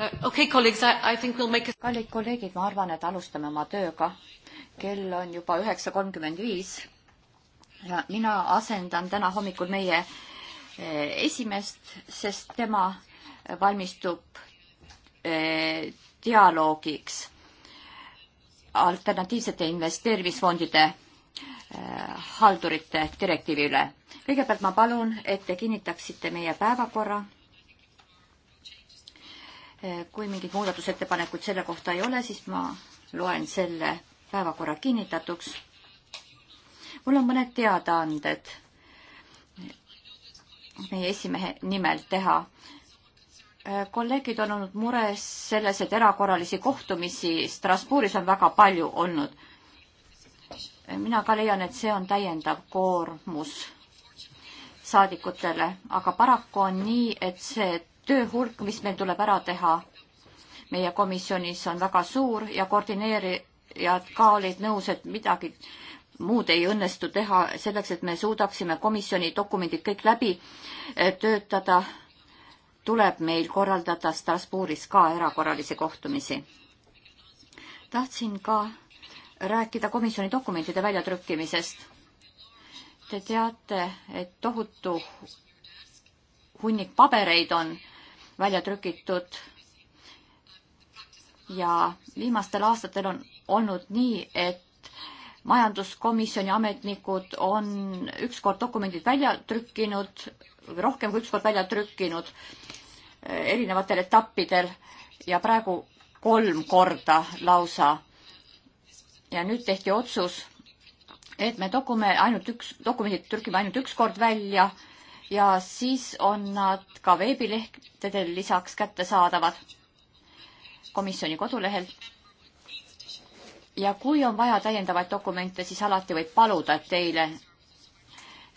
Uh, okay, colleagues, I, I think we'll make a... kallid kolleegid, ma arvan, et alustame oma tööga. kell on juba üheksa kolmkümmend viis ja mina asendan täna hommikul meie eh, esimest, sest tema valmistub eh, dialoogiks alternatiivsete investeerimisfondide eh, haldurite direktiivi üle. kõigepealt ma palun, et te kinnitaksite meie päevakorra Eh, kui mingeid muudatusettepanekuid selle kohta ei ole, siis ma loen selle päevakorra kinnitatuks. mul on mõned teadaanded meie esimehe nimel teha. Eh, kolleegid on olnud mures selles, et erakorralisi kohtumisi Strasbourgis on väga palju olnud. Eh, mina ka leian, et see on täiendav koormus saadikutele, aga paraku on nii, et see töö hulk, mis meil tuleb ära teha meie komisjonis, on väga suur ja koordineerijad ka olid nõus, et midagi muud ei õnnestu teha selleks, et me suudaksime komisjoni dokumendid kõik läbi eh, töötada, tuleb meil korraldada Strasbourgis ka erakorralisi kohtumisi. tahtsin ka rääkida komisjoni dokumentide väljatrükkimisest. Te teate, et tohutu hunnik pabereid on välja trükitud. ja viimastel aastatel on olnud nii, et majanduskomisjoni ametnikud on ükskord dokumendid välja trükkinud, rohkem kui ükskord välja trükkinud eh, erinevatel etappidel ja praegu kolm korda lausa. ja nüüd tehti otsus, et me dokume ainult üks, dokumendid trükime ainult üks kord välja ja siis on nad ka veebilehtedel lisaks kättesaadavad komisjoni kodulehel. ja kui on vaja täiendavaid dokumente, siis alati võib paluda, et teile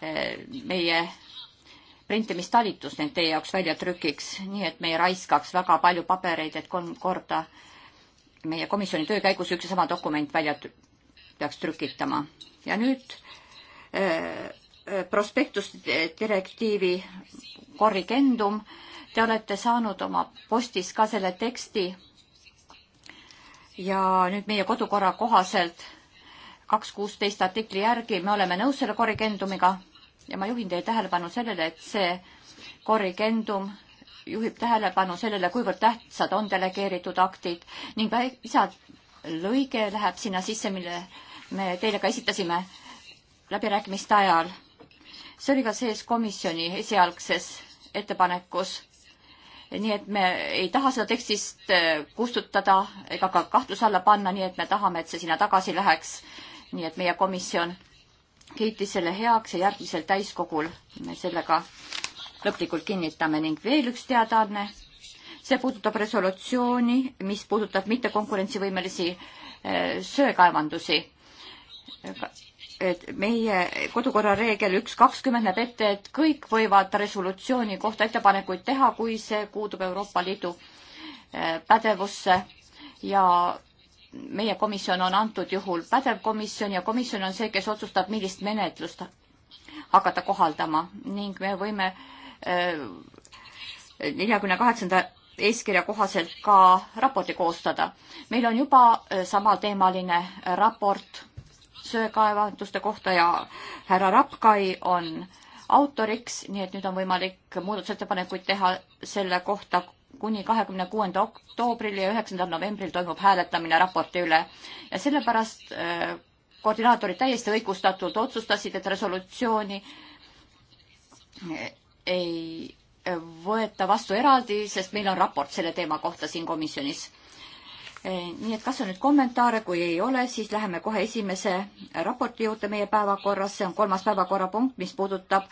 eh, meie printimistalitus need teie jaoks välja trükiks, nii et me ei raiskaks väga palju pabereid, et kolm korda meie komisjoni töö käigus üks ja sama dokument välja peaks trükitama. ja nüüd öö, eh, Eh, prospektusdirektiivi eh, korrigendum. Te olete saanud oma postis ka selle teksti ja nüüd meie kodukorra kohaselt kaks kuusteist artikli järgi me oleme nõus selle korrigendumiga ja ma juhin teie tähelepanu sellele, et see korrigendum juhib tähelepanu sellele, kuivõrd tähtsad on delegeeritud aktid ning väiksa lõige läheb sinna sisse, mille me teile ka esitasime läbirääkimiste ajal see oli ka sees komisjoni esialgses ettepanekus. nii et me ei taha seda tekstist eh, kustutada ega ka kahtluse alla panna, nii et me tahame, et see sinna tagasi läheks. nii et meie komisjon kiitis selle heaks ja järgmisel täiskogul me sellega lõplikult kinnitame ning veel üks teadaanne. see puudutab resolutsiooni, mis puudutab mittekonkurentsivõimelisi eh, söekaevandusi et meie kodukorra reegel üks kakskümmend näeb ette, et kõik võivad resolutsiooni kohta ettepanekuid teha, kui see kuulub Euroopa Liidu eh, pädevusse ja meie komisjon on antud juhul pädev komisjon ja komisjon on see, kes otsustab, millist menetlust hakata kohaldama ning me võime eh, neljakümne kaheksanda eeskirja kohaselt ka raporti koostada. meil on juba eh, samateemaline raport söekaevanduste kohta ja härra Rapkai on autoriks, nii et nüüd on võimalik muudatusettepanekuid teha selle kohta kuni kahekümne kuuenda oktoobril ja üheksandal novembril toimub hääletamine raporti üle ja sellepärast äh, koordinaatorid täiesti õigustatult otsustasid, et resolutsiooni äh, ei äh, võeta vastu eraldi, sest meil on raport selle teema kohta siin komisjonis Eh, nii et kas on nüüd kommentaare, kui ei ole, siis läheme kohe esimese raporti juurde meie päevakorras, see on kolmas päevakorrapunkt, mis puudutab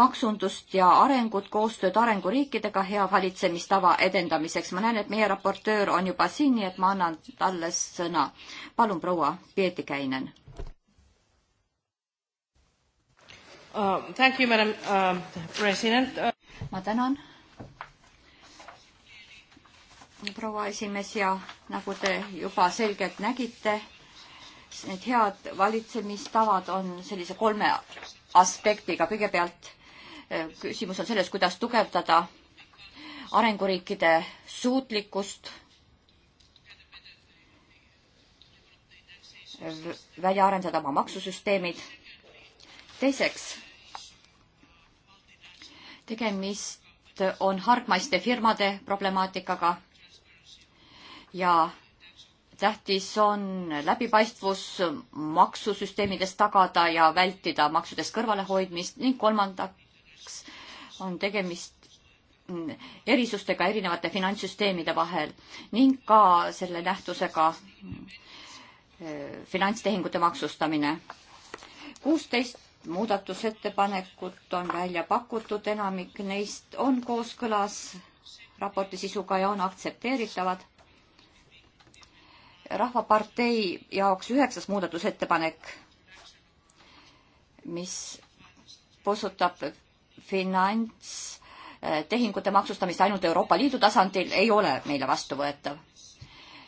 maksundust ja arengut, koostööd arenguriikidega hea valitsemistava edendamiseks. ma näen, et meie raportöör on juba siin, nii et ma annan talle sõna. palun, proua Peeti Käinen uh,. Thank you, madam uh, president uh.... ma tänan proua esimees ja nagu te juba selgelt nägite, need head valitsemistavad on sellise kolme aspektiga. kõigepealt eh, küsimus on selles, kuidas tugevdada arenguriikide suutlikkust välja arendada oma maksusüsteemid. teiseks, tegemist on hargmaiste firmade problemaatikaga ja tähtis on läbipaistvus maksusüsteemides tagada ja vältida maksudest kõrvalehoidmist ning kolmandaks on tegemist erisustega erinevate finantssüsteemide vahel ning ka selle nähtusega eh, finantstehingute maksustamine. kuusteist muudatusettepanekut on välja pakutud, enamik neist on kooskõlas raporti sisuga ja on aktsepteeritavad Rahvapartei jaoks üheksas muudatusettepanek, mis puudutab finantstehingute eh, maksustamist ainult Euroopa Liidu tasandil, ei ole meile vastuvõetav.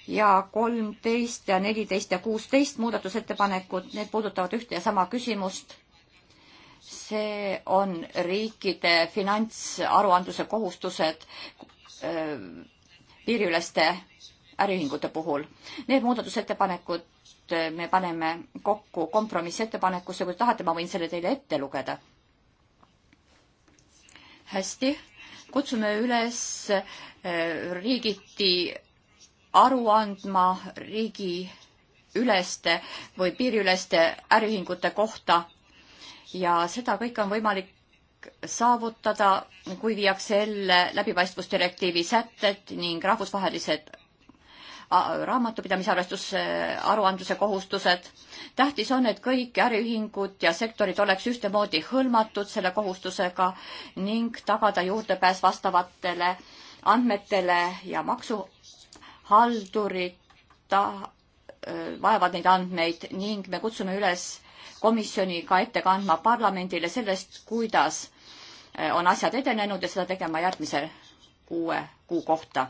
ja kolmteist ja neliteist ja kuusteist muudatusettepanekut, need puudutavad ühte ja sama küsimust. see on riikide finantsaruandluse kohustused eh, piiriüleste äriühingute puhul. Need muudatusettepanekud eh, me paneme kokku kompromissettepanekusse, kui tahate, ma võin selle teile ette lugeda. hästi, kutsume üles eh, riigiti aru andma riigi üleste või piiriüleste äriühingute kohta ja seda kõike on võimalik saavutada, kui viiakse ellu läbipaistvusdirektiivi sätted ning rahvusvahelised raamatupidamisarvestuse äh, aruandluse kohustused. tähtis on, et kõik äriühingud ja sektorid oleks ühtemoodi hõlmatud selle kohustusega ning tagada juurdepääs vastavatele andmetele ja maksuhaldurid äh, vaevavad neid andmeid ning me kutsume üles komisjoni ka ette kandma parlamendile sellest, kuidas äh, on asjad edenenud ja seda tegema järgmise kuue kuu kohta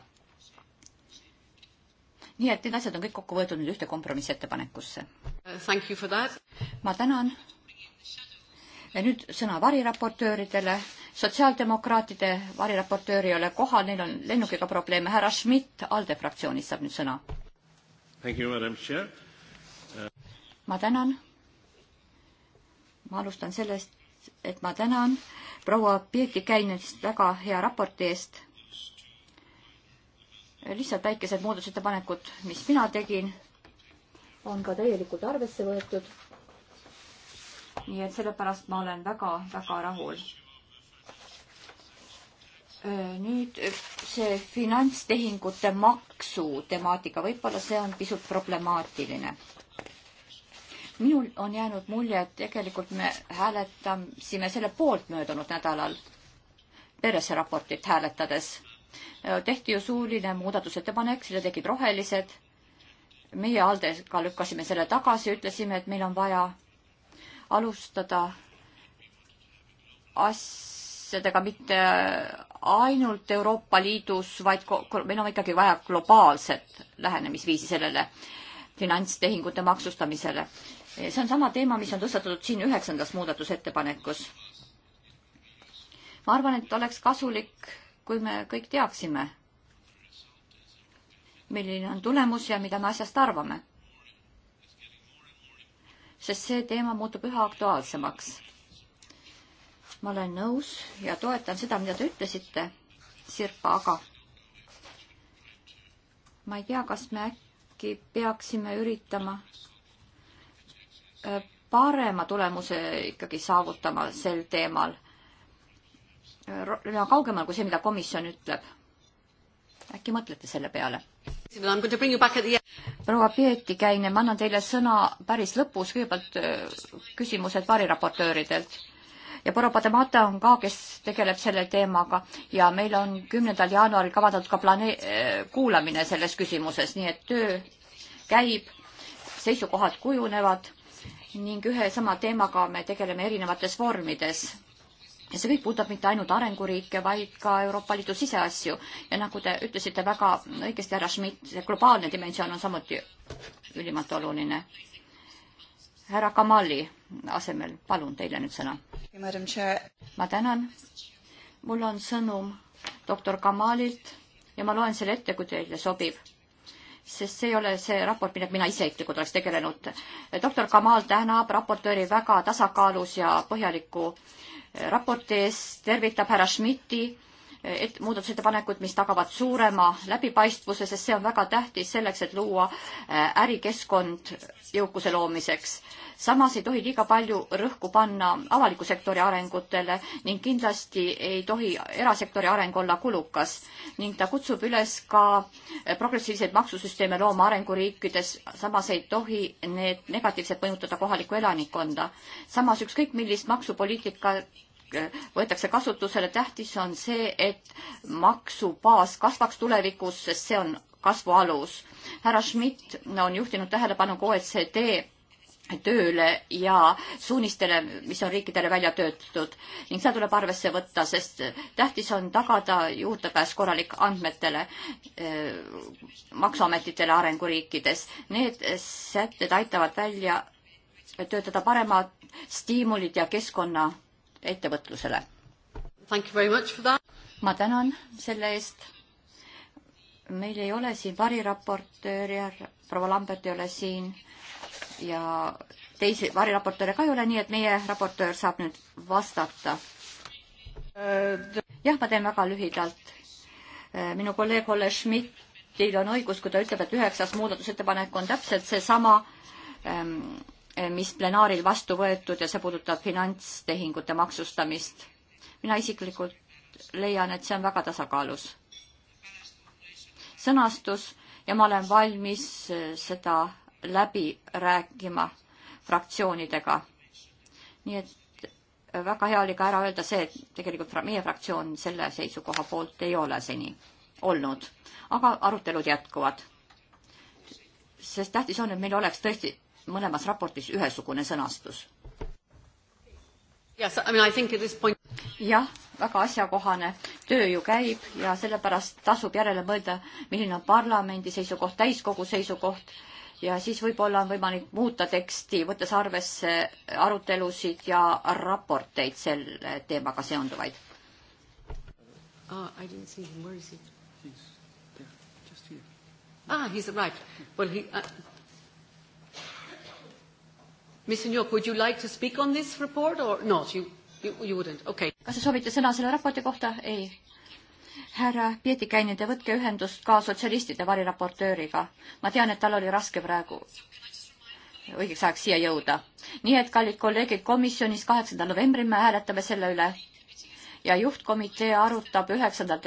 nii et need asjad on kõik kokku võetud nüüd ühte kompromissettepanekusse. ma tänan. ja nüüd sõna variraportööridele. sotsiaaldemokraatide variraportöör ei ole kohal, neil on lennukiga probleeme. härra Schmidt ALDE fraktsioonist saab nüüd sõna. ma tänan. ma alustan sellest, et ma tänan proua Birgi Käinest väga hea raporti eest lihtsalt väikesed muudusettepanekud, mis mina tegin, on ka täielikult arvesse võetud. nii et sellepärast ma olen väga-väga rahul. nüüd see finantstehingute maksu temaatika, võib-olla see on pisut problemaatiline. minul on jäänud mulje, et tegelikult me hääletasime selle poolt möödunud nädalal peresse raportit hääletades Äh, tehti ju suuline muudatusettepanek, selle tegid rohelised. meie Aldega lükkasime selle tagasi, ütlesime, et meil on vaja alustada asjadega mitte ainult Euroopa Liidus, vaid meil on ikkagi vaja globaalset lähenemisviisi sellele finantstehingute maksustamisele. see on sama teema, mis on tõstatatud siin üheksandas muudatusettepanekus. ma arvan, et oleks kasulik kui me kõik teaksime, milline on tulemus ja mida me asjast arvame. sest see teema muutub üha aktuaalsemaks. ma olen nõus ja toetan seda, mida te ütlesite, Sirpa, aga ma ei tea, kas me äkki peaksime üritama äh, parema tulemuse ikkagi saavutama sel teemal kaugemal kui see, mida komisjon ütleb. äkki mõtlete selle peale? proua Pieti Käine, ma annan teile sõna päris lõpus, kõigepealt äh, küsimused variraportööridelt. ja proua Pademata on ka, kes tegeleb selle teemaga ja meil on kümnendal jaanuaril kavandatud ka plane-, äh, kuulamine selles küsimuses, nii et töö käib, seisukohad kujunevad ning ühe sama teemaga me tegeleme erinevates vormides ja see kõik puudutab mitte ainult arenguriike, vaid ka Euroopa Liidu siseasju. ja nagu te ütlesite väga õigesti, härra Schmidt, see globaalne dimensioon on samuti ülimalt oluline. härra Kamali asemel, palun teile nüüd sõna. ma tänan. mul on sõnum doktor Kamalilt ja ma loen selle ette, kui teile sobib sest see ei ole see raport, millega mina isiklikult oleks tegelenud. doktor Kamal tänab raportööri väga tasakaalus ja põhjaliku äh, raporti eest, tervitab härra Schmidti eh, et muudatusettepanekud, mis tagavad suurema läbipaistvuse, sest see on väga tähtis selleks, et luua eh, ärikeskkond jõukuse loomiseks. samas ei tohi liiga palju rõhku panna avaliku sektori arengutele ning kindlasti ei tohi erasektori areng olla kulukas ning ta kutsub üles ka eh, progressiivseid maksusüsteeme looma arenguriikides, samas ei tohi need negatiivselt mõjutada kohalikku elanikkonda. samas ükskõik millist maksupoliitikat võetakse kasutusele, tähtis on see, et maksubaas kasvaks tulevikus, sest see on kasvu alus. härra Schmidt on juhtinud tähelepanu ka OECD tööle ja suunistele, mis on riikidele välja töötatud ning seda tuleb arvesse võtta, sest tähtis on tagada juurdepääs korralik andmetele eh, maksuametitele arenguriikides. Need sätted aitavad välja töötada paremad stiimulid ja keskkonna ettevõtlusele. ma tänan selle eest. meil ei ole siin variraportööri, proua Lambert ei ole siin ja teisi variraportööre ka ei ole, nii et meie raportöör saab nüüd vastata. jah, ma teen väga lühidalt. minu kolleeg Olle Schmidtil on õigus, kui ta ütleb, et üheksas muudatusettepanek on täpselt seesama ähm, Eh, mis plenaaril vastu võetud ja see puudutab finantstehingute maksustamist. mina isiklikult leian, et see on väga tasakaalus sõnastus ja ma olen valmis eh, seda läbi rääkima fraktsioonidega. nii et eh, väga hea oli ka ära öelda see, et tegelikult meie fraktsioon selle seisukoha poolt ei ole seni olnud, aga arutelud jätkuvad. sest tähtis on, et meil oleks tõesti mõlemas raportis ühesugune sõnastus. jah, väga asjakohane, töö ju käib ja sellepärast tasub järele mõelda, milline on parlamendi seisukoht, täiskogu seisukoht ja siis võib-olla on võimalik muuta teksti, võttes arvesse arutelusid ja raporteid selle teemaga seonduvaid Oh, I didn't see him. Where is he? He's there, just here. Ah, he's right. Well, he. Uh, Ms Njok, would you like to speak on this report or not? You, you, you wouldn't, okei okay.. kas te soovite sõna selle raporti kohta? ei. härra Pietikäinen, te võtke ühendust ka sotsialistide variraportööriga. ma tean, et tal oli raske praegu õigeks ajaks siia jõuda. nii et, kallid kolleegid, komisjonis kaheksandal novembril me hääletame selle üle ja juhtkomitee arutab üheksandal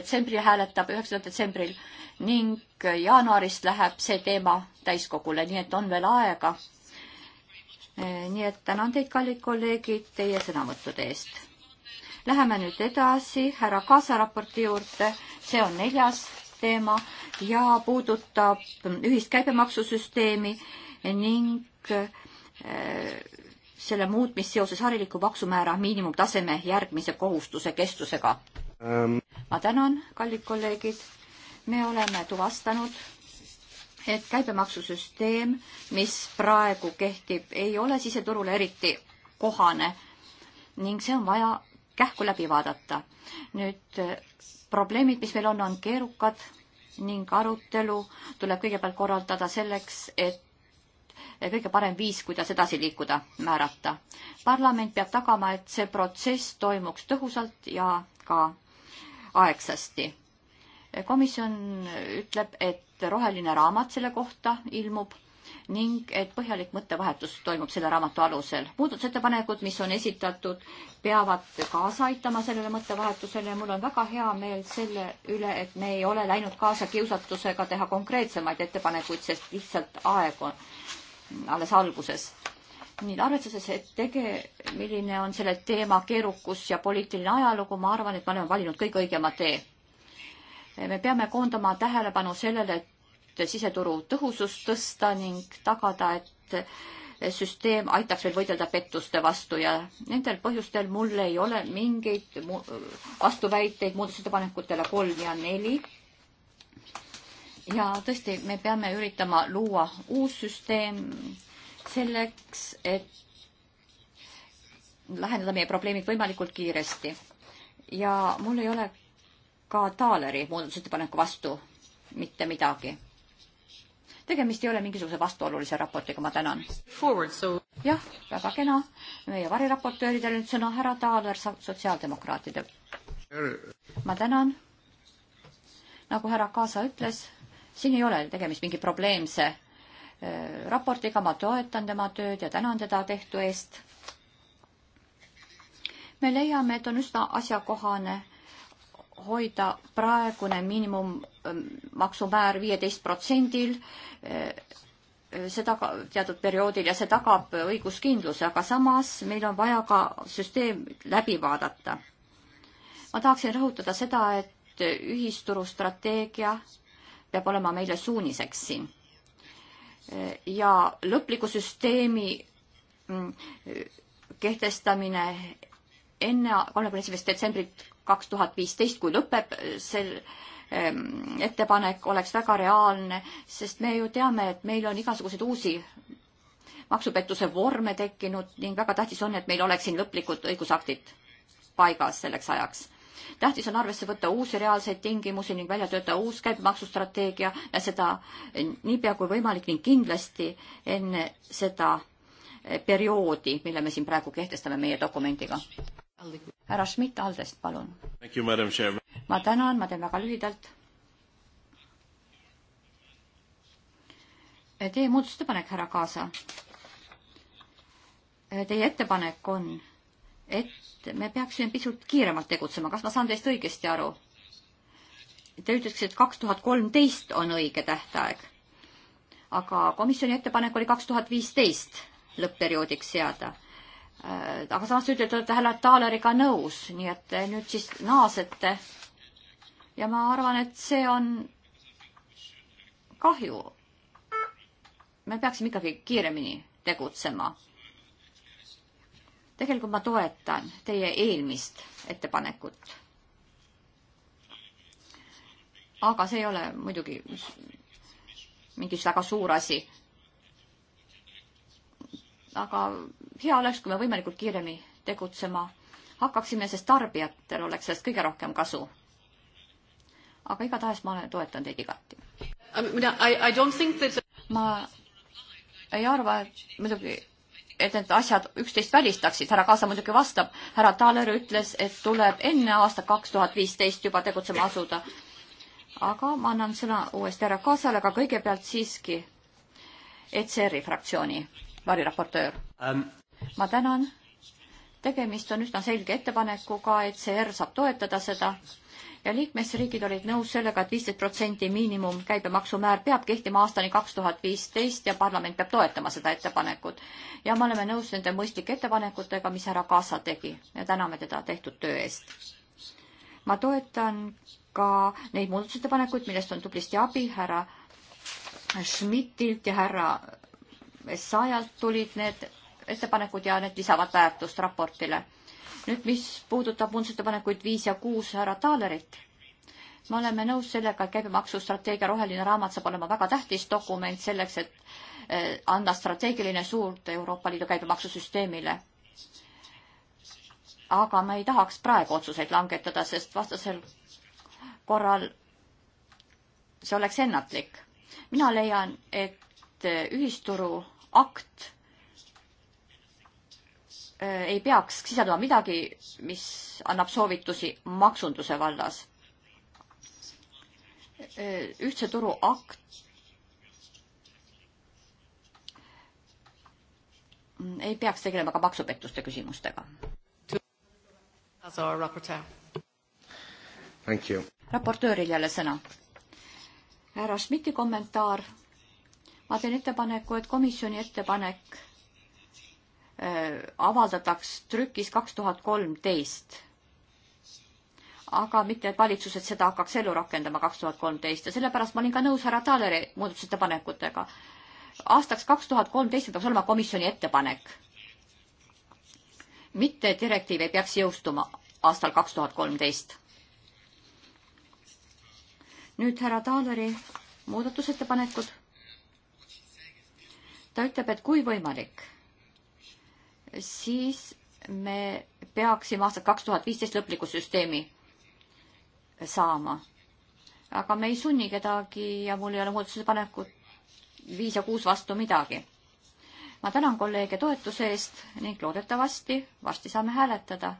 detsembril, hääletab üheksandal detsembril ning jaanuarist läheb see teema täiskogule, nii et on veel aega Eh, nii et tänan teid, kallid kolleegid, teie sõnavõttude eest. Läheme nüüd edasi härra Kaasa raporti juurde, see on neljas teema ja puudutab ühist käibemaksusüsteemi ning eh, selle muutmist seoses hariliku maksumäära miinimumtaseme järgmise kohustuse kestusega ähm.. ma tänan, kallid kolleegid, me oleme tuvastanud et käibemaksusüsteem, mis praegu kehtib, ei ole siseturule eriti kohane ning see on vaja kähku läbi vaadata. nüüd probleemid, mis meil on, on keerukad ning arutelu tuleb kõigepealt korraldada selleks, et kõige parem viis, kuidas edasi liikuda, määrata. parlament peab tagama, et see protsess toimuks tõhusalt ja ka aegsasti. komisjon ütleb, et et roheline raamat selle kohta ilmub ning et põhjalik mõttevahetus toimub selle raamatu alusel. muudatusettepanekud, mis on esitatud, peavad kaasa aitama sellele mõttevahetusele ja mul on väga hea meel selle üle, et me ei ole läinud kaasa kiusatusega teha konkreetsemaid ettepanekuid, sest lihtsalt aeg on alles alguses. nii, arvestades, et tege-, milline on selle teema keerukus ja poliitiline ajalugu, ma arvan, et me oleme valinud kõige õigema tee me peame koondama tähelepanu sellele, et siseturu tõhusust tõsta ning tagada, et süsteem aitaks meil võidelda pettuste vastu ja nendel põhjustel mul ei ole mingeid vastuväiteid muudatusettepanekutele kolm ja neli. ja tõesti, me peame üritama luua uus süsteem selleks, et lahendada meie probleemid võimalikult kiiresti. ja mul ei ole ka Taaleri muudatusettepaneku vastu mitte midagi. tegemist ei ole mingisuguse vastuolulise raportiga, ma tänan. jah, väga kena. meie variraportööridel nüüd sõna härra Taaler sotsiaaldemokraatide. ma tänan. nagu härra Kaasa ütles, siin ei ole tegemist mingi probleemse raportiga, ma toetan tema tööd ja tänan teda tehtu eest. me leiame, et on üsna asjakohane hoida praegune miinimummaksumäär ähm, viieteist protsendil, äh, äh, see tagab teatud perioodil ja see tagab õiguskindluse, aga samas meil on vaja ka süsteem läbi vaadata. ma tahaksin rõhutada seda, et ühisturu strateegia peab olema meile suuniseks siin. Äh, ja lõpliku süsteemi mm, kehtestamine enne kolmekümne esimest detsembrit kaks tuhat viisteist, kui lõpeb eh, see ehm, ettepanek, oleks väga reaalne, sest me ju teame, et meil on igasuguseid uusi maksupettuse vorme tekkinud ning väga tähtis on, et meil oleks siin lõplikud õigusaktid paigas selleks ajaks. tähtis on arvesse võtta uusi reaalseid tingimusi ning välja töötada uus käibemaksustrateegia ja seda niipea kui võimalik ning kindlasti enne seda perioodi, mille me siin praegu kehtestame meie dokumendiga härra Schmidt Aldest, palun. ma tänan, ma teen väga lühidalt. Teie muudatusettepanek, härra Kaasa. Teie ettepanek on, et me peaksime pisut kiiremalt tegutsema, kas ma saan teist õigesti aru? Te ütleksite, et kaks tuhat kolmteist on õige tähtaeg. aga komisjoni ettepanek oli kaks tuhat viisteist lõppperioodiks seada Äh, aga samas te ütlete, olete härra Taaleriga nõus, nii et nüüd siis naasete. ja ma arvan, et see on kahju. me peaksime ikkagi kiiremini tegutsema. tegelikult ma toetan teie eelmist ettepanekut. aga see ei ole muidugi mingi väga suur asi aga hea oleks, kui me võimalikult kiiremini tegutsema hakkaksime, sest tarbijatel oleks sellest kõige rohkem kasu. aga igatahes ma toetan teid igati. ma ei arva, et muidugi, et need asjad üksteist välistaksid, härra Kaasa muidugi vastab, härra Taaler ütles, et tuleb enne aastat kaks tuhat viisteist juba tegutsema asuda. aga ma annan sõna uuesti härra Kaasale, aga kõigepealt siiski ECR-i fraktsiooni variraportöör um.. ma tänan. tegemist on üsna selge ettepanekuga, et CR saab toetada seda ja liikmesriigid olid nõus sellega et, et viisteist protsenti miinimum käibemaksumäär peab kehtima aastani kaks tuhat viisteist ja parlament peab toetama seda ettepanekut. ja me oleme nõus nende mõistlike ettepanekutega, mis härra Kaasa tegi ja täname teda tehtud töö eest. ma toetan ka neid muudatusettepanekuid, millest on tublisti abi härra Schmidtilt ja härra sajalt tulid need ettepanekud ja need lisavad väärtust raportile. nüüd, mis puudutab muudatusettepanekuid viis ja kuus härra Taalerit, me oleme nõus sellega, et käibemaksustrateegia roheline raamat saab olema väga tähtis dokument selleks, et eh, anda strateegiline suund Euroopa Liidu käibemaksusüsteemile. aga me ei tahaks praegu otsuseid langetada, sest vastasel korral see oleks ennatlik. mina leian, et Äh, ühisturu akt äh, ei peaks sisaldama midagi, mis annab soovitusi maksunduse vallas. Äh, ühtse turu akt mm, ei peaks tegelema ka maksupettuste küsimustega. raportööril jälle sõna. härra Schmidti kommentaar ma teen ettepaneku, et komisjoni ettepanek äh, avaldataks trükis kaks tuhat kolmteist. aga mitte, et valitsused seda hakkaks ellu rakendama kaks tuhat kolmteist ja sellepärast ma olin ka nõus härra Taaleri muudatusettepanekutega. aastaks kaks tuhat kolmteist peaks olema komisjoni ettepanek. mitte direktiiv ei peaks jõustuma aastal kaks tuhat kolmteist. nüüd härra Taaleri muudatusettepanekud ta ütleb, et kui võimalik, siis me peaksime aastal kaks tuhat viisteist lõpliku süsteemi saama. aga me ei sunni kedagi ja mul ei ole muudatusettepanekut viis ja kuus vastu midagi. ma tänan kolleege toetuse eest ning loodetavasti varsti saame hääletada.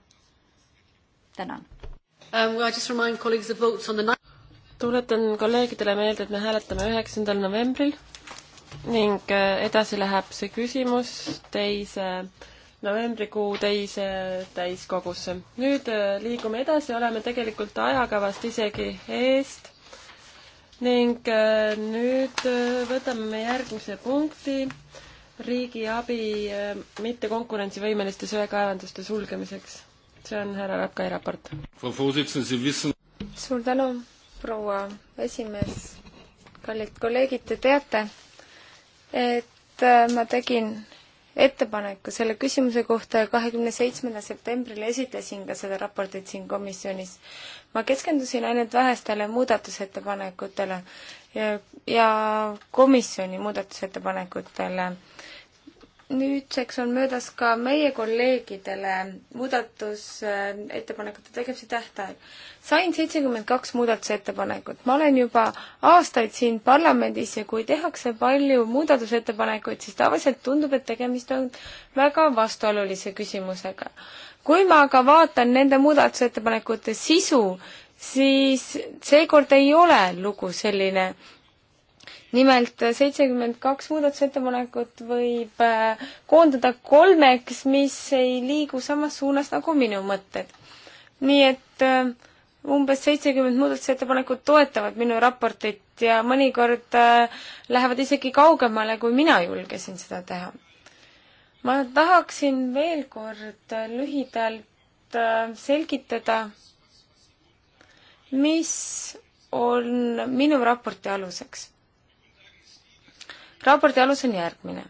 tänan um,. tuletan kolleegidele meelde, et me hääletame üheksandal novembril ning äh, edasi läheb see küsimus teise novembrikuu teise täiskogusse. nüüd äh, liigume edasi, oleme tegelikult ajakavast isegi eest ning äh, nüüd võtame me järgmise punkti, riigiabi mittekonkurentsivõimeliste söekaevanduste sulgemiseks. see on härra Rapkai raport. suur tänu, proua esimees, kallid kolleegid, te teate, et äh, ma tegin ettepaneku selle küsimuse kohta ja kahekümne seitsmendal septembril esitlesin ka seda raportit siin komisjonis. ma keskendusin ainult vähestele muudatusettepanekutele ja, ja komisjoni muudatusettepanekutele nüüdseks on möödas ka meie kolleegidele muudatusettepanekute äh, tegemise tähtaeg. sain seitsekümmend kaks muudatusettepanekut, ma olen juba aastaid siin parlamendis ja kui tehakse palju muudatusettepanekuid, siis tavaliselt tundub, et tegemist on väga vastuolulise küsimusega. kui ma aga vaatan nende muudatusettepanekute sisu, siis seekord ei ole lugu selline, nimelt seitsekümmend kaks muudatusettepanekut võib äh, koondada kolmeks, mis ei liigu samas suunas nagu minu mõtted. nii et äh, umbes seitsekümmend muudatusettepanekut toetavad minu raportit ja mõnikord äh, lähevad isegi kaugemale, kui mina julgesin seda teha. ma tahaksin veel kord lühidalt selgitada, mis on minu raporti aluseks raporti alus on järgmine.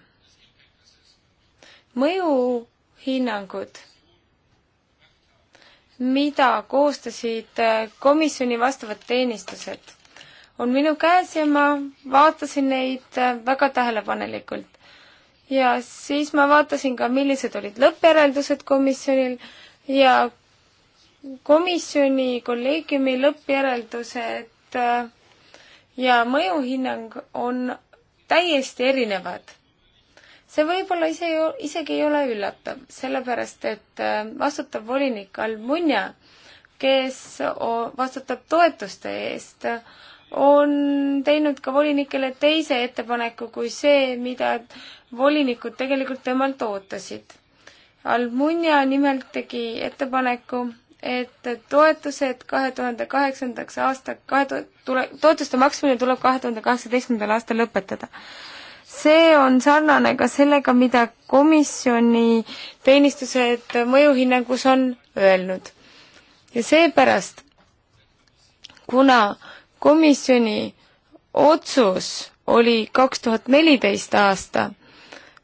mõjuhinnangud, mida koostasid komisjoni vastavad teenistused, on minu käes ja ma vaatasin neid väga tähelepanelikult. ja siis ma vaatasin ka, millised olid lõppjäreldused komisjonil ja komisjoni kolleegiumi lõppjäreldused ja mõjuhinnang on täiesti erinevad. see võib-olla ise, isegi ei ole üllatav, sellepärast et äh, vastutav volinik Almunia, kes vastutab toetuste eest, on teinud ka volinikele teise ettepaneku kui see, mida volinikud tegelikult temalt ootasid. Almunia nimelt tegi ettepaneku, et toetused kahe tuhande kaheksandaks aasta, kahe tule-, toetuste maksmine tuleb kahe tuhande kaheksateistkümnendal aastal lõpetada. see on sarnane ka sellega, mida komisjoni teenistused mõjuhinnangus on öelnud. ja seepärast, kuna komisjoni otsus oli kaks tuhat neliteist aasta,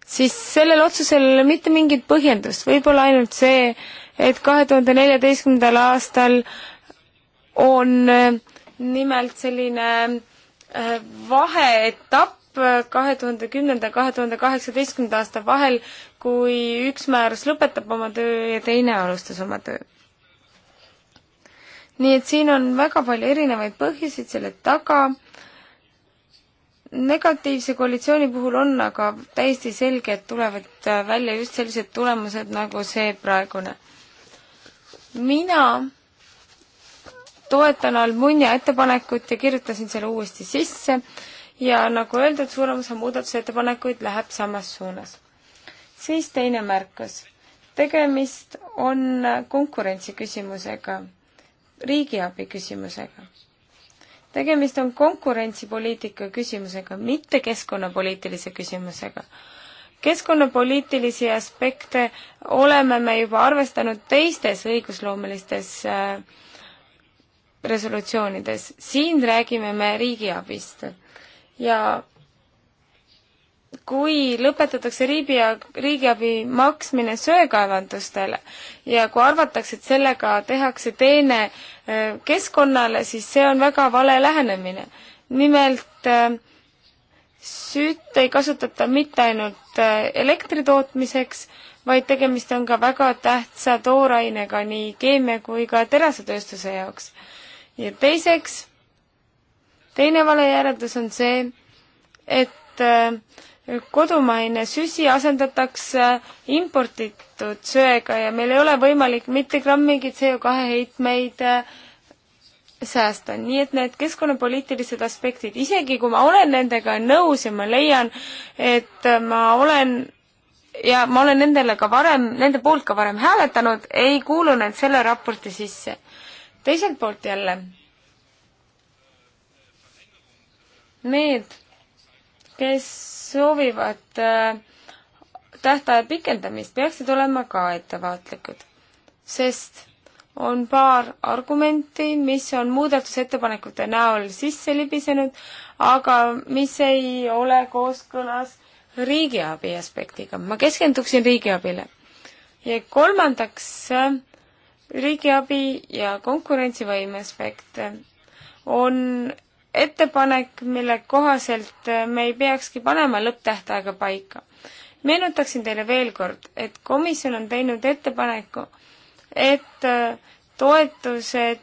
siis sellel otsusel ei ole mitte mingit põhjendust, võib-olla ainult see, et kahe tuhande neljateistkümnendal aastal on äh, nimelt selline äh, vaheetapp äh, kahe tuhande kümnenda, kahe tuhande kaheksateistkümnenda aasta vahel, kui üks määrus lõpetab oma töö ja teine alustas oma töö. nii et siin on väga palju erinevaid põhjuseid selle taga. negatiivse koalitsiooni puhul on aga täiesti selge, et tulevad välja just sellised tulemused nagu see praegune mina toetan Almunia ettepanekut ja kirjutasin selle uuesti sisse ja nagu öeldud, suurem osa muudatusettepanekuid läheb samas suunas. siis teine märkus. tegemist on konkurentsi küsimusega, riigiabi küsimusega. tegemist on konkurentsipoliitika küsimusega, mitte keskkonnapoliitilise küsimusega keskkonnapoliitilisi aspekte oleme me juba arvestanud teistes õigusloomelistes äh, resolutsioonides. siin räägime me riigiabist ja kui lõpetatakse riigi, riigiabi maksmine söekaevandustele ja kui arvatakse, et sellega tehakse teene äh, keskkonnale, siis see on väga vale lähenemine. nimelt äh, süüt ei kasutata mitte ainult äh, elektri tootmiseks, vaid tegemist on ka väga tähtsa toorainega nii keemia kui ka terasetööstuse jaoks. ja teiseks, teine vale järeldus on see, et äh, kodumaine süsi asendatakse imporditud söega ja meil ei ole võimalik mitte grammigi CO2 heitmeid äh, säästa, nii et need keskkonnapoliitilised aspektid, isegi kui ma olen nendega nõus ja ma leian, et ma olen ja ma olen nendele ka varem, nende poolt ka varem hääletanud, ei kuulu need selle raporti sisse. teiselt poolt jälle, need, kes soovivad äh, tähtaja pikendamist, peaksid olema ka ettevaatlikud, sest on paar argumenti, mis on muudatusettepanekute näol sisse libisenud, aga mis ei ole kooskõlas riigiabi aspektiga. ma keskenduksin riigiabile. ja kolmandaks, riigiabi ja konkurentsivõime aspekt on ettepanek, mille kohaselt me ei peakski panema lõpptähtaega paika. meenutaksin teile veel kord, et komisjon on teinud ettepaneku, et äh, toetused,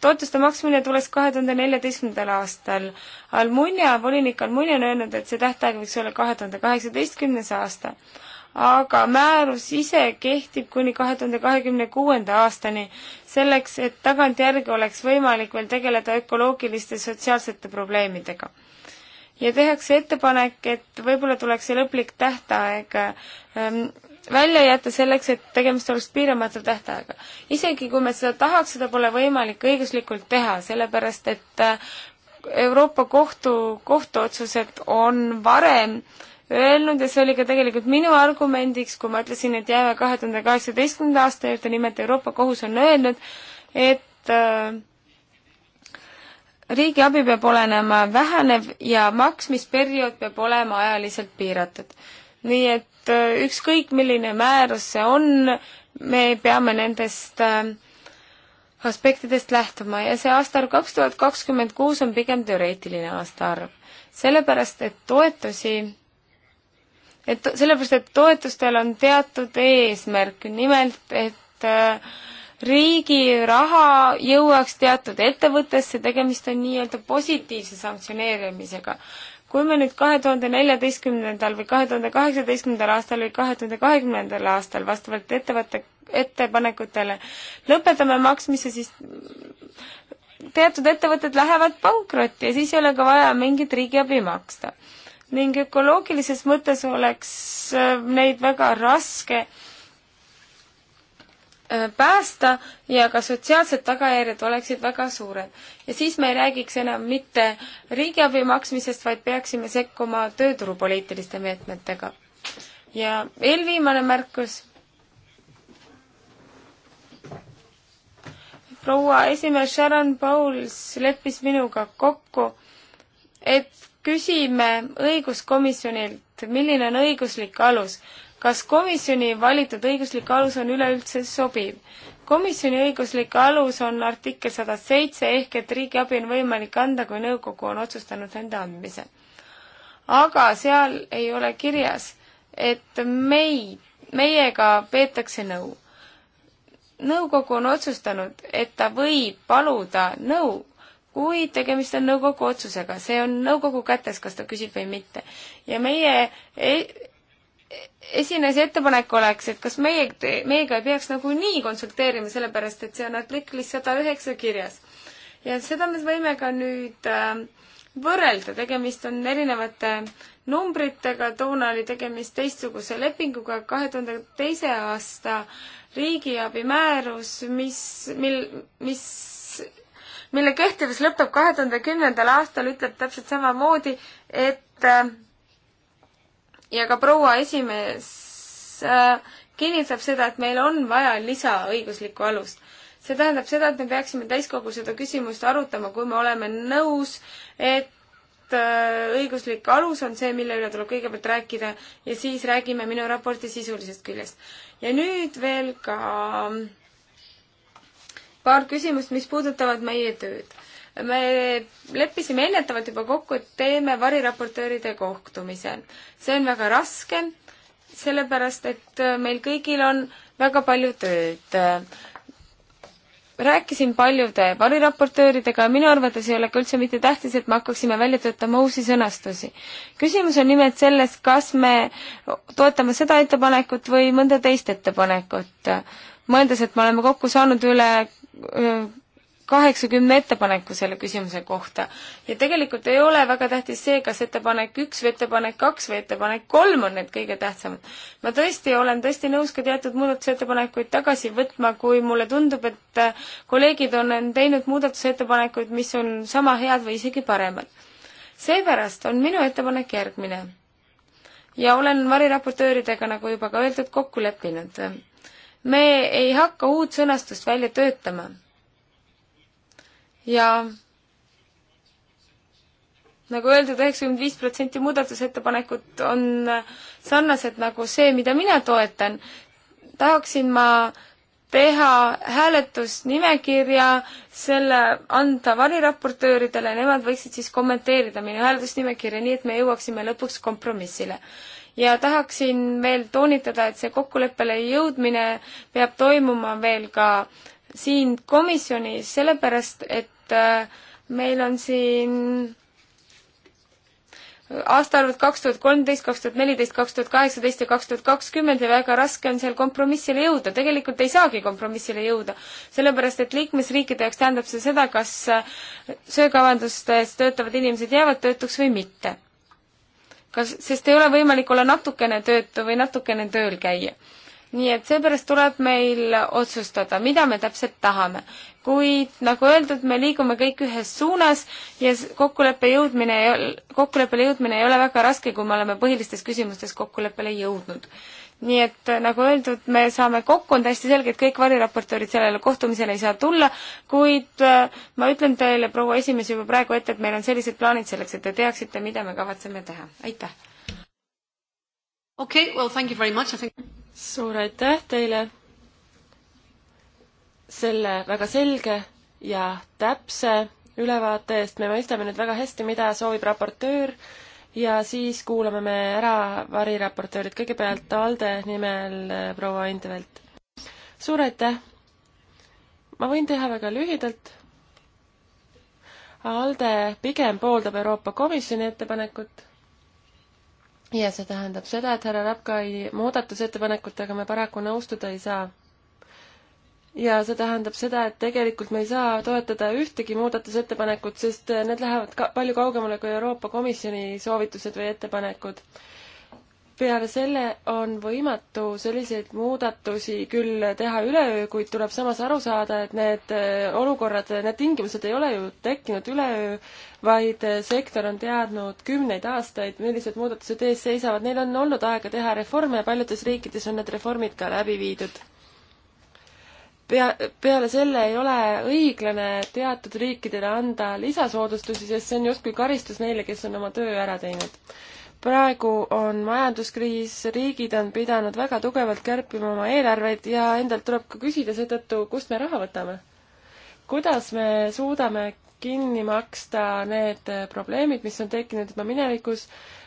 toetuste maksmine tuleks kahe tuhande neljateistkümnendal aastal. Almunia, volinik Almunia on öelnud, et see tähtaeg võiks olla kahe tuhande kaheksateistkümnes aasta. aga määrus ise kehtib kuni kahe tuhande kahekümne kuuenda aastani, selleks et tagantjärgi oleks võimalik veel tegeleda ökoloogiliste sotsiaalsete probleemidega ja tehakse ettepanek, et võib-olla tuleks see lõplik tähtaeg ähm, välja jätta selleks, et tegemist oleks piiramatu tähtaega. isegi kui me seda tahaks, seda pole võimalik õiguslikult teha, sellepärast et äh, Euroopa Kohtu kohtuotsused on varem öelnud ja see oli ka tegelikult minu argumendiks, kui ma ütlesin, et jääme kahe tuhande kaheksateistkümnenda aasta juurde, nimelt Euroopa Kohus on öelnud, et äh, riigiabi peab olema vähenev ja maksmisperiood peab olema ajaliselt piiratud nii et äh, ükskõik, milline määrus see on, me peame nendest äh, aspektidest lähtuma ja see aastaarv kaks tuhat kakskümmend kuus on pigem teoreetiline aastaarv. sellepärast, et toetusi, et sellepärast, et toetustel on teatud eesmärk, nimelt et äh, riigi raha jõuaks teatud ettevõttesse, tegemist on nii-öelda positiivse sanktsioneerimisega kui me nüüd kahe tuhande neljateistkümnendal või kahe tuhande kaheksateistkümnendal aastal või kahe tuhande kahekümnendal aastal vastavalt ettevõtte, ettepanekutele lõpetame maksmise, siis teatud ettevõtted lähevad pankrotti ja siis ei ole ka vaja mingit riigiabi maksta. ning ökoloogilises mõttes oleks äh, neid väga raske Äh, päästa ja ka sotsiaalsed tagajärjed oleksid väga suured. ja siis me ei räägiks enam mitte riigiabi maksmisest, vaid peaksime sekkuma tööturupoliitiliste meetmetega. ja eelviimane märkus. proua esimees Sharon Bowles leppis minuga kokku, et küsime õiguskomisjonilt, milline on õiguslik alus kas komisjoni valitud õiguslik alus on üleüldse sobiv. komisjoni õiguslik alus on artikkel sada seitse ehk et riigiabi on võimalik anda, kui nõukogu on otsustanud nende andmise. aga seal ei ole kirjas, et meid, meiega peetakse nõu. nõukogu on otsustanud, et ta võib paluda nõu kui tegemist on nõukogu otsusega, see on nõukogu kätes, kas ta küsib või mitte. ja meie e-, esines ettepanek oleks, et kas meie, meiega ei peaks nagunii konsulteerima, sellepärast et see on artiklis sada üheksa kirjas. ja seda me võime ka nüüd äh, võrrelda, tegemist on erinevate numbritega, toona oli tegemist teistsuguse lepinguga, kahe tuhande teise aasta riigiabi määrus, mis, mil, mis mille kehtivus lõpeb kahe tuhande kümnendal aastal, ütleb täpselt samamoodi, et äh, ja ka proua esimees äh, kinnitab seda, et meil on vaja lisaõiguslikku alust. see tähendab seda, et me peaksime täiskogu seda küsimust arutama, kui me oleme nõus, et äh, õiguslik alus on see, mille üle tuleb kõigepealt rääkida ja siis räägime minu raporti sisulisest küljest. ja nüüd veel ka mm, paar küsimust, mis puudutavad meie tööd me leppisime ennetavalt juba kokku, et teeme variraportööride kohtumise. see on väga raske, sellepärast et meil kõigil on väga palju tööd. rääkisin paljude variraportööridega ja minu arvates ei ole ka üldse mitte tähtis, et me hakkaksime välja töötama uusi sõnastusi. küsimus on nimelt selles, kas me toetame seda ettepanekut või mõnda teist ettepanekut. mõeldes, et me oleme kokku saanud üle kaheksakümne ettepaneku selle küsimuse kohta. ja tegelikult ei ole väga tähtis see, kas ettepanek üks või ettepanek kaks või ettepanek kolm on need kõige tähtsamad. ma tõesti olen tõesti nõus ka teatud muudatusettepanekuid tagasi võtma, kui mulle tundub, et kolleegid on teinud muudatusettepanekuid, mis on sama head või isegi paremad. seepärast on minu ettepanek järgmine. ja olen variraportööridega, nagu juba ka öeldud, kokku leppinud. me ei hakka uut sõnastust välja töötama ja nagu öeldud, üheksakümmend viis protsenti muudatusettepanekut on sarnased nagu see, mida mina toetan. tahaksin ma teha hääletusnimekirja, selle anda variraportööridele, nemad võiksid siis kommenteerida minu hääletusnimekirja, nii et me jõuaksime lõpuks kompromissile. ja tahaksin veel toonitada, et see kokkuleppele jõudmine peab toimuma veel ka siin komisjonis, sellepärast et et äh, meil on siin aastaarvud kaks tuhat kolmteist, kaks tuhat neliteist, kaks tuhat kaheksateist ja kaks tuhat kakskümmend ja väga raske on seal kompromissile jõuda. tegelikult ei saagi kompromissile jõuda, sellepärast et liikmesriikide jaoks tähendab see seda, kas äh, söekavandustes töötavad inimesed jäävad töötuks või mitte. kas, sest ei ole võimalik olla natukene töötu või natukene tööl käia nii et seepärast tuleb meil otsustada, mida me täpselt tahame. kuid nagu öeldud, me liigume kõik ühes suunas ja kokkuleppe jõudmine, kokkuleppele jõudmine ei ole väga raske, kui me oleme põhilistes küsimustes kokkuleppele jõudnud. nii et äh, nagu öeldud, me saame kokku, on täiesti selge, et kõik variraportöörid sellele kohtumisele ei saa tulla, kuid äh, ma ütlen teile, proua esimees, juba praegu ette, et meil on sellised plaanid selleks, et te teaksite, mida me kavatseme teha. aitäh! okei okay,, well thank you very much, I think suur aitäh teile selle väga selge ja täpse ülevaate eest, me mõistame nüüd väga hästi, mida soovib raportöör ja siis kuulame me ära variraportöörid, kõigepealt Alde nimel äh, proua Indvelt. suur aitäh! ma võin teha väga lühidalt. ALDE pigem pooldab Euroopa Komisjoni ettepanekut ja see tähendab seda, et härra Rapkai muudatusettepanekutega me paraku nõustuda ei saa. ja see tähendab seda, et tegelikult me ei saa toetada ühtegi muudatusettepanekut, sest need lähevad ka palju kaugemale kui Euroopa Komisjoni soovitused või ettepanekud peale selle on võimatu selliseid muudatusi küll teha üleöö, kuid tuleb samas aru saada, et need äh, olukorrad, need tingimused ei ole ju tekkinud üleöö, vaid äh, sektor on teadnud kümneid aastaid, millised muudatused ees seisavad, neil on olnud aega teha reforme ja paljudes riikides on need reformid ka läbi viidud pea, peale selle ei ole õiglane teatud riikidele anda lisasoodustusi, sest see on justkui karistus neile, kes on oma töö ära teinud praegu on majanduskriis, riigid on pidanud väga tugevalt kärpima oma eelarveid ja endalt tuleb ka küsida seetõttu, kust me raha võtame. kuidas me suudame kinni maksta need probleemed, mis on tekkinud juba minevikus,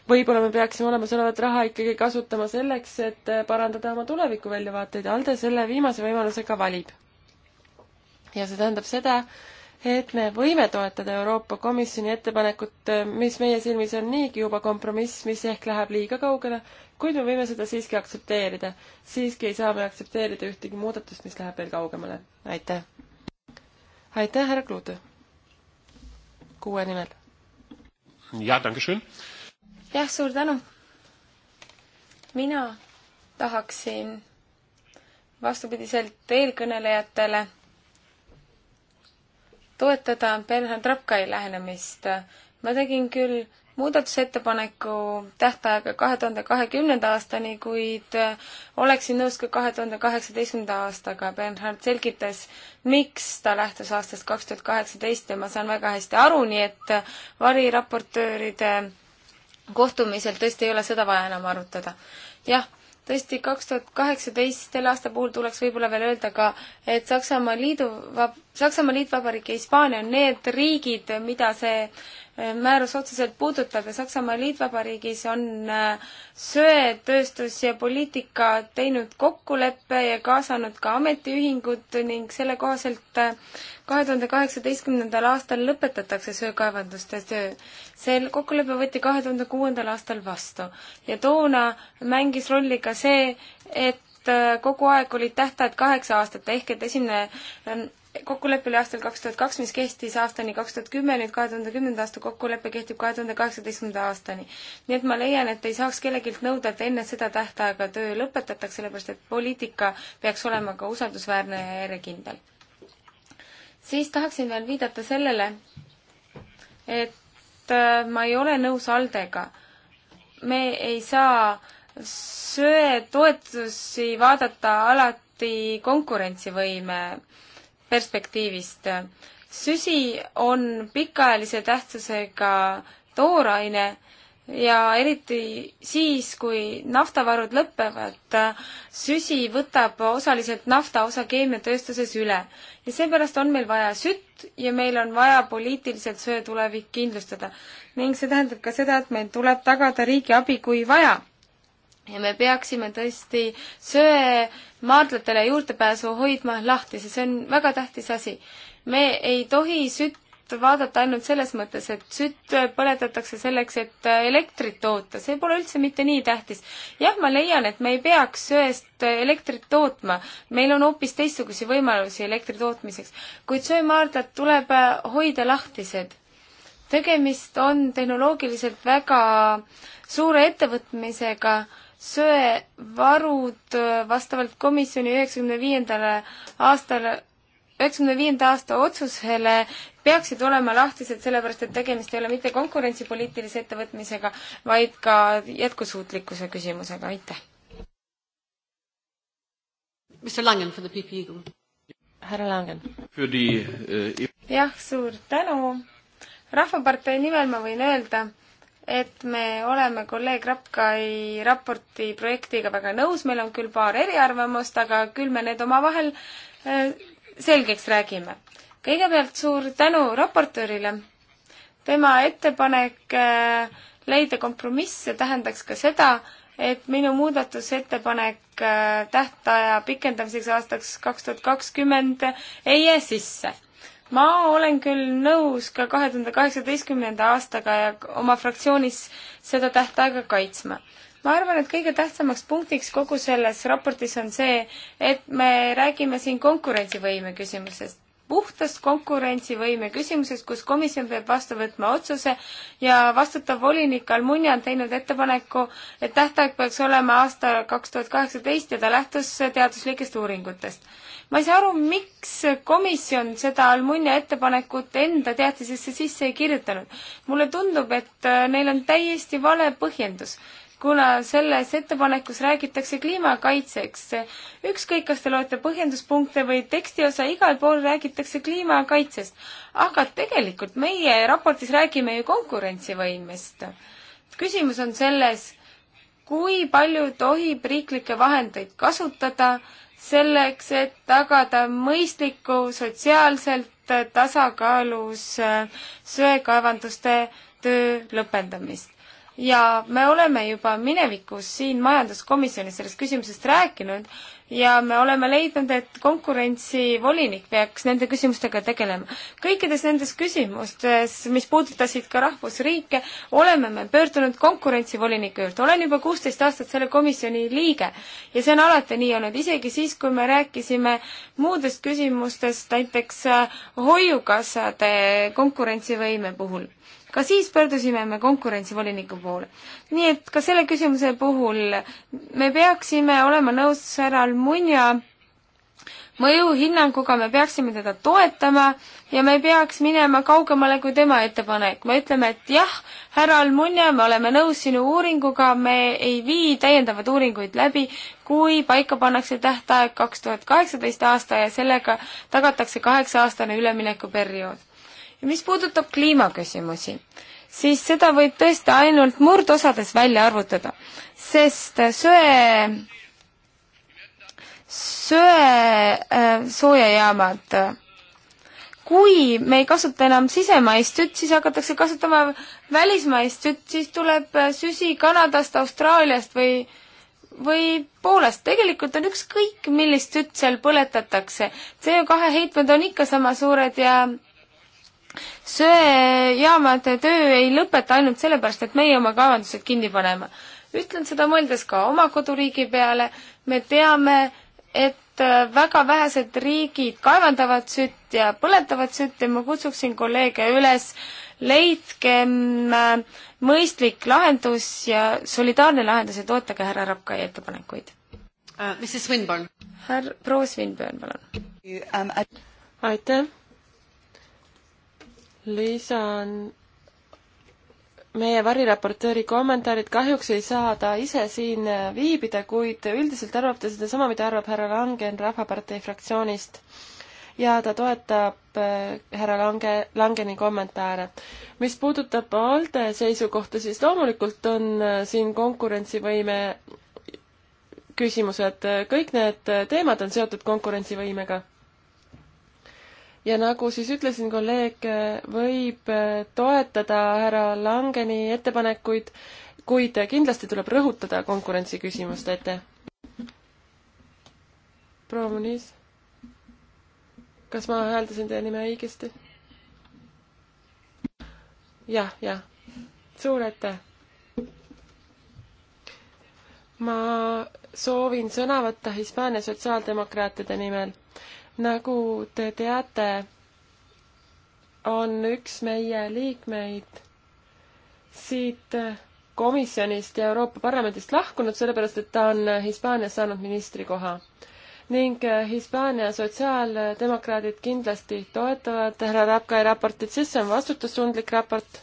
võib-olla me peaksime olemasolevat raha ikkagi kasutama selleks, et parandada oma tuleviku väljavaateid, Alde selle viimase võimaluse ka valib. ja see tähendab seda, et me võime toetada Euroopa Komisjoni ettepanekut, äh, mis meie silmis on niigi juba kompromiss, mis ehk läheb liiga kaugele, kuid me võime seda siiski aktsepteerida. siiski ei saa me aktsepteerida ühtegi muudatust, mis läheb veel kaugemale. aitäh! aitäh, härra Kluude! kuue nimel. jaa, dankeschön! jah, suur tänu! mina tahaksin vastupidiselt eelkõnelejatele toetada Bernhard Rapkai lähenemist. ma tegin küll muudatusettepaneku tähtaega kahe tuhande kahekümnenda aastani, kuid äh, oleksin nõus ka kahe tuhande kaheksateistkümnenda aastaga. Bernhard selgitas, miks ta lähtus aastast kaks tuhat kaheksateist ja ma saan väga hästi aru, nii et äh, variraportööride kohtumisel tõesti ei ole seda vaja enam arutada. jah, tõesti, kaks tuhat kaheksateist, selle aasta puhul tuleks võib-olla veel öelda ka, et Saksamaa liidu vab-, Saksamaa Liitvabariik ja Hispaania on need riigid, mida see äh, määrus otseselt puudutab ja Saksamaa Liitvabariigis on äh, söetööstus ja poliitika teinud kokkuleppe ja kaasanud ka ametiühingud ning selle kohaselt äh, kahe tuhande kaheksateistkümnendal aastal lõpetatakse söekaevanduste töö. see kokkulepe võeti kahe tuhande kuuendal aastal vastu ja toona mängis rolli ka see, et kogu aeg olid tähtajad kaheksa aastat ehk et esimene kokkulepe oli aastal kaks tuhat kaks, mis kehtis aastani kaks tuhat kümme, nüüd kahe tuhande kümnenda aasta kokkulepe kehtib kahe tuhande kaheksateistkümnenda aastani. nii et ma leian, et ei saaks kellelgi nõuda, et enne seda tähtaega töö lõpetataks, sellepärast et poliitika peaks olema ka usaldusväärne ja järjekindel. siis tahaksin veel viidata sellele, et äh, ma ei ole nõus Aldega. me ei saa söe toetusi vaadata alati konkurentsivõime äh, perspektiivist. süsi on pikaajalise tähtsusega tooraine ja eriti siis, kui naftavarud lõpevad, süsi võtab osaliselt nafta osa keemiatööstuses üle. ja seepärast on meil vaja sütt ja meil on vaja poliitiliselt söe tulevik kindlustada. ning see tähendab ka seda, et meil tuleb tagada riigi abi, kui vaja ja me peaksime tõesti söe maardlatele juurdepääsu hoidma lahti, sest see on väga tähtis asi. me ei tohi sütt vaadata ainult selles mõttes, et sütt põletatakse selleks, et elektrit toota, see pole üldse mitte nii tähtis. jah, ma leian, et me ei peaks söest elektrit tootma, meil on hoopis teistsugusi võimalusi elektri tootmiseks, kuid söemaardlad tuleb hoida lahtised tegemist on tehnoloogiliselt väga suure ettevõtmisega söevarud äh, vastavalt komisjoni üheksakümne viiendale aastale, üheksakümne viienda aasta otsusele peaksid olema lahtised, sellepärast et tegemist ei ole mitte konkurentsipoliitilise ettevõtmisega, vaid ka jätkusuutlikkuse küsimusega, aitäh. E härra Langen. Äh, jah, suur tänu. rahvapartei nimel ma võin öelda, et me oleme kolleeg Rapkai raporti projektiga väga nõus, meil on küll paar eriarvamust, aga küll me need omavahel äh, selgeks räägime. kõigepealt suur tänu raportöörile. tema ettepanek äh, leida kompromisse tähendaks ka seda, et minu muudatusettepanek äh, tähtaja pikendamiseks aastaks kaks tuhat kakskümmend ei jää sisse ma olen küll nõus ka kahe tuhande kaheksateistkümnenda aastaga ja oma fraktsioonis seda tähtaega kaitsma. ma arvan, et kõige tähtsamaks punktiks kogu selles raportis on see, et me räägime siin konkurentsivõime küsimusest puhtast konkurentsivõime küsimuses, kus komisjon peab vastu võtma otsuse ja vastutav volinik Almunia on teinud ettepaneku, et tähtaeg peaks olema aasta kaks tuhat kaheksateist ja ta lähtus teaduslikest uuringutest ma ei saa aru, miks komisjon seda Almunia ettepanekut enda teatisesse sisse ei kirjutanud. mulle tundub, et äh, neil on täiesti vale põhjendus, kuna selles ettepanekus räägitakse kliimakaitseks. ükskõik, kas te loete põhjenduspunkte või tekstiosa, igal pool räägitakse kliimakaitsest. aga tegelikult meie raportis räägime ju konkurentsivõimest. küsimus on selles, kui palju tohib riiklikke vahendeid kasutada selleks, et tagada mõistliku, sotsiaalselt tasakaalus äh, söekaevanduste töö lõpendamist. ja me oleme juba minevikus siin majanduskomisjonis sellest küsimusest rääkinud ja me oleme leidnud, et konkurentsivolinik peaks nende küsimustega tegelema. kõikides nendes küsimustes, mis puudutasid ka rahvusriike, oleme me pöördunud konkurentsivoliniku juurde. olen juba kuusteist aastat selle komisjoni liige ja see on alati nii olnud, isegi siis, kui me rääkisime muudest küsimustest, näiteks hoiukassade konkurentsivõime puhul ka siis pöördusime me konkurentsivoliniku poole. nii et ka selle küsimuse puhul me peaksime olema nõus härra Almunia mõjuhinnanguga, me peaksime teda toetama ja me ei peaks minema kaugemale kui tema ettepanek. me ütleme, et jah, härra Almunia, me oleme nõus sinu uuringuga, me ei vii täiendavaid uuringuid läbi, kui paika pannakse tähtaeg kaks tuhat kaheksateist aasta ja sellega tagatakse kaheksa-aastane üleminekuperiood mis puudutab kliimaküsimusi, siis seda võib tõesti ainult murdosades välja arvutada, sest söe, söe äh, soojajaamad, kui me ei kasuta enam sisemaist sütt, siis hakatakse kasutama välismaist sütt, siis tuleb äh, süsi Kanadast, Austraaliast või või Poolast, tegelikult on ükskõik, millist sütt seal põletatakse. CO2 heitmed on ikka sama suured ja söejaamade töö ei lõpeta ainult sellepärast, et meie oma kaevandused kinni paneme. ütlen seda mõeldes ka oma koduriigi peale, me teame, et äh, väga vähesed riigid kaevandavad sütt ja põletavad sütt ja ma kutsuksin kolleege üles, leidkem äh, mõistlik lahendus ja solidaarne lahendus ja toetage härra Rapkai ettepanekuid uh,. Mrs Swinburne. härra proua Swinburne, palun um,. aitäh lisan meie variraportööri kommentaarid, kahjuks ei saa ta ise siin viibida, kuid üldiselt arvab ta sedasama, mida arvab härra Langen Rahvapartei fraktsioonist. ja ta toetab äh, härra Lange, Langeni kommentaare. mis puudutab ALDE seisukohta, siis loomulikult on äh, siin konkurentsivõime küsimused, kõik need teemad on seotud konkurentsivõimega ja nagu siis ütlesin, kolleeg eh, võib eh, toetada härra Langeni ettepanekuid, kuid kindlasti tuleb rõhutada konkurentsi küsimust ette. proua Muniz, kas ma hääldasin teie nime õigesti ja,? jah, jah, suur aitäh! ma soovin sõna võtta Hispaania sotsiaaldemokraatide nimel nagu te teate, on üks meie liikmeid siit komisjonist ja Euroopa Parlamendist lahkunud, sellepärast et ta on Hispaanias saanud ministrikoha. ning Hispaania sotsiaaldemokraadid kindlasti toetavad härra Rapkai raportit, sest see on vastutustundlik raport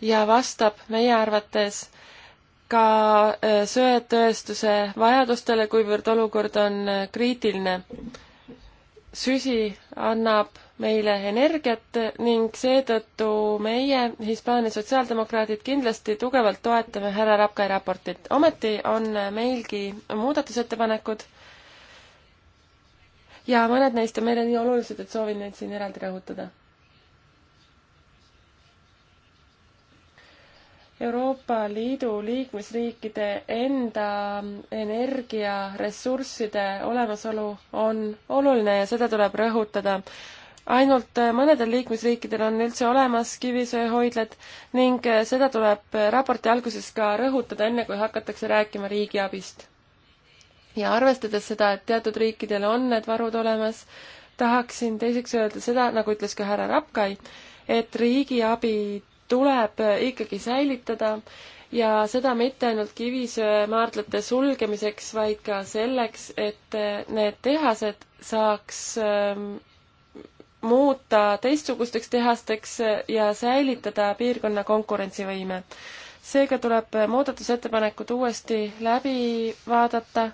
ja vastab meie arvates ka äh, söetööstuse vajadustele, kuivõrd olukord on äh, kriitiline. süsi annab meile energiat ning seetõttu meie, Hispaania sotsiaaldemokraadid, kindlasti tugevalt toetame härra Rapkai raportit. ometi on äh, meilgi muudatusettepanekud ja mõned neist on meile nii olulised, et soovin neid siin eraldi rõhutada Euroopa Liidu liikmesriikide enda energiaressursside olemasolu on oluline ja seda tuleb rõhutada. ainult mõnedel liikmesriikidel on üldse olemas kivisöehoidlad ning seda tuleb raporti alguses ka rõhutada, enne kui hakatakse rääkima riigiabist. ja arvestades seda, et teatud riikidel on need varud olemas, tahaksin teiseks öelda seda, nagu ütles ka härra Rapkai, et riigiabi tuleb ikkagi säilitada ja seda mitte ainult kivisöemaardlate sulgemiseks, vaid ka selleks, et need tehased saaks ähm, muuta teistsugusteks tehasteks ja säilitada piirkonna konkurentsivõime. seega tuleb muudatusettepanekud uuesti läbi vaadata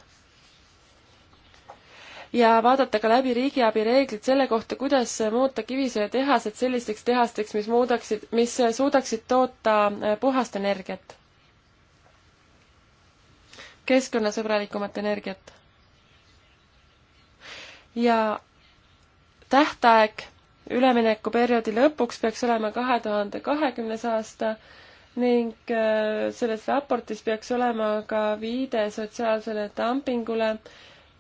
ja vaadata ka läbi riigiabi reeglid selle kohta, kuidas muuta kivisöetehased sellisteks tehasteks, mis muudaksid, mis suudaksid toota äh, puhast energiat. keskkonnasõbralikumat energiat. ja tähtaeg üleminekuperioodi lõpuks peaks olema kahe tuhande kahekümnes aasta ning äh, selles raportis peaks olema ka viide sotsiaalsele dumpingule äh,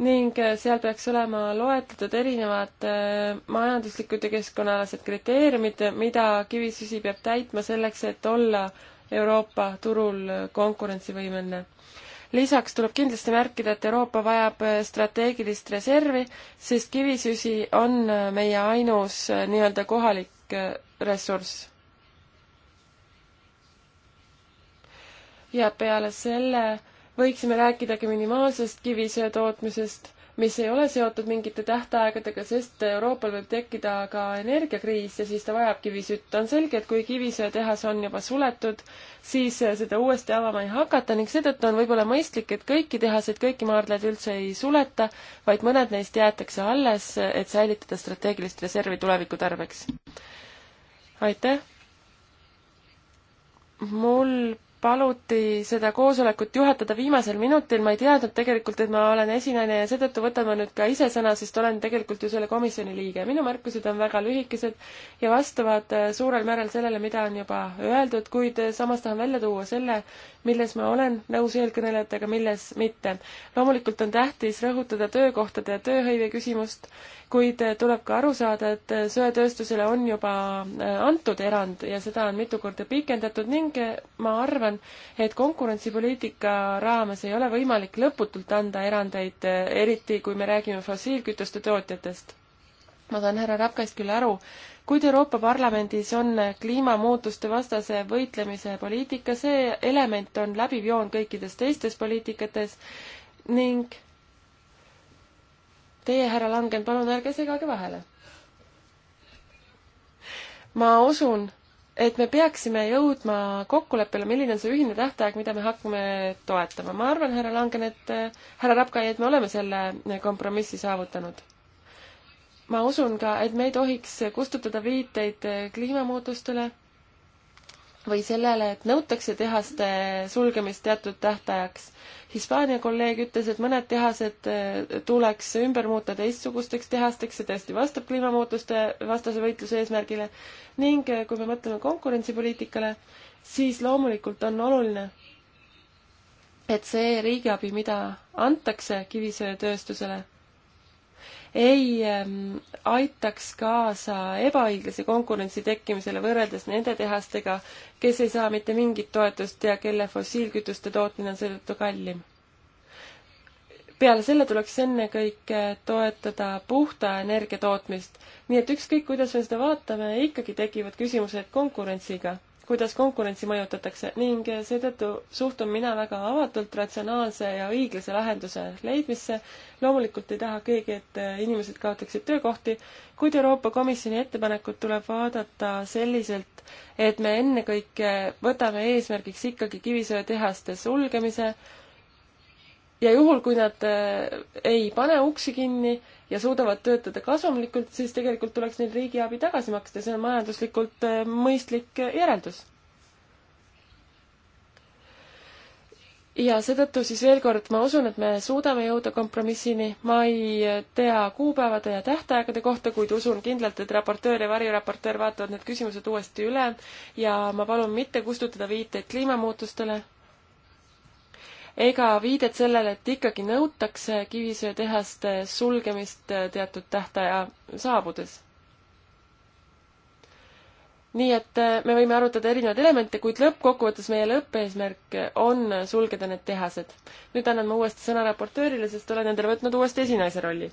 ning äh, seal peaks olema loetletud erinevad äh, majanduslikud ja keskkonnaalased kriteeriumid, mida kivisüsi peab täitma selleks, et olla Euroopa turul äh, konkurentsivõimeline lisaks tuleb kindlasti märkida, et Euroopa vajab strateegilist reservi, sest kivisüsi on meie ainus nii-öelda kohalik ressurss. ja peale selle võiksime rääkidagi minimaalsest kivisöe tootmisest, mis ei ole seotud mingite tähtaegadega, sest Euroopal võib tekkida ka energiakriis ja siis ta vajab kivisütt. on selge, et kui kivisöetehas on juba suletud, siis seda uuesti avama ei hakata ning seetõttu on võib-olla mõistlik, et kõiki tehaseid, kõiki maardlaid üldse ei suleta, vaid mõned neist jäetakse alles, et säilitada strateegilist reservi tuleviku tarbeks. aitäh! mul paluti seda koosolekut juhatada viimasel minutil, ma ei teadnud tegelikult, et ma olen esinaine ja seetõttu võtan ma nüüd ka ise sõna, sest olen tegelikult ju selle komisjoni liige. minu märkused on väga lühikesed ja vastavad äh, suurel määral sellele, mida on juba öeldud, kuid äh, samas tahan välja tuua selle, milles ma olen nõus eelkõnelejatega, milles mitte. loomulikult on tähtis rõhutada töökohtade ja tööhõive küsimust, kuid äh, tuleb ka aru saada, et söetööstusele on juba antud erand ja seda on mitu korda pikendatud ning ma arvan, arvan, et konkurentsipoliitika raames ei ole võimalik lõputult anda erandeid, eriti kui me räägime fossiilkütuste tootjatest. ma saan härra Rapkast küll aru, kuid Euroopa Parlamendis on kliimamuutuste vastase võitlemise poliitika, see element on läbiv joon kõikides teistes poliitikates ning teie, härra Langen, palun ärge segage vahele. ma usun, et me peaksime jõudma kokkuleppele, milline on see ühine tähtaeg, mida me hakkame toetama. ma arvan, härra Langen, et härra Rapkai, et me oleme selle kompromissi saavutanud. ma usun ka, et me ei tohiks kustutada viiteid kliimamuutustele või sellele, et nõutakse tehaste sulgemist teatud tähtajaks. Hispaania kolleeg ütles, et mõned tehased eh, tuleks ümber muuta teistsugusteks tehasteks, see tõesti vastab kliimamuutuste vastase võitluse eesmärgile ning eh, kui me mõtleme konkurentsipoliitikale, siis loomulikult on oluline, et see riigiabi, mida antakse kivisöetööstusele, ei ähm, aitaks kaasa ebaõiglase konkurentsi tekkimisele võrreldes nende tehastega, kes ei saa mitte mingit toetust ja kelle fossiilkütuste tootmine on seetõttu kallim. peale selle tuleks ennekõike toetada puhta energia tootmist, nii et ükskõik, kuidas me seda vaatame, ikkagi tekivad küsimused konkurentsiga kuidas konkurentsi mõjutatakse ning seetõttu suhtun mina väga avatult ratsionaalse ja õiglase lahenduse leidmisse. loomulikult ei taha keegi, et inimesed kaotaksid töökohti, kuid Euroopa Komisjoni ettepanekut tuleb vaadata selliselt, et me ennekõike võtame eesmärgiks ikkagi kivisöetehaste sulgemise, ja juhul, kui nad äh, ei pane uksi kinni ja suudavad töötada kasumlikult, siis tegelikult tuleks neil riigiabi tagasi maksta, see on majanduslikult äh, mõistlik äh, järeldus. ja seetõttu siis veel kord, ma usun, et me suudame jõuda kompromissini, ma ei tea kuupäevade ja tähtaegade kohta, kuid usun kindlalt, et raportöör ja variraportöör vaatavad need küsimused uuesti üle ja ma palun mitte kustutada viiteid kliimamuutustele ega viidet sellele, et ikkagi nõutakse kivisöetehaste sulgemist teatud tähtaja saabudes. nii et äh, me võime arutada erinevaid elemente, kuid lõppkokkuvõttes meie lõppeesmärk on sulgeda need tehased. nüüd annan ma uuesti sõna raportöörile, sest olen endale võtnud uuesti esinaise rolli.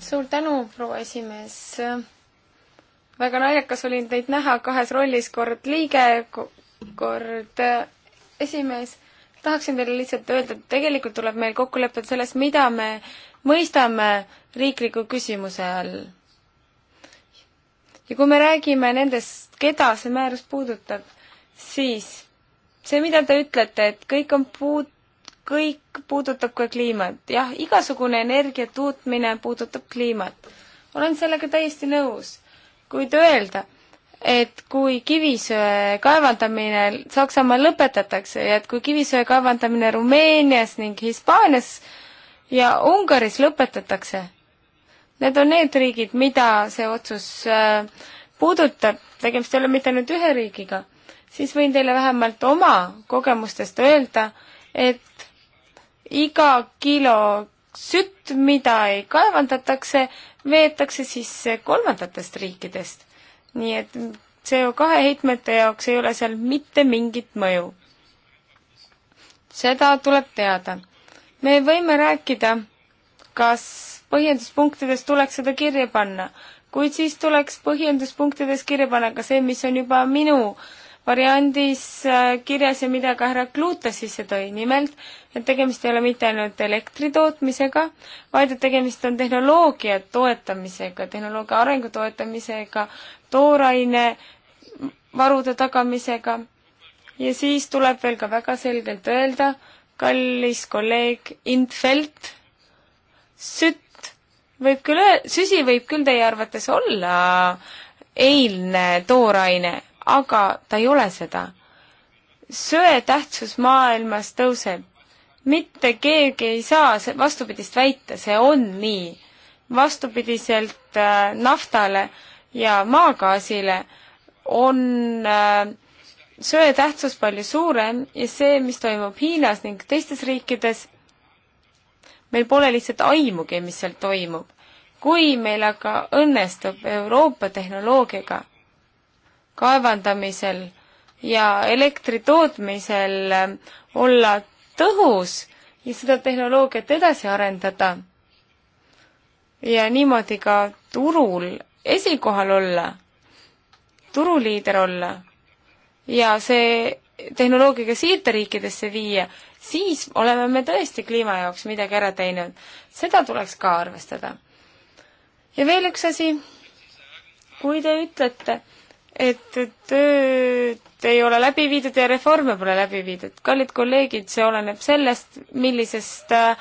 suur tänu, proua esimees. väga naljakas oli teid näha kahes rollis, kord liige, kord äh, esimees tahaksin teile lihtsalt öelda, et tegelikult tuleb meil kokkulepped selles, mida me mõistame riikliku küsimuse all. ja kui me räägime nendest, keda see määrus puudutab, siis see, mida te ütlete, et kõik on puud-, kõik puudutab ka kliimat. jah, igasugune energia tootmine puudutab kliimat. olen sellega täiesti nõus. kuid öelda, et kui kivisöe kaevandamine Saksamaal lõpetatakse ja et kui kivisöe kaevandamine Rumeenias ning Hispaanias ja Ungaris lõpetatakse, need on need riigid, mida see otsus äh, puudutab, tegemist ei ole mitte ainult ühe riigiga, siis võin teile vähemalt oma kogemustest öelda, et iga kilo sütt, mida ei kaevandatakse, veetakse sisse kolmandatest riikidest nii et CO2 heitmete jaoks ei ole seal mitte mingit mõju. seda tuleb teada. me võime rääkida, kas põhjenduspunktides tuleks seda kirja panna, kuid siis tuleks põhjenduspunktides kirja panna ka see, mis on juba minu variandis äh, kirjas ja mida ka härra Kluuta sisse tõi, nimelt et tegemist ei ole mitte ainult elektri tootmisega, vaid et tegemist on tehnoloogia toetamisega, tehnoloogia arengu toetamisega, tooraine varude tagamisega ja siis tuleb veel ka väga selgelt öelda, kallis kolleeg Intfeld, sütt võib küll, süsi võib küll teie arvates olla eilne tooraine, aga ta ei ole seda. söe tähtsus maailmas tõuseb. mitte keegi ei saa vastupidist väita, see on nii. vastupidiselt äh, naftale ja maagaasile on äh, söe tähtsus palju suurem ja see, mis toimub Hiinas ning teistes riikides, meil pole lihtsalt aimugi, mis seal toimub. kui meil aga õnnestub Euroopa tehnoloogiaga kaevandamisel ja elektri tootmisel äh, olla tõhus ja seda tehnoloogiat edasi arendada ja niimoodi ka turul esikohal olla, turuliider olla ja see tehnoloogiaga siirderiikidesse viia, siis oleme me tõesti kliima jaoks midagi ära teinud. seda tuleks ka arvestada. ja veel üks asi, kui te ütlete, et tööd ei ole läbi viidud ja reforme pole läbi viidud, kallid kolleegid, see oleneb sellest, millisest äh,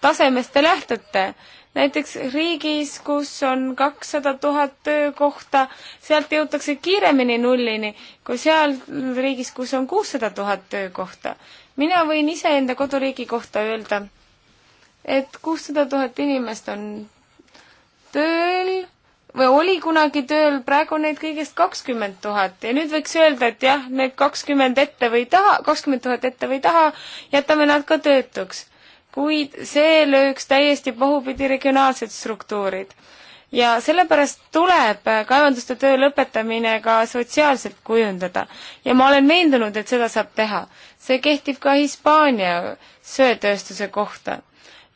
tasemest te lähtute näiteks riigis, kus on kakssada tuhat töökohta, sealt jõutakse kiiremini nullini kui seal riigis, kus on kuussada tuhat töökohta. mina võin iseenda koduriigi kohta öelda, et kuussada tuhat inimest on tööl või oli kunagi tööl, praegu on neid kõigest kakskümmend tuhat ja nüüd võiks öelda, et jah, need kakskümmend ette või taha, kakskümmend tuhat ette või taha, jätame nad ka töötuks kuid see lööks täiesti pahupidi regionaalsed struktuurid. ja sellepärast tuleb kaevanduste töö lõpetamine ka sotsiaalselt kujundada ja ma olen veendunud, et seda saab teha. see kehtib ka Hispaania söetööstuse kohta.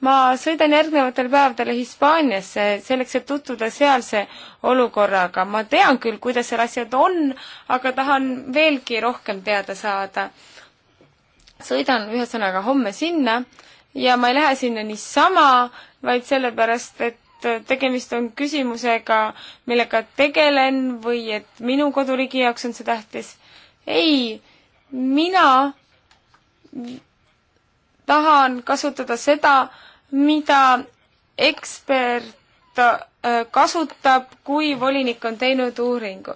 ma sõidan järgnevatel päevadel Hispaaniasse selleks, et tutvuda sealse olukorraga. ma tean küll, kuidas seal asjad on, aga tahan veelgi rohkem teada saada. sõidan ühesõnaga homme sinna ja ma ei lähe sinna niisama, vaid sellepärast, et tegemist on küsimusega, millega tegelen või et minu koduriigi jaoks on see tähtis. ei, mina tahan kasutada seda, mida ekspert äh, kasutab, kui volinik on teinud uuringu.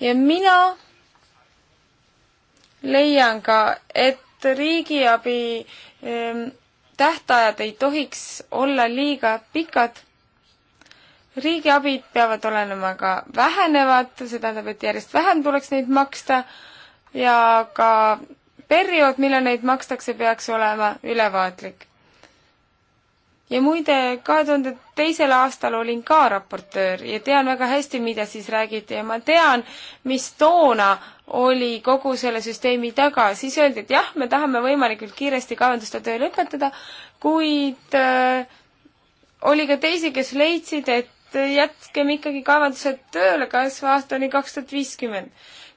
ja mina leian ka, et riigiabi ähm, tähtajad ei tohiks olla liiga pikad. riigiabid peavad olema ka vähenevad, see tähendab, et järjest vähem tuleks neid maksta ja ka periood, millal neid makstakse, peaks olema ülevaatlik. ja muide, kahe tuhande teisel aastal olin ka raportöör ja tean väga hästi, mida siis räägiti ja ma tean, mis toona oli kogu selle süsteemi taga, siis öeldi, et jah, me tahame võimalikult kiiresti kaevanduste töö lõpetada, kuid äh, oli ka teisi, kes leidsid, et jätkem ikkagi kaevandused tööle kasva aastani kaks tuhat viiskümmend.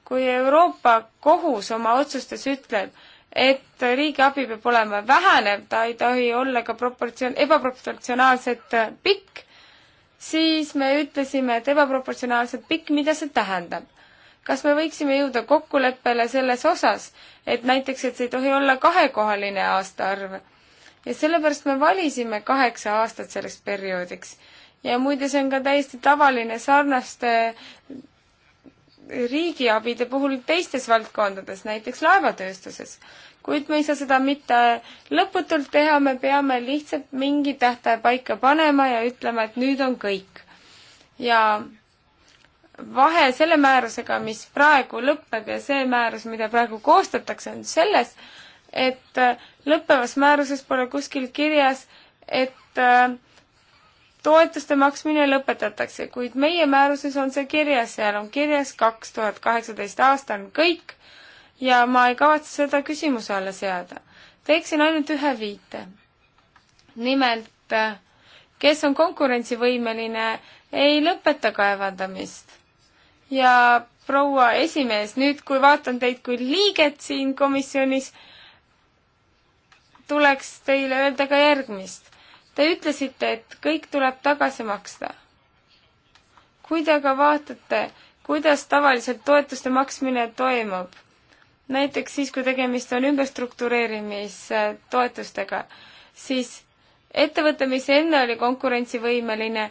kui Euroopa Kohus oma otsustes ütleb, et riigiabi peab olema vähenev, ta ei tohi olla ka proportsioon, ebaproportsionaalselt äh, pikk, siis me ütlesime, et ebaproportsionaalselt pikk, mida see tähendab? kas me võiksime jõuda kokkuleppele selles osas, et näiteks, et see ei tohi olla kahekohaline aastaarv. ja sellepärast me valisime kaheksa aastat selleks perioodiks. ja muide, see on ka täiesti tavaline sarnaste riigiabide puhul teistes valdkondades, näiteks laevatööstuses. kuid me ei saa seda mitte lõputult teha, me peame lihtsalt mingi tähtaja paika panema ja ütlema, et nüüd on kõik. ja vahe selle määrusega, mis praegu lõpeb ja see määrus, mida praegu koostatakse, on selles, et äh, lõppevas määruses pole kuskil kirjas, et äh, toetuste maksmine lõpetatakse, kuid meie määruses on see kirjas, seal on kirjas kaks tuhat kaheksateist aasta on kõik ja ma ei kavatse seda küsimuse alla seada. teeksin ainult ühe viite. nimelt, äh, kes on konkurentsivõimeline, ei lõpeta kaevandamist ja proua esimees, nüüd kui vaatan teid kui liiget siin komisjonis, tuleks teile öelda ka järgmist. Te ütlesite, et kõik tuleb tagasi maksta. kui te aga vaatate, kuidas tavaliselt toetuste maksmine toimub, näiteks siis, kui tegemist on ümberstruktureerimistoetustega, siis ettevõte, mis enne oli konkurentsivõimeline,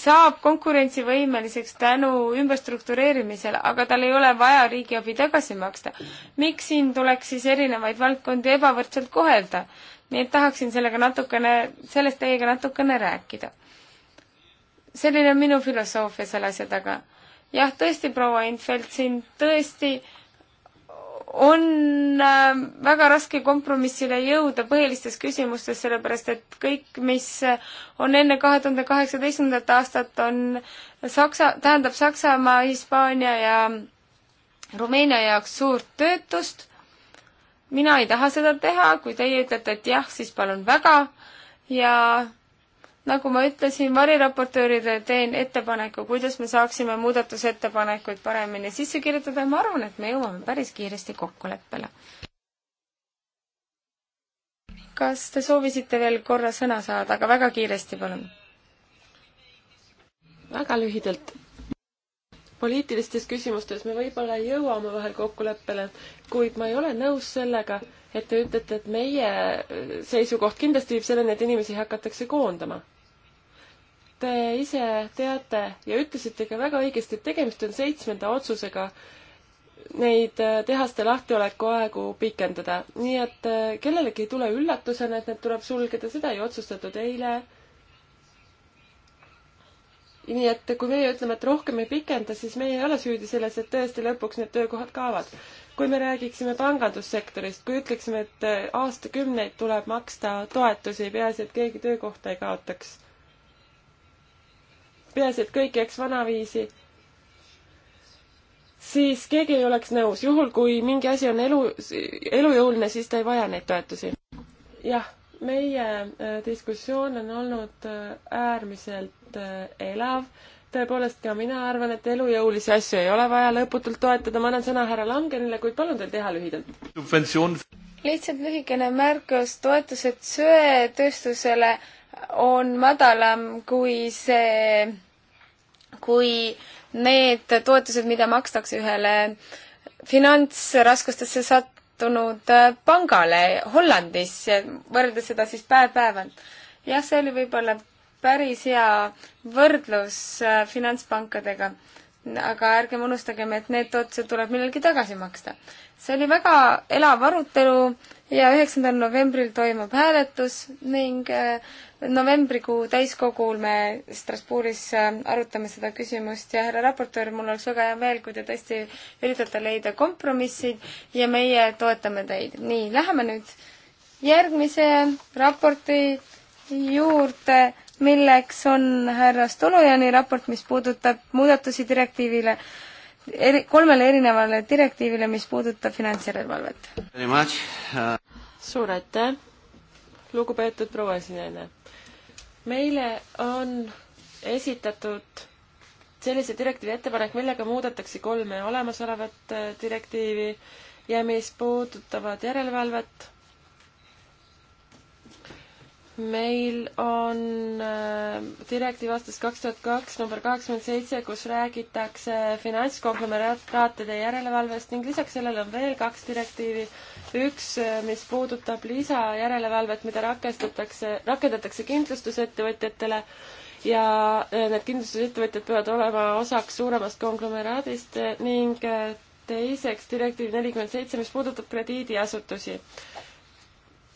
saab konkurentsivõimeliseks tänu ümberstruktureerimisele, aga tal ei ole vaja riigiabi tagasi maksta. miks siin tuleks siis erinevaid valdkondi ebavõrdselt kohelda? nii et tahaksin sellega natukene, sellest teiega natukene rääkida. selline on minu filosoofia selle asja taga. jah, tõesti, proua Infeld, siin tõesti äh, on ähm, väga raske kompromissile jõuda põhilistes küsimustes, sellepärast et kõik, mis on enne kahe tuhande kaheksateistkümnendat aastat, on Saksa, tähendab Saksamaa, Hispaania ja Rumeenia jaoks suurt töötust. mina ei taha seda teha, kui teie ütlete, et jah, siis palun väga ja nagu ma ütlesin, variraportööridele teen ettepaneku, kuidas me saaksime muudatusettepanekuid paremini sisse kirjutada ja ma arvan, et me jõuame päris kiiresti kokkuleppele. kas te soovisite veel korra sõna saada, aga väga kiiresti, palun? väga lühidalt poliitilistes küsimustes me võib-olla ei jõua omavahel kokkuleppele, kuid ma ei ole nõus sellega, et te ütlete, et meie seisukoht kindlasti viib selleni, et inimesi hakatakse koondama. Te ise teate ja ütlesite ka väga õigesti, et tegemist on seitsmenda otsusega neid äh, tehaste lahtioleku aegu pikendada, nii et äh, kellelegi ei tule üllatusena, et need tuleb sulgeda, seda ei otsustatud eile nii et kui meie ütleme, et rohkem ei pikenda, siis meie ei ole süüdi selles, et tõesti lõpuks need töökohad kaovad. kui me räägiksime pangandussektorist, kui ütleksime, et äh, aastakümneid tuleb maksta toetusi, peaasi, et keegi töökohta ei kaotaks. peaasi, et kõik jääks vanaviisi siis keegi ei oleks nõus. juhul, kui mingi asi on elu, elujõuline, siis ta ei vaja neid toetusi. jah, meie äh, diskussioon on olnud äh, äärmiselt olnud äh, elav. tõepoolest, ka mina arvan, et elujõulisi asju ei ole vaja lõputult toetada, ma annan sõna härra Langenile, kuid palun teil teha lühidalt. lihtsalt lühikene märkus, toetused söetööstusele on madalam kui see, kui need toetused, mida makstakse ühele finantsraskustesse sattunud pangale Hollandis, võrreldes seda siis päev-päevalt. jah, see oli võib-olla päris hea võrdlus äh, finantspankadega. aga ärgem unustagem, et need otsused tuleb millalgi tagasi maksta. see oli väga elav arutelu ja üheksandal novembril toimub hääletus ning äh, novembrikuu täiskogul me Strasbourgis äh, arutame seda küsimust ja härra raportöör, mul oleks väga hea meel, kui te tõesti üritate leida kompromissid ja meie toetame teid. nii, läheme nüüd järgmise raporti juurde milleks on härra Stolojani raport, mis puudutab muudatusi direktiivile, eri, kolmele erinevale direktiivile, mis puudutab finantsjärelevalvet. Uh, suur aitäh, lugupeetud proua esinaine. meile on esitatud sellise direktiivi ettepanek, millega muudetakse kolme olemasolevat äh, direktiivi ja mis puudutavad järelevalvet meil on äh, direktiiv aastast kaks tuhat kaks number kaheksakümmend seitse, kus räägitakse finantskonglomeraatide järelevalvest ning lisaks sellele on veel kaks direktiivi. üks, äh, mis puudutab lisajärelevalvet, mida rakendatakse, rakendatakse kindlustusettevõtjatele ja äh, need kindlustusettevõtjad peavad olema osaks suuremast konglomeraadist ning teiseks direktiiv nelikümmend seitse, mis puudutab krediidiasutusi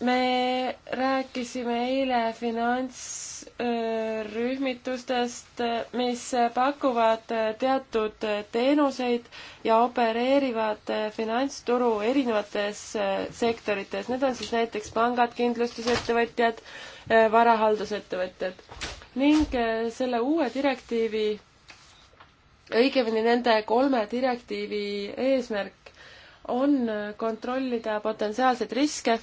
me rääkisime eile finantsrühmitustest, mis pakuvad teatud teenuseid ja opereerivad finantsturu erinevates sektorites. Need on siis näiteks pangad, kindlustusettevõtjad, varahaldusettevõtjad. ning selle uue direktiivi, õigemini nende kolme direktiivi eesmärk on kontrollida potentsiaalseid riske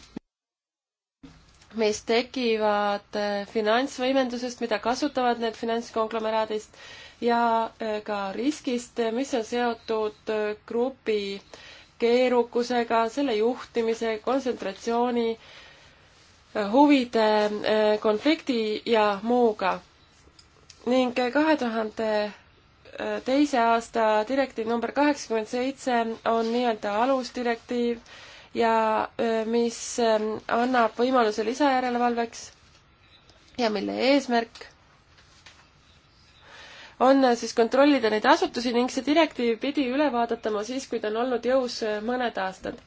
mis tekivad äh, finantsvõimendusest, mida kasutavad need finantskonglomeraadist ja äh, ka riskist, mis on seotud äh, grupi keerukusega, selle juhtimise, kontsentratsiooni, huvide konflikti ja muuga. ning kahe tuhande teise aasta direktiiv number kaheksakümmend seitse on nii-öelda alusdirektiiv ja mis annab võimaluse lisajärelevalveks ja mille eesmärk on siis kontrollida neid asutusi ning see direktiiv pidi üle vaadatama siis, kui ta on olnud jõus mõned aastad.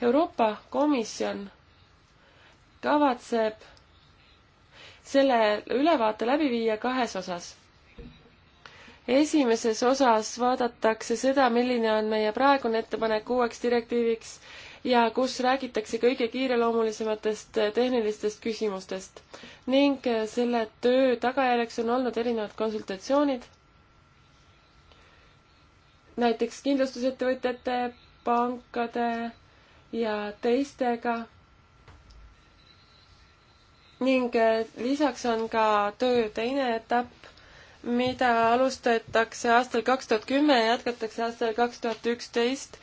Euroopa Komisjon kavatseb selle ülevaate läbi viia kahes osas. esimeses osas vaadatakse seda, milline on meie praegune ettepanek uueks direktiiviks ja kus räägitakse kõige kiireloomulisematest eh, tehnilistest küsimustest. ning eh, selle töö tagajärjeks on olnud erinevad konsultatsioonid, näiteks kindlustusettevõtjate, pankade ja teistega. ning eh, lisaks on ka töö teine etapp, mida alustatakse aastal kaks tuhat kümme ja jätkatakse aastal kaks tuhat üksteist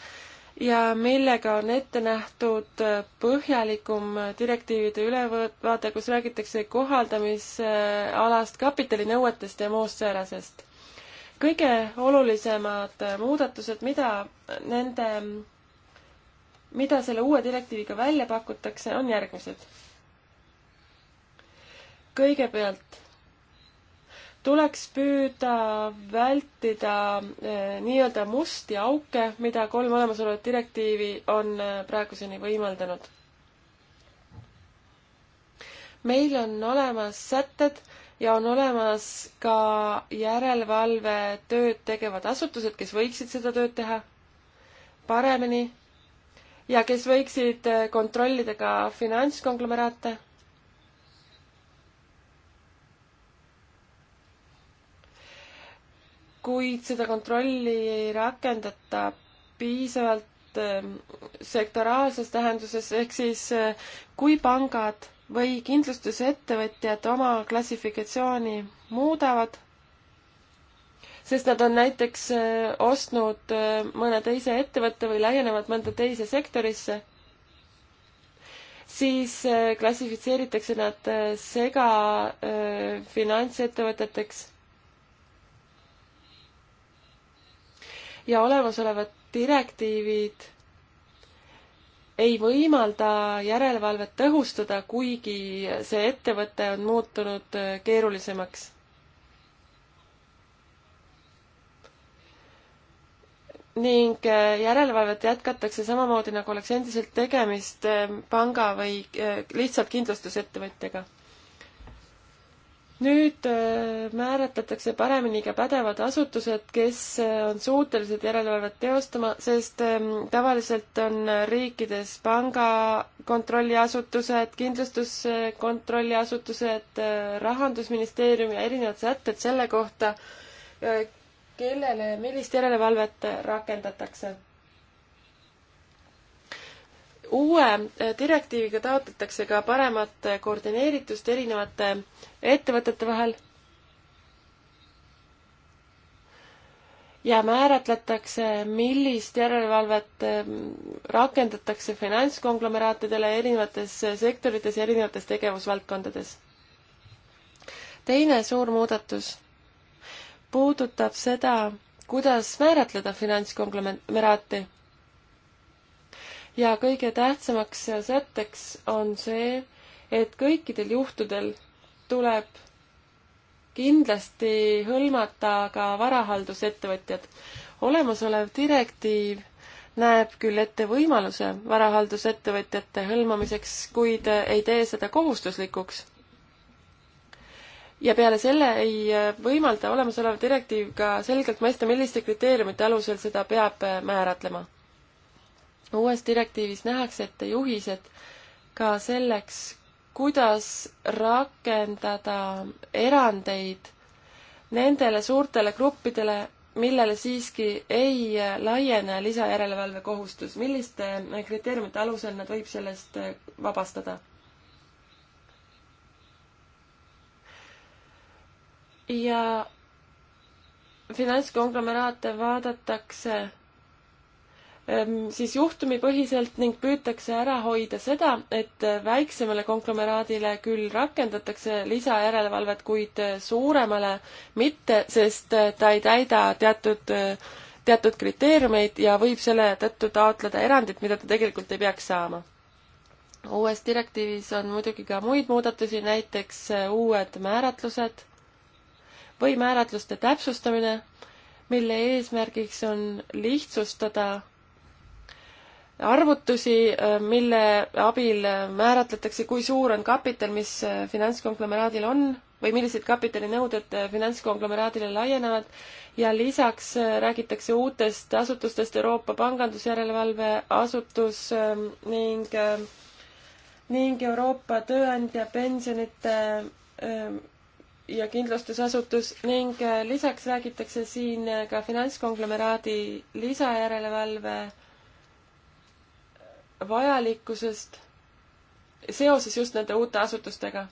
ja millega on ette nähtud põhjalikum direktiivide ülevaade, kus räägitakse kohaldamisalast, kapitalinõuetest ja muust säärasest. kõige olulisemad muudatused, mida nende, mida selle uue direktiiviga välja pakutakse, on järgmised. kõigepealt tuleks püüda vältida eh, nii-öelda musti auke, mida kolm olemasolevat direktiivi on eh, praeguseni võimaldanud. meil on olemas sätted ja on olemas ka järelevalvetööd tegevad asutused, kes võiksid seda tööd teha paremini ja kes võiksid eh, kontrollida ka finantskonglomeraate kuid seda kontrolli ei rakendata piisavalt ehm, sektoraalses tähenduses, ehk siis eh, kui pangad või kindlustusettevõtjad oma klassifikatsiooni muudavad, sest nad on näiteks eh, ostnud eh, mõne teise ettevõtte või laienevad mõnda teise sektorisse, siis klassifitseeritakse nad segafinantsettevõteteks ja olemasolevad direktiivid ei võimalda järelevalvet tõhustada, kuigi see ettevõte on muutunud keerulisemaks. ning järelevalvet jätkatakse samamoodi, nagu oleks endiselt tegemist panga või lihtsalt kindlustusettevõtjaga nüüd äh, määratletakse paremini ka pädevad asutused, kes äh, on suutelised järelevalvet teostama, sest ähm, tavaliselt on riikides pangakontrolliasutused, kindlustuskontrolliasutused, äh, Rahandusministeerium ja erinevad sätted selle kohta, kellele millist järelevalvet rakendatakse uue äh, direktiiviga taotletakse ka paremat äh, koordineeritust erinevate ettevõtete vahel ja määratletakse, millist järelevalvet ähm, rakendatakse finantskonglomeraatidele erinevates äh, sektorites ja erinevates tegevusvaldkondades. teine suur muudatus puudutab seda, kuidas määratleda finantskonglomeraati ja kõige tähtsamaks sätteks on see, et kõikidel juhtudel tuleb kindlasti hõlmata ka varahaldusettevõtjad. olemasolev direktiiv näeb küll ette võimaluse varahaldusettevõtjate hõlmamiseks, kuid ei tee seda kohustuslikuks. ja peale selle ei võimalda olemasolev direktiiv ka selgelt mõista, milliste kriteeriumite alusel seda peab määratlema uues direktiivis nähakse ette juhised ka selleks, kuidas rakendada erandeid nendele suurtele gruppidele, millele siiski ei laiene lisajärelevalve kohustus, milliste kriteeriumite alusel nad võib sellest vabastada? ja finantskonglomeraate vaadatakse Ehm, siis juhtumipõhiselt ning püütakse ära hoida seda, et äh, väiksemale konglomeraadile küll rakendatakse lisajärelevalvet, kuid äh, suuremale mitte, sest äh, ta ei täida teatud, teatud kriteeriumeid ja võib selle tõttu taotleda erandit, mida ta tegelikult ei peaks saama. uues direktiivis on muidugi ka muid muudatusi, näiteks uued määratlused või määratluste täpsustamine, mille eesmärgiks on lihtsustada arvutusi, äh, mille abil määratletakse, kui suur on kapital, mis äh, finantskonglomeraadil on või millised kapitalinõuded äh, finantskonglomeraadile laienevad ja lisaks räägitakse uutest asutustest Euroopa Pangandusjärelevalve Asutus ähm, ning, ähm, ning Euroopa Tööandja Pensionite ähm, ja Kindlustusasutus ning lisaks räägitakse siin ka finantskonglomeraadi lisajärelevalve vajalikkusest seoses just nende uute asutustega.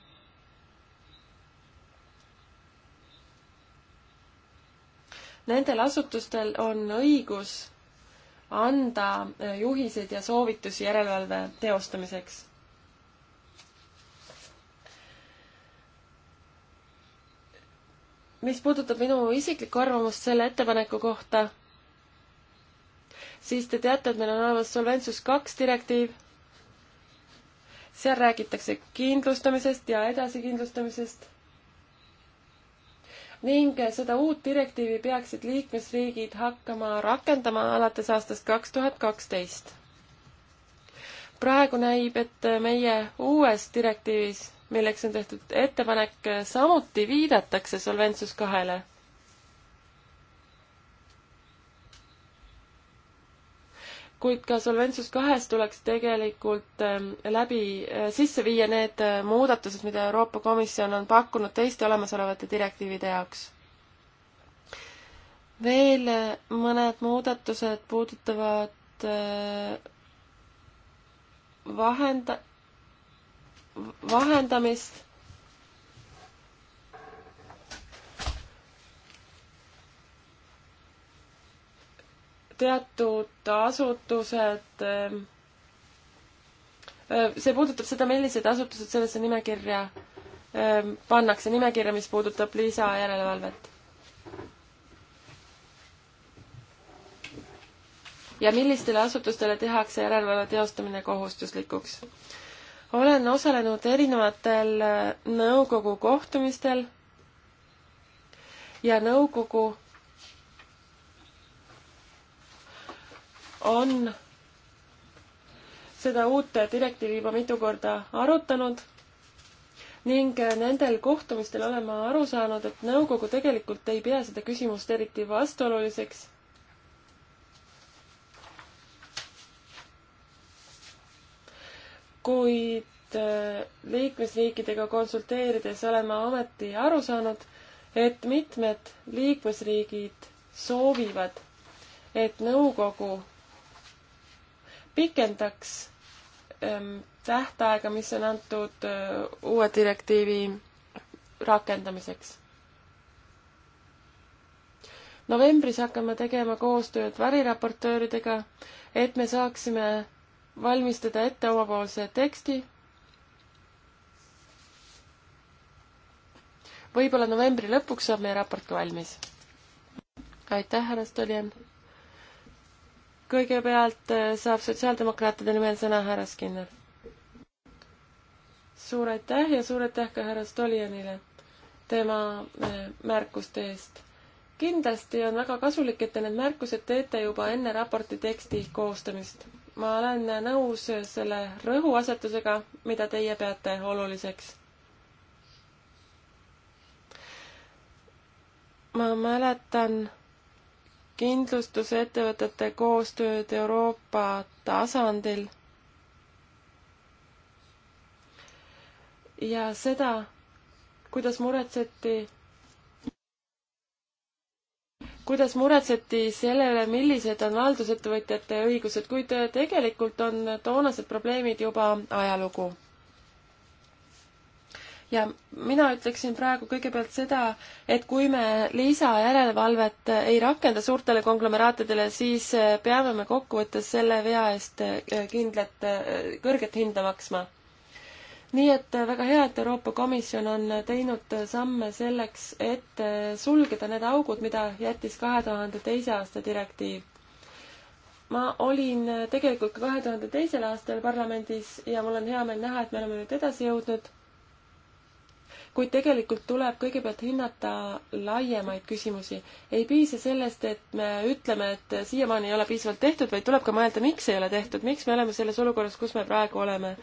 Nendel asutustel on õigus anda eh, juhiseid ja soovitusi järelevalve teostamiseks mis puudutab minu isiklikku arvamust selle ettepaneku kohta, siis te teate, et meil on olemas Solventsus kaks direktiiv. seal räägitakse kindlustamisest ja edasikindlustamisest. ning seda uut direktiivi peaksid liikmesriigid hakkama rakendama alates aastast kaks tuhat kaksteist. praegu näib, et meie uues direktiivis milleks on tehtud ettepanek, samuti viidatakse Solventsus kahele kuid ka Solventsus kahes tuleks tegelikult ähm, läbi äh, sisse viia need äh, muudatused, mida Euroopa Komisjon on pakkunud teiste olemasolevate direktiivide jaoks. veel äh, mõned muudatused puudutavad vahenda-, vahendamist teatud asutused, ehm, ehm, see puudutab seda, millised asutused sellesse nimekirja ehm, pannakse, nimekirja, mis puudutab lisajärelevalvet. ja millistele asutustele tehakse järelevalve teostamine kohustuslikuks? olen osalenud erinevatel nõukogu kohtumistel ja nõukogu on seda uut direktiivi juba mitu korda arutanud ning nendel kohtumistel olen ma aru saanud, et nõukogu tegelikult ei pea seda küsimust eriti vastuoluliseks. kuid äh, liikmesriikidega konsulteerides olen ma ometi aru saanud, et mitmed liikmesriigid soovivad, et nõukogu pikendaks ähm, tähtaega, mis on antud äh, uue direktiivi rakendamiseks. novembris hakkame tegema koostööd variraportööridega, et me saaksime valmistada ette omapoolse teksti. võib-olla novembri lõpuks saab meie raport ka valmis. aitäh, härra Stoljan! kõigepealt äh, saab sotsiaaldemokraatide nimel sõna härra Skinner. suur aitäh ja suur aitäh ka härra Stolianile tema äh, märkuste eest. kindlasti on väga kasulik, et te need märkused teete juba enne raporti teksti koostamist. ma olen nõus selle rõhuasetusega, mida teie peate oluliseks ma mäletan kindlustusettevõtete koostööd Euroopa tasandil ja seda, kuidas muretseti kuidas muretseti sellele, millised on haldusettevõtjate õigused, kuid tegelikult on toonased probleemid juba ajalugu ja mina ütleksin praegu kõigepealt seda, et kui me lisajärelevalvet äh, ei rakenda suurtele konglomeraatidele, siis äh, peame me kokkuvõttes selle vea eest äh, kindlat, kõrget hinda maksma. nii et väga hea, et Euroopa Komisjon on teinud samme selleks, et sulgeda need augud, mida jättis kahe tuhande teise aasta direktiiv ma olin tegelikult ka kahe tuhande teisel aastal parlamendis ja mul on hea meel näha, et me oleme nüüd edasi jõudnud kuid tegelikult tuleb kõigepealt hinnata laiemaid küsimusi. ei piisa sellest, et me ütleme, et siiamaani ei ole piisavalt tehtud, vaid tuleb ka mõelda, miks ei ole tehtud, miks me oleme selles olukorras, kus me praegu oleme.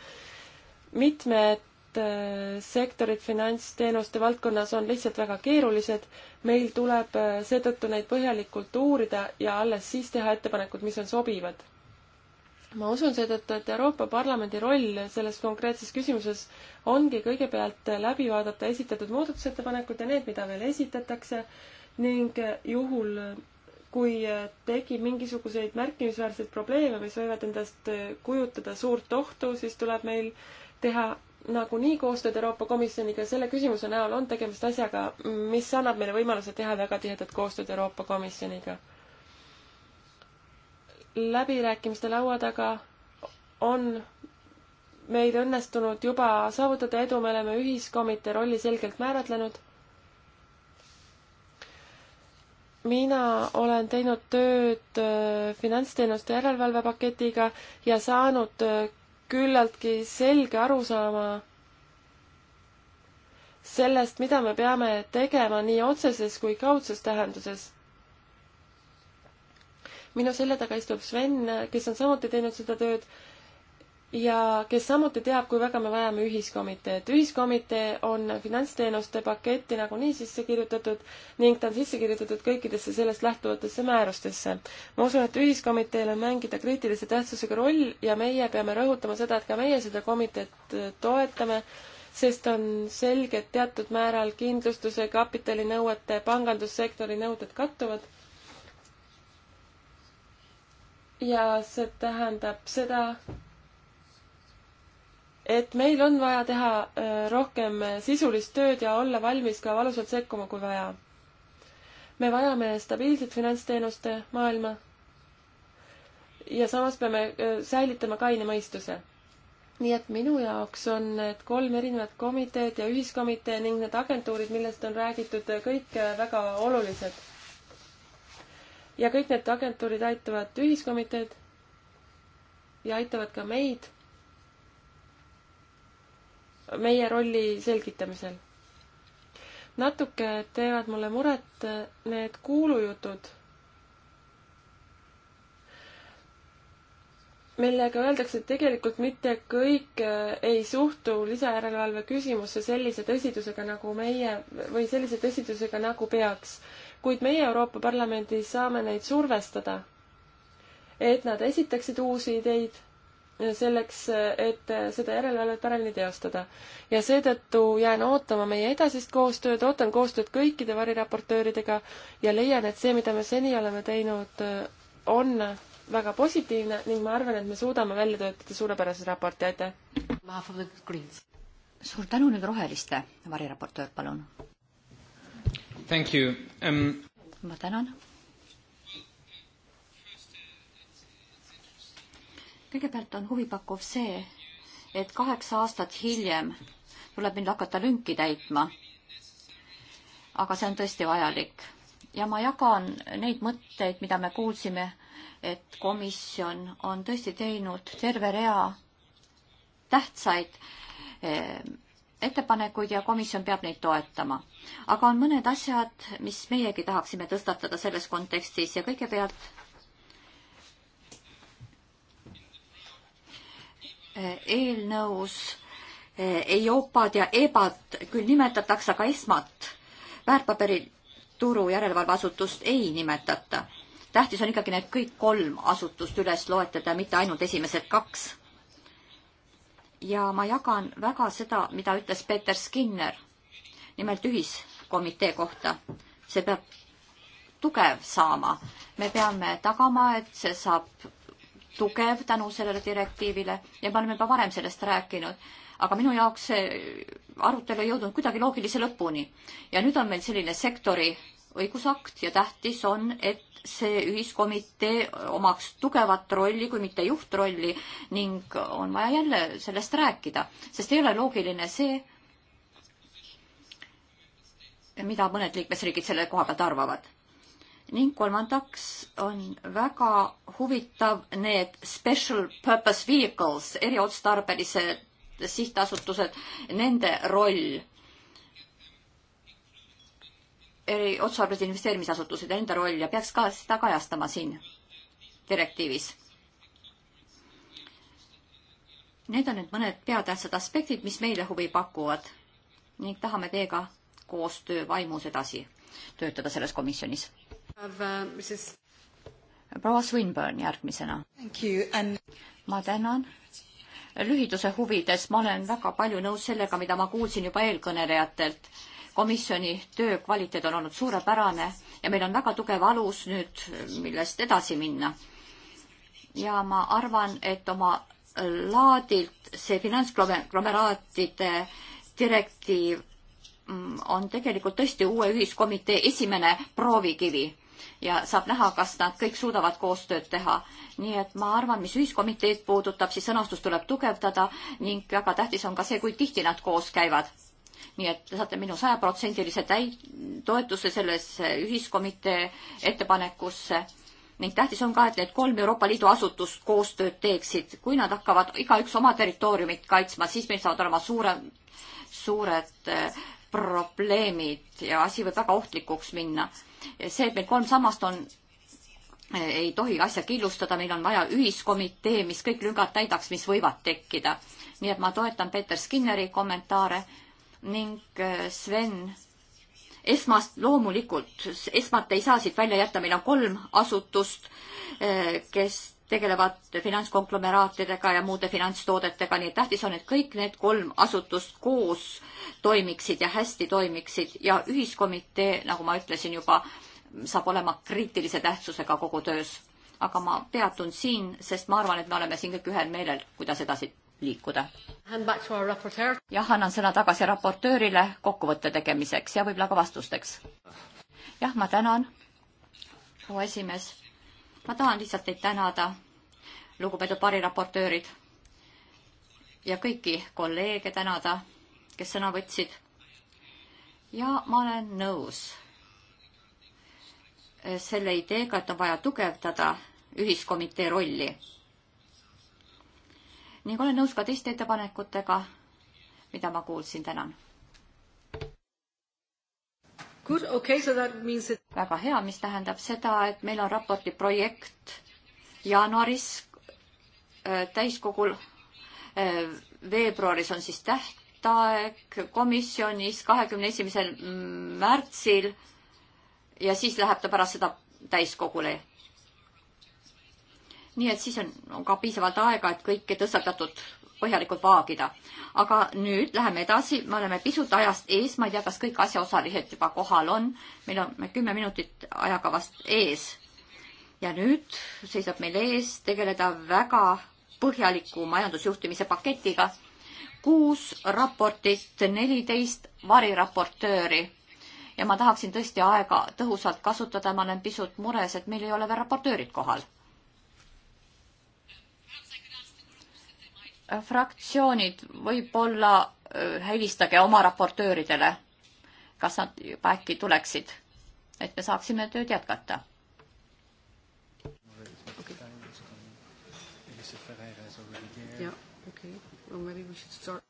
mitmed äh, sektorid finantsteenuste valdkonnas on lihtsalt väga keerulised, meil tuleb äh, seetõttu neid põhjalikult uurida ja alles siis teha ettepanekud, mis on sobivad ma usun seetõttu, et Euroopa Parlamendi roll selles konkreetses küsimuses ongi kõigepealt läbi vaadata esitatud muudatusettepanekud ja need, mida veel esitatakse ning juhul, kui tekib mingisuguseid märkimisväärseid probleeme, mis võivad endast kujutada suurt ohtu, siis tuleb meil teha nagunii koostööd Euroopa Komisjoniga, selle küsimuse näol on tegemist asjaga, mis annab meile võimaluse teha väga tihedat koostööd Euroopa Komisjoniga läbirääkimiste laua taga on meid õnnestunud juba saavutada edu, me oleme ühiskomitee rolli selgelt määratlenud. mina olen teinud tööd äh, finantsteenuste järelevalvepaketiga ja saanud äh, küllaltki selge arusaama sellest, mida me peame tegema nii otseses kui kaudses tähenduses minu selja taga istub Sven, kes on samuti teinud seda tööd ja kes samuti teab, kui väga me vajame ühiskomiteed. ühiskomitee on finantsteenuste paketti nagunii sisse kirjutatud ning ta on sisse kirjutatud kõikidesse sellest lähtuvatesse määrustesse. ma usun, et ühiskomiteel on mängida kriitilise tähtsusega roll ja meie peame rõhutama seda, et ka meie seda komiteed toetame, sest on selge, et teatud määral kindlustuse, kapitalinõuete, pangandussektori nõuded kattuvad ja see tähendab seda, et meil on vaja teha äh, rohkem sisulist tööd ja olla valmis ka valusalt sekkuma, kui vaja. me vajame stabiilset finantsteenuste maailma ja samas peame äh, säilitama kaine mõistuse. nii et minu jaoks on need kolm erinevat komiteed ja ühiskomitee ning need agentuurid, millest on räägitud, kõik äh, väga olulised ja kõik need agentuurid aitavad ühiskomiteed ja aitavad ka meid meie rolli selgitamisel. natuke teevad mulle muret need kuulujutud, millega öeldakse, et tegelikult mitte kõik eh, ei suhtu lisajärelevalve küsimusse sellise tõsidusega, nagu meie või sellise tõsidusega, nagu peaks kuid meie Euroopa Parlamendis saame neid survestada, et nad esitaksid uusi ideid selleks, et seda järelevalvet paremini teostada. ja seetõttu jään ootama meie edasist koostööd, ootan koostööd kõikide variraportööridega ja leian, et see, mida me seni oleme teinud, on väga positiivne ning ma arvan, et me suudame välja töötada suurepärase raporti, aitäh! suur tänu nüüd Roheliste variraportöör, palun! Thank you um.... ma tänan. kõigepealt on huvipakkuv see, et kaheksa aastat hiljem tuleb meil hakata lünki täitma. aga see on tõesti vajalik ja ma jagan neid mõtteid, mida me kuulsime, et komisjon on tõesti teinud terve rea tähtsaid eh, ettepanekuid ja komisjon peab neid toetama. aga on mõned asjad, mis meiegi tahaksime tõstatada selles kontekstis ja kõigepealt eh, eelnõus EIOPA-d eh, ja EBA-d küll nimetatakse, aga ESMA-t, väärtpaberituru järelevalveasutust ei nimetata. tähtis on ikkagi need kõik kolm asutust üles loetleda, mitte ainult esimesed kaks ja ma jagan väga seda, mida ütles Peeter Skinner, nimelt ühiskomitee kohta. see peab tugev saama. me peame tagama, et see saab tugev tänu sellele direktiivile ja me oleme juba varem sellest rääkinud, aga minu jaoks see arutelu ei jõudnud kuidagi loogilise lõpuni. ja nüüd on meil selline sektori õigusakt ja tähtis on, et see ühiskomitee omaks tugevat rolli, kui mitte juhtrolli ning on vaja jälle sellest rääkida, sest ei ole loogiline see, mida mõned liikmesriigid selle koha pealt arvavad. ning kolmandaks on väga huvitav need special purpose vehicles, eriotstarbelised sihtasutused, nende roll eri otstarbelised investeerimisasutused ja nende roll ja peaks ka seda kajastama siin direktiivis. Need on nüüd mõned peatähtsad aspektid, mis meile huvi pakuvad ning tahame teiega koostöö vaimus edasi töötada selles komisjonis. proua Swinburne järgmisena. And... ma tänan. lühiduse huvides ma olen väga palju nõus sellega, mida ma kuulsin juba eelkõnelejatelt komisjoni töö kvaliteet on olnud suurepärane ja meil on väga tugev alus nüüd, millest edasi minna. ja ma arvan, et oma laadilt see finantskonglomeraatide direktiiv mm, on tegelikult tõesti uue ühiskomitee esimene proovikivi ja saab näha, kas nad kõik suudavad koostööd teha. nii et ma arvan, mis ühiskomiteed puudutab, siis sõnastus tuleb tugevdada ning väga tähtis on ka see, kui tihti nad koos käivad nii et te saate minu sajaprotsendilise täi-, toetuse sellesse ühiskomitee ettepanekusse ning tähtis on ka, et need kolm Euroopa Liidu asutust koostööd teeksid. kui nad hakkavad igaüks oma territooriumit kaitsma, siis meil saavad olema suure, suured äh, probleemid ja asi võib väga ohtlikuks minna. see, et meil kolm sammast on, äh, ei tohi asja killustada, meil on vaja ühiskomitee, mis kõik lüngad täidaks, mis võivad tekkida. nii et ma toetan Peeter Skinneri kommentaare ning äh, Sven, esmast loomulikult, esmat ei saa siit välja jätta, meil on kolm asutust, äh, kes tegelevad finantskonglomeraatidega ja muude finantstoodetega, nii et tähtis on, et kõik need kolm asutust koos toimiksid ja hästi toimiksid ja ühiskomitee, nagu ma ütlesin juba, saab olema kriitilise tähtsusega kogu töös. aga ma peatun siin, sest ma arvan, et me oleme siin kõik ühel meelel, kuidas edasi liikuda. jah, annan sõna tagasi raportöörile kokkuvõtte tegemiseks ja võib-olla ka vastusteks. jah, ma tänan, proua esimees. ma tahan lihtsalt teid tänada, lugupeetud pariraportöörid ja kõiki kolleege tänada, kes sõna võtsid. ja ma olen nõus selle ideega, et on vaja tugevdada ühiskomitee rolli ning olen nõus ka teiste ettepanekutega, mida ma kuulsin, tänan. Good, okay, so that means it... väga hea, mis tähendab seda, et meil on raporti projekt jaanuaris äh, täiskogul äh,. veebruaris on siis tähtaeg komisjonis kahekümne esimesel märtsil ja siis läheb ta pärast seda täiskogule nii et siis on, on ka piisavalt aega, et kõike tõstatatud põhjalikult vaagida. aga nüüd läheme edasi, me oleme pisut ajast ees, ma ei tea, kas kõik asjaosalised juba kohal on, meil on kümme minutit ajakavast ees. ja nüüd seisab meil ees tegeleda väga põhjaliku majandusjuhtimise paketiga, kuus raportit, neliteist variraportööri ja ma tahaksin tõesti aega tõhusalt kasutada, ma olen pisut mures, et meil ei ole veel raportöörid kohal fraktsioonid, võib-olla helistage oma raportööridele, kas nad juba äkki tuleksid, et me saaksime tööd jätkata. Yeah, okay. Well, maybe we should start.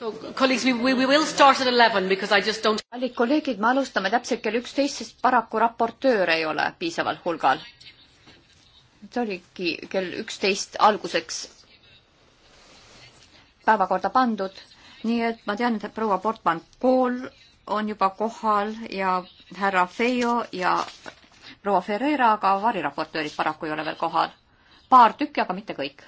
kallid kolleegid, me alustame täpselt kell üksteist, sest paraku raportööre ei ole piisaval hulgal. see oligi kell üksteist alguseks päevakorda pandud, nii et ma tean, et proua Portman Kool on juba kohal ja härra Feio ja proua Ferreira, aga variraportöörid paraku ei ole veel kohal. paar tükki, aga mitte kõik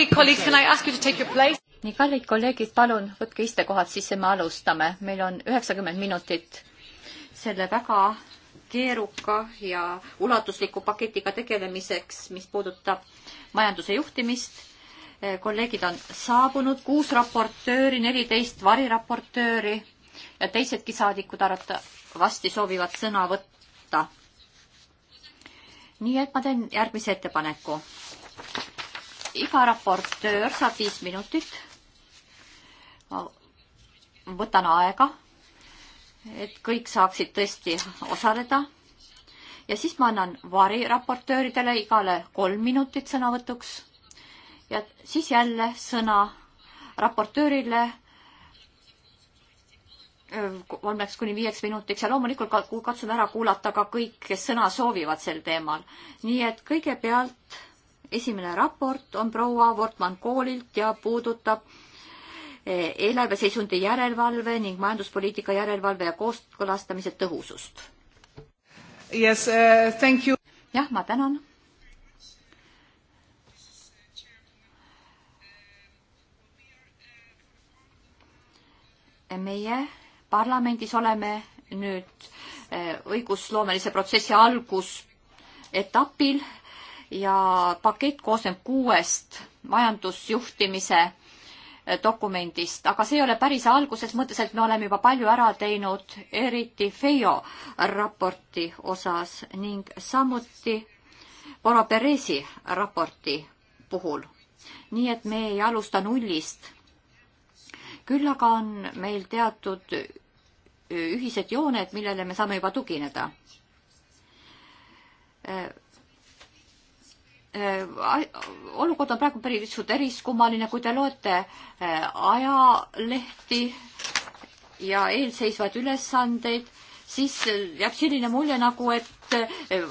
nii, kallid kolleegid, palun võtke istekohad sisse, me alustame. meil on üheksakümmend minutit selle väga keeruka ja ulatusliku paketiga tegelemiseks, mis puudutab majanduse juhtimist. Eh, kolleegid on saabunud, kuus raportööri, neliteist variraportööri ja teisedki saadikud arvatavasti soovivad sõna võtta. nii et ma teen järgmise ettepaneku iga raportöör saab viis minutit. ma võtan aega, et kõik saaksid tõesti osaleda. ja siis ma annan variraportööridele igale kolm minutit sõnavõtuks. ja siis jälle sõna raportöörile kolmeks kuni viieks minutiks ja loomulikult katsun ära kuulata ka kõik, kes sõna soovivad sel teemal. nii et kõigepealt esimene raport on proua Wortmann koolilt ja puudutab eh, eelarveseisundi järelevalve ning majanduspoliitika järelevalve ja kooskõlastamise tõhusust. Yes, uh, thank you. jah, ma tänan. meie parlamendis oleme nüüd eh, õigusloomelise protsessi algusetapil ja pakett koosneb kuuest majandusjuhtimise eh, dokumendist, aga see ei ole päris alguses, mõttes, et me oleme juba palju ära teinud, eriti FEO raporti osas ning samuti Bora Perezi raporti puhul. nii et me ei alusta nullist. küll aga on meil teatud eh, ühised jooned, millele me saame juba tugineda eh, Äh, olukord on praegu pisut eriskummaline, kui te loete äh, ajalehti ja eelseisvaid ülesandeid, siis äh, jääb selline mulje nagu, et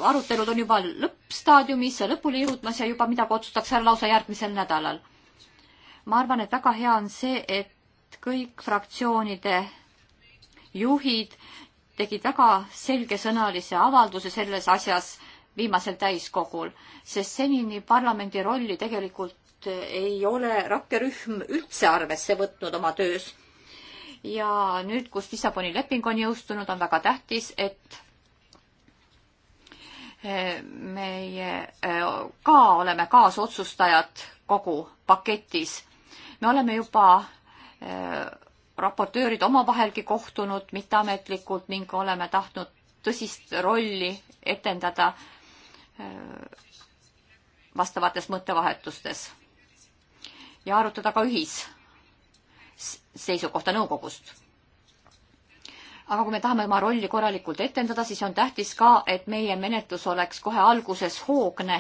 arutelud on juba lõppstaadiumis ja lõpule jõudmas ja juba midagi otsustatakse ära lausa järgmisel nädalal. ma arvan, et väga hea on see, et kõik fraktsioonide juhid tegid väga selgesõnalise avalduse selles asjas viimasel täiskogul, sest senini parlamendi rolli tegelikult ei ole rakkerühm üldse arvesse võtnud oma töös. ja nüüd, kus Lissaboni leping on jõustunud, on väga tähtis, et eh, meie eh, ka oleme kaasotsustajad kogu paketis. me oleme juba eh, raportöörid omavahelgi kohtunud mitteametlikult ning oleme tahtnud tõsist rolli etendada vastavates mõttevahetustes ja arutada ka ühisseisukohta nõukogust. aga kui me tahame oma rolli korralikult etendada, siis on tähtis ka, et meie menetlus oleks kohe alguses hoogne.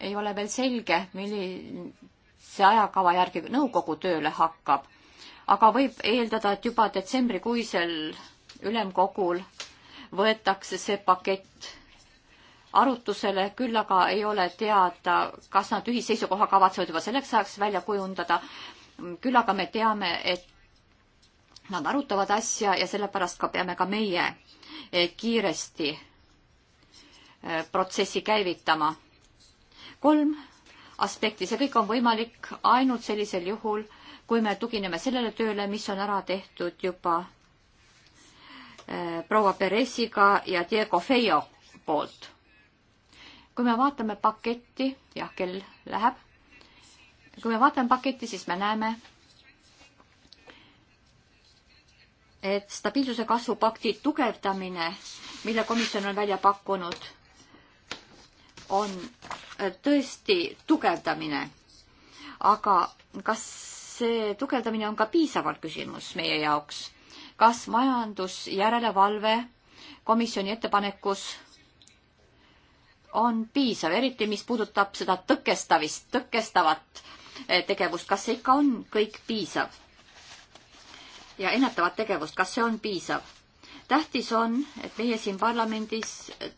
ei ole veel selge, millise ajakava järgi nõukogu tööle hakkab, aga võib eeldada, et juba detsembrikuisel ülemkogul võetakse see pakett arutusele, küll aga ei ole teada, kas nad ühisseisukoha kavatsevad juba selleks ajaks välja kujundada. küll aga me teame, et nad arutavad asja ja sellepärast ka peame ka meie eh, kiiresti eh, protsessi käivitama. kolm aspekti, see kõik on võimalik ainult sellisel juhul, kui me tugineme sellele tööle, mis on ära tehtud juba eh, proua Peresiga ja Diego Feio poolt kui me vaatame paketti, jah, kell läheb, kui me vaatame paketti, siis me näeme, et stabiilsuse kasvupakti tugevdamine, mille komisjon on välja pakkunud, on äh, tõesti tugevdamine. aga kas see tugevdamine on ka piisavalt küsimus meie jaoks? kas majandusjärelevalve komisjoni ettepanekus on piisav, eriti mis puudutab seda tõkestavist, tõkestavat eh, tegevust, kas see ikka on kõik piisav? ja ennetavat tegevust, kas see on piisav? tähtis on, et meie siin parlamendis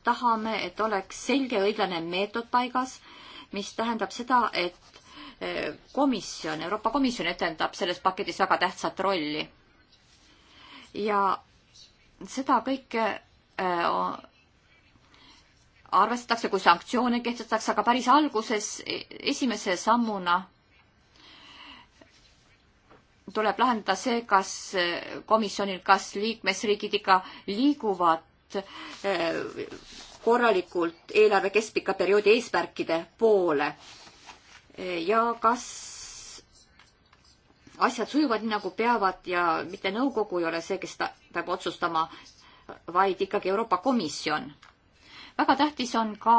tahame, et oleks selge õiglane meetod paigas, mis tähendab seda, et eh, komisjon, Euroopa Komisjon etendab selles paketis väga tähtsat rolli. ja seda kõike eh, arvestatakse, kui sanktsioone kehtestatakse, aga päris alguses e-, esimese sammuna tuleb lahendada see, kas e, komisjonil, kas liikmesriigid ikka liiguvad e, korralikult eelarve keskpika perioodi eesmärkide poole ja kas asjad sujuvad nii nagu peavad ja mitte nõukogu ei ole see, kes ta peab otsustama, vaid ikkagi Euroopa Komisjon väga tähtis on ka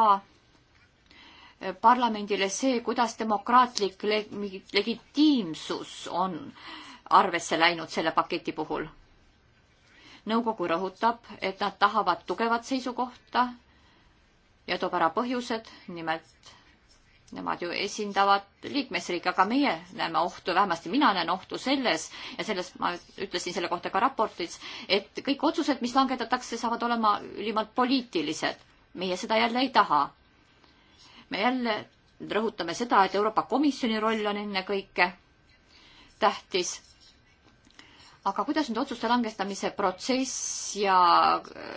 eh, parlamendile see, kuidas demokraatlik le legitiimsus on arvesse läinud selle paketi puhul. nõukogu rõhutab, et nad tahavad tugevat seisukohta ja toob ära põhjused, nimelt nemad ju esindavad liikmesriike, aga meie näeme ohtu, vähemasti mina näen ohtu selles ja selles ma ütlesin selle kohta ka raportis, et kõik otsused, mis langetatakse, saavad olema ülimalt poliitilised meie seda jälle ei taha. me jälle rõhutame seda, et Euroopa Komisjoni roll on ennekõike tähtis. aga kuidas nüüd otsuste langestamise protsess ja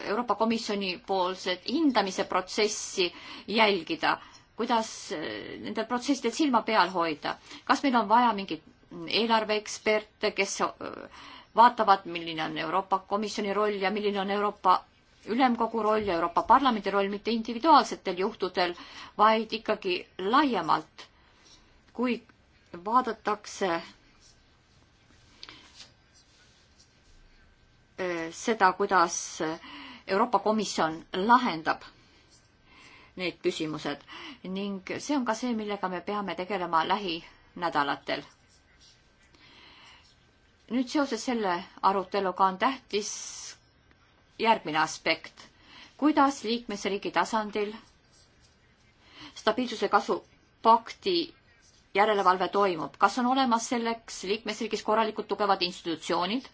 Euroopa Komisjoni poolset hindamise protsessi jälgida, kuidas eh, nendel protsessidel silma peal hoida, kas meil on vaja mingit eelarveeksperte, kes eh, vaatavad, milline on Euroopa Komisjoni roll ja milline on Euroopa ülemkogu roll ja Euroopa Parlamendi roll mitte individuaalsetel juhtudel, vaid ikkagi laiemalt, kui vaadatakse eh, seda, kuidas Euroopa Komisjon lahendab need küsimused ning see on ka see, millega me peame tegelema lähinädalatel. nüüd seoses selle aruteluga on tähtis järgmine aspekt. kuidas liikmesriigi tasandil stabiilsuse kasu pakti järelevalve toimub, kas on olemas selleks liikmesriigis korralikult tugevad institutsioonid,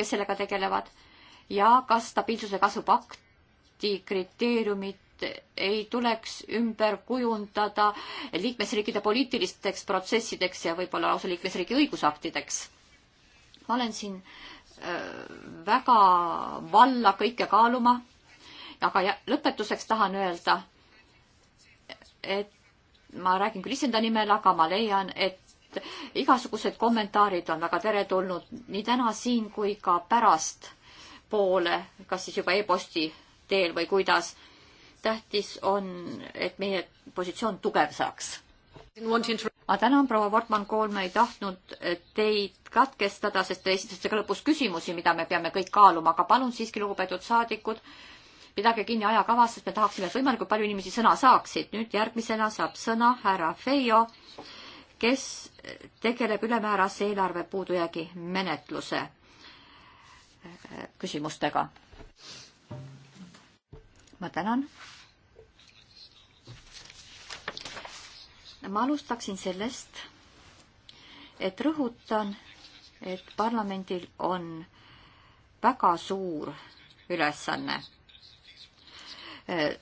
kes sellega tegelevad ja kas stabiilsuse kasvupakti kriteeriumid ei tuleks ümber kujundada liikmesriikide poliitilisteks protsessideks ja võib-olla lausa liikmesriigi õigusaktideks. ma olen siin Äh, väga valla kõike kaaluma. aga lõpetuseks tahan öelda, et ma räägin küll iseenda nimel, aga ma leian, et igasugused kommentaarid on väga teretulnud nii täna siin kui ka pärast poole, kas siis juba e-posti teel või kuidas. tähtis on, et meie positsioon tugev saaks ma tänan, proua Wortmann-Kool, ma ei tahtnud teid katkestada, sest te esitasite ka lõpus küsimusi, mida me peame kõik kaaluma, aga palun siiski, lugupeetud saadikud, pidage kinni ajakavast, sest me tahaksime, et võimalikult palju inimesi sõna saaksid. nüüd järgmisena saab sõna härra Feijo, kes tegeleb ülemäärase eelarve puudujäägi menetluse äh, küsimustega. ma tänan ma alustaksin sellest, et rõhutan, et parlamendil on väga suur ülesanne. Äh,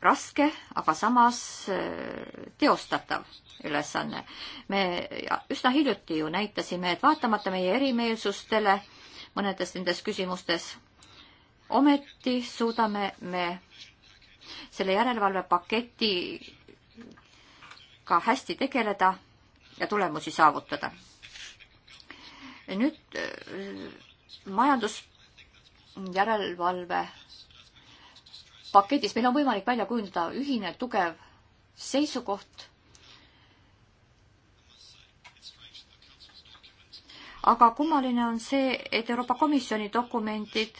raske, aga samas äh, teostatav ülesanne. me üsna hiljuti ju näitasime, et vaatamata meie erimeelsustele mõnedes nendes küsimustes, ometi suudame me selle järelevalvepaketi ka hästi tegeleda ja tulemusi saavutada. nüüd äh, majandusjärelevalve paketis meil on võimalik välja kujundada ühine tugev seisukoht. aga kummaline on see, et Euroopa Komisjoni dokumendid äh,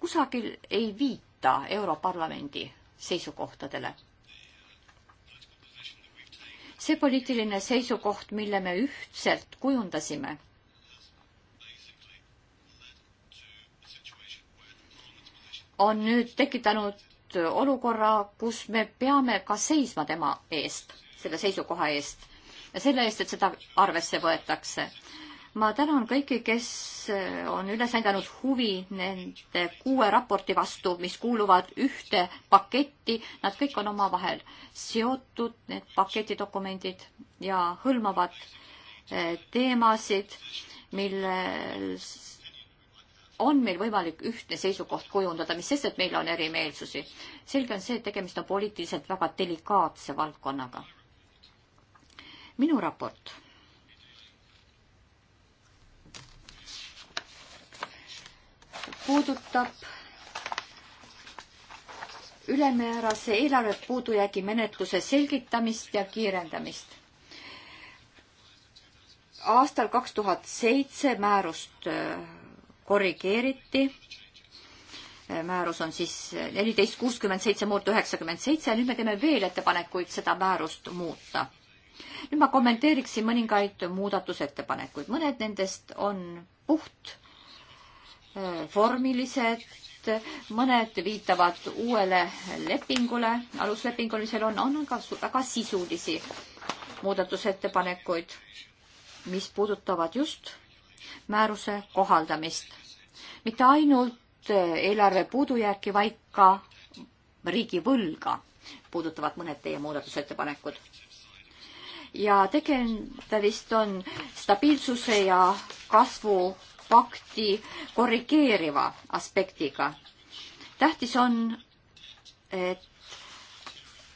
kusagil ei viita Europarlamendi seisukohtadele see poliitiline seisukoht, mille me ühtselt kujundasime, on nüüd tekitanud olukorra, kus me peame ka seisma tema eest, selle seisukoha eest ja selle eest, et seda arvesse võetakse ma tänan kõiki, kes eh, on üles näidanud huvi nende kuue raporti vastu, mis kuuluvad ühte paketti. Nad kõik on omavahel seotud, need paketidokumendid ja hõlmavad eh, teemasid, millel on meil võimalik ühtne seisukoht kujundada, mis sest, et meil on erimeelsusi. selge on see, et tegemist on poliitiliselt väga delikaatse valdkonnaga. minu raport puudutab ülemäärase eelarve puudujäägi menetluse selgitamist ja kiirendamist. aastal kaks tuhat seitse määrust äh, korrigeeriti äh, määrus on siis neliteist kuuskümmend seitse muuta üheksakümmend seitse ja nüüd me teeme veel ettepanekuid seda määrust muuta. nüüd ma kommenteeriksin mõningaid muudatusettepanekuid, mõned nendest on puht vormilised, mõned viitavad uuele lepingule, aluslepingule, mis seal on, on ka väga sisulisi muudatusettepanekuid, mis puudutavad just määruse kohaldamist. mitte ainult eelarve puudujääki, vaid ka riigivõlga puudutavad mõned teie muudatusettepanekud. ja tegemist on stabiilsuse ja kasvu pakti korrigeeriva aspektiga. tähtis on, et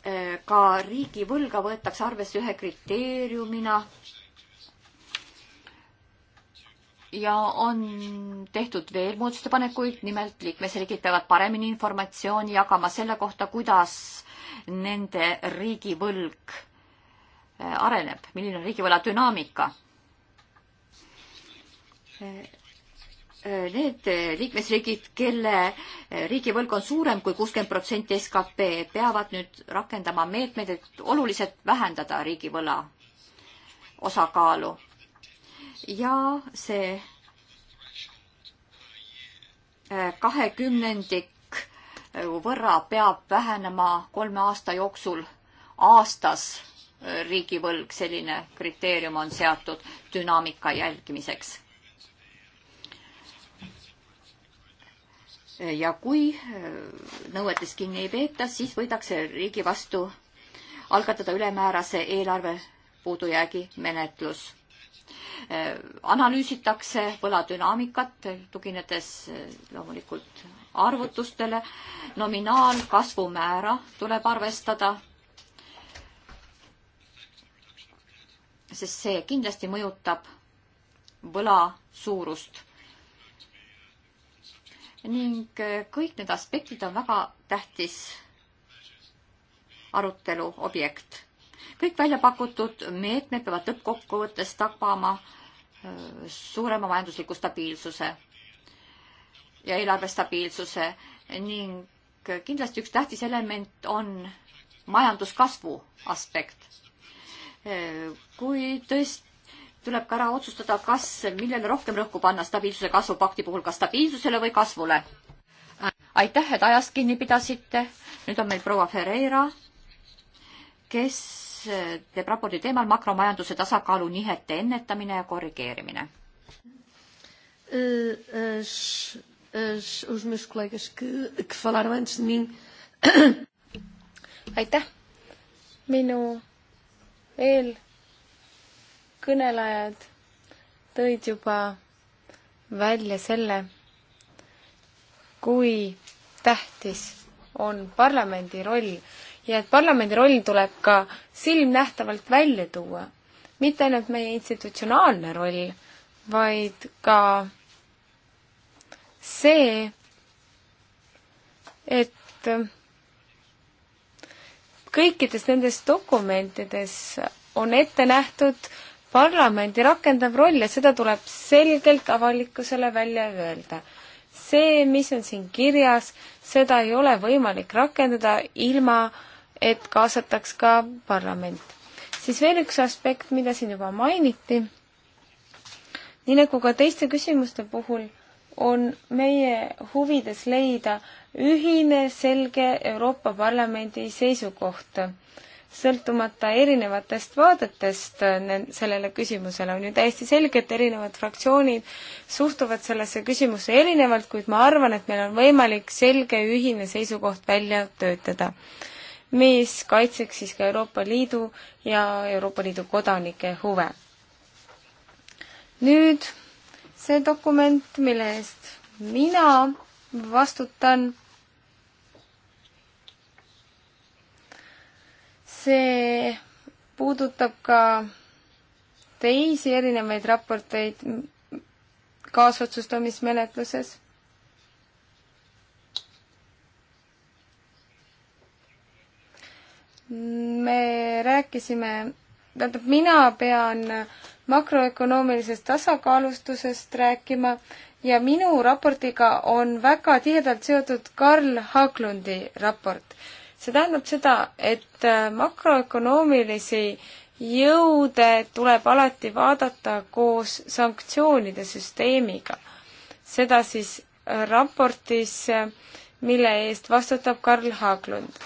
äh, ka riigivõlga võetakse arvesse ühe kriteeriumina ja on tehtud veel muudatusettepanekuid, nimelt liikmesriigid peavad paremini informatsiooni jagama selle kohta, kuidas nende riigivõlg äh, areneb, milline on riigivõla dünaamika. Äh, Need liikmesriigid, kelle riigivõlg on suurem kui kuuskümmend protsenti skp, peavad nüüd rakendama meetmeid, et oluliselt vähendada riigivõla osakaalu. ja see äh, kahekümnendik võrra peab vähenema kolme aasta jooksul aastas äh, riigivõlg, selline kriteerium on seatud dünaamika jälgimiseks. ja kui äh, nõuetest kinni ei peeta, siis võidakse riigi vastu algatada ülemäärase eelarve puudujäägi menetlus. Äh, analüüsitakse võladünaamikat, tuginedes äh, loomulikult arvutustele, nominaalkasvumäära tuleb arvestada, sest see kindlasti mõjutab võla suurust ning äh, kõik need aspektid on väga tähtis arutelu objekt. kõik välja pakutud meetmed peavad lõppkokkuvõttes tagama äh, suurema majandusliku stabiilsuse ja eelarve stabiilsuse ning äh, kindlasti üks tähtis element on majanduskasvu aspekt. kui tõesti tuleb ka ära otsustada, kas, millele rohkem rõhku panna stabiilsuse kasvupakti puhul, kas stabiilsusele või kasvule. aitäh, et ajast kinni pidasite. nüüd on meil proua Ferreira, kes teeb raporti teemal makromajanduse tasakaalu nihete ennetamine ja korrigeerimine. aitäh, minu eel kõnelejad tõid juba välja selle, kui tähtis on parlamendi roll ja et parlamendi roll tuleb ka silmnähtavalt välja tuua. mitte ainult meie institutsionaalne roll, vaid ka see, et kõikides nendes dokumentides on ette nähtud parlamendi rakendav roll ja seda tuleb selgelt avalikkusele välja öelda. see, mis on siin kirjas, seda ei ole võimalik rakendada ilma, et kaasataks ka parlament. siis veel üks aspekt, mida siin juba mainiti, nii nagu ka teiste küsimuste puhul, on meie huvides leida ühine selge Euroopa Parlamendi seisukoht sõltumata erinevatest vaadetest äh, sellele küsimusele. on ju täiesti selge, et erinevad fraktsioonid suhtuvad sellesse küsimusse erinevalt, kuid ma arvan, et meil on võimalik selge ühine seisukoht välja töötada, mis kaitseks siis ka Euroopa Liidu ja Euroopa Liidu kodanike huve. nüüd see dokument, mille eest mina vastutan see puudutab ka teisi erinevaid raporteid kaasotsustamismenetluses. me rääkisime, tähendab, mina pean makroökonoomilisest tasakaalustusest rääkima ja minu raportiga on väga tihedalt seotud Karl Haglundi raport see tähendab seda, et äh, makroökonoomilisi jõude tuleb alati vaadata koos sanktsioonide süsteemiga. seda siis äh, raportis, äh, mille eest vastutab Karl Haaglund.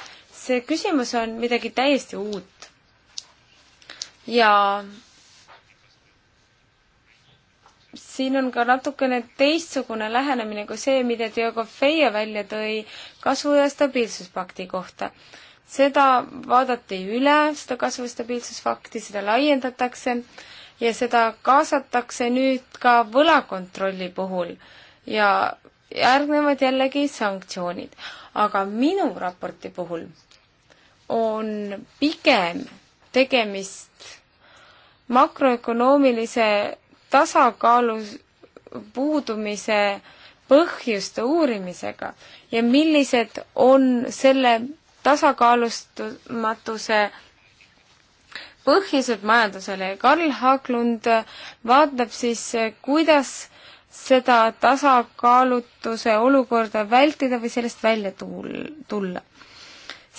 see küsimus on midagi täiesti uut. ja siin on ka natukene teistsugune lähenemine kui see, mida Diego Feia välja tõi kasvu- ja stabiilsuspakti kohta. seda vaadati üle, seda kasvu- ja stabiilsuspakti, seda laiendatakse ja seda kaasatakse nüüd ka võlakontrolli puhul ja järgnevad jällegi sanktsioonid. aga minu raporti puhul on pigem tegemist makroökonoomilise tasakaalu puudumise põhjuste uurimisega ja millised on selle tasakaalustamatuse põhjused majandusele ja Karl Haaglund vaatab siis, kuidas seda tasakaalutuse olukorda vältida või sellest välja tulla.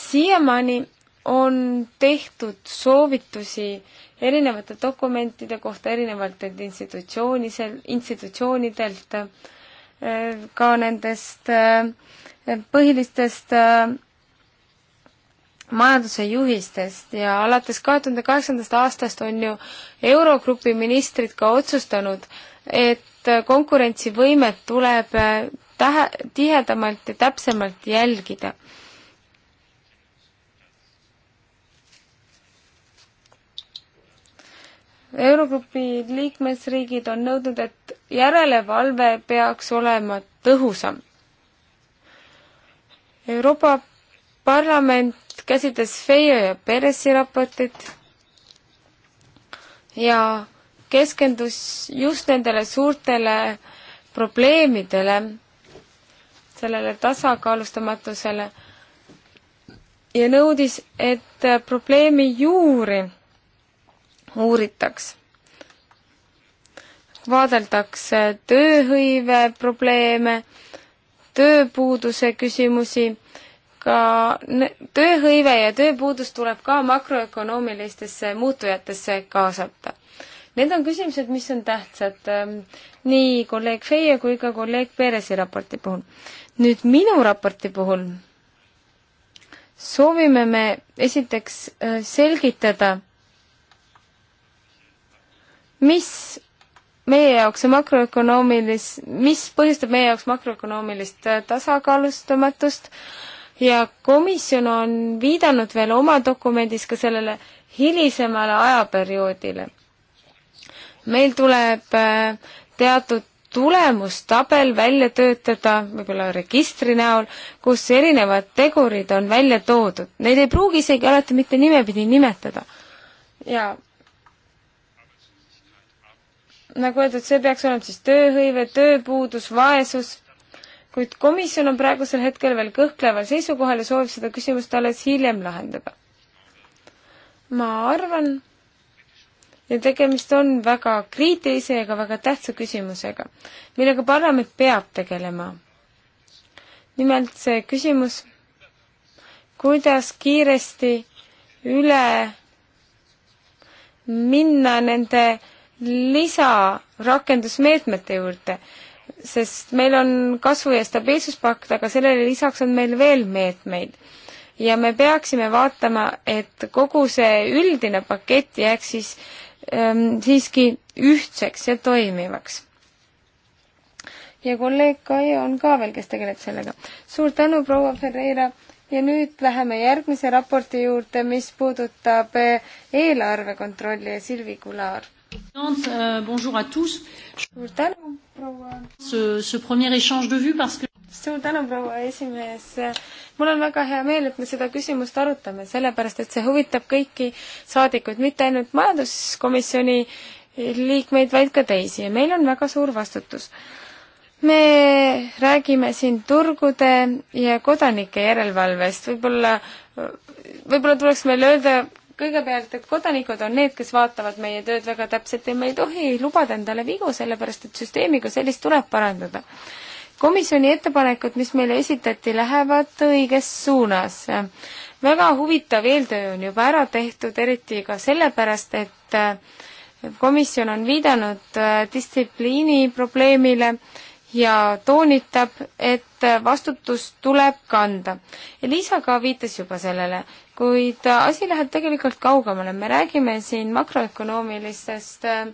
siiamaani on tehtud soovitusi erinevate dokumentide kohta erinevatelt institutsioonidel, institutsioonidelt, äh, ka nendest äh, põhilistest äh, majanduse juhistest ja alates kahe tuhande kaheksandast aastast on ju Eurogrupi ministrid ka otsustanud, et konkurentsivõimet tuleb tähe, tihedamalt ja täpsemalt jälgida Eurogrupi liikmesriigid on nõudnud, et järelevalve peaks olema tõhusam. Euroopa Parlament käsitles Feio ja Peresi raportit ja keskendus just nendele suurtele probleemidele, sellele tasakaalustamatusele ja nõudis, et probleemi juuri uuritaks. vaadeldakse tööhõive probleeme, tööpuuduse küsimusi, ka tööhõive ja tööpuudus tuleb ka makroökonoomilistesse muutujatesse kaasata. Need on küsimused, mis on tähtsad ähm, nii kolleeg Feie kui ka kolleeg Peresi raporti puhul. nüüd minu raporti puhul soovime me esiteks äh, selgitada, mis meie jaoks on makroökonoomilis-, mis põhjustab meie jaoks makroökonoomilist äh, tasakaalustamatust ja komisjon on viidanud veel oma dokumendis ka sellele hilisemale ajaperioodile. meil tuleb äh, teatud tulemustabel välja töötada, võib-olla registri näol, kus erinevad tegurid on välja toodud. Neid ei pruugi isegi alati mitte nimepidi nimetada. ja nagu öeldud, see peaks olema siis tööhõive, tööpuudus, vaesus, kuid komisjon on praegusel hetkel veel kõhkleval seisukohal ja soovib seda küsimust alles hiljem lahendada. ma arvan, ja tegemist on väga kriitilise ja ka väga tähtsa küsimusega, millega parlament peab tegelema. nimelt see küsimus, kuidas kiiresti üle minna nende lisarakendusmeetmete juurde, sest meil on kasvu- ja stabiilsuspakt, aga sellele lisaks on meil veel meetmeid. ja me peaksime vaatama, et kogu see üldine pakett jääks siis ähm, siiski ühtseks ja toimivaks. ja kolleeg Kaie on ka veel, kes tegeleb sellega. suur tänu, proua Ferreira ja nüüd läheme järgmise raporti juurde, mis puudutab äh, eelarve kontrolli ja Silvi Kular Euh, suur tänu, proua. suur tänu, proua esimees. mul on väga hea meel, et me seda küsimust arutame, sellepärast et see huvitab kõiki saadikuid, mitte ainult majanduskomisjoni liikmeid, vaid ka teisi ja meil on väga suur vastutus me räägime siin turgude ja kodanike järelevalvest, võib-olla, võib-olla tuleks meil öelda kõigepealt, et kodanikud on need, kes vaatavad meie tööd väga täpselt ja me ei tohi lubada endale vigu, sellepärast et süsteemi kui sellist tuleb parandada. komisjoni ettepanekud, mis meile esitati, lähevad õiges suunas. väga huvitav eeltöö on juba ära tehtud, eriti ka sellepärast, et komisjon on viidanud distsipliini probleemile ja toonitab, et vastutust tuleb kanda. Elisa ka viitas juba sellele kuid äh, asi läheb tegelikult kaugemale, me räägime siin makroökonoomilistest äh,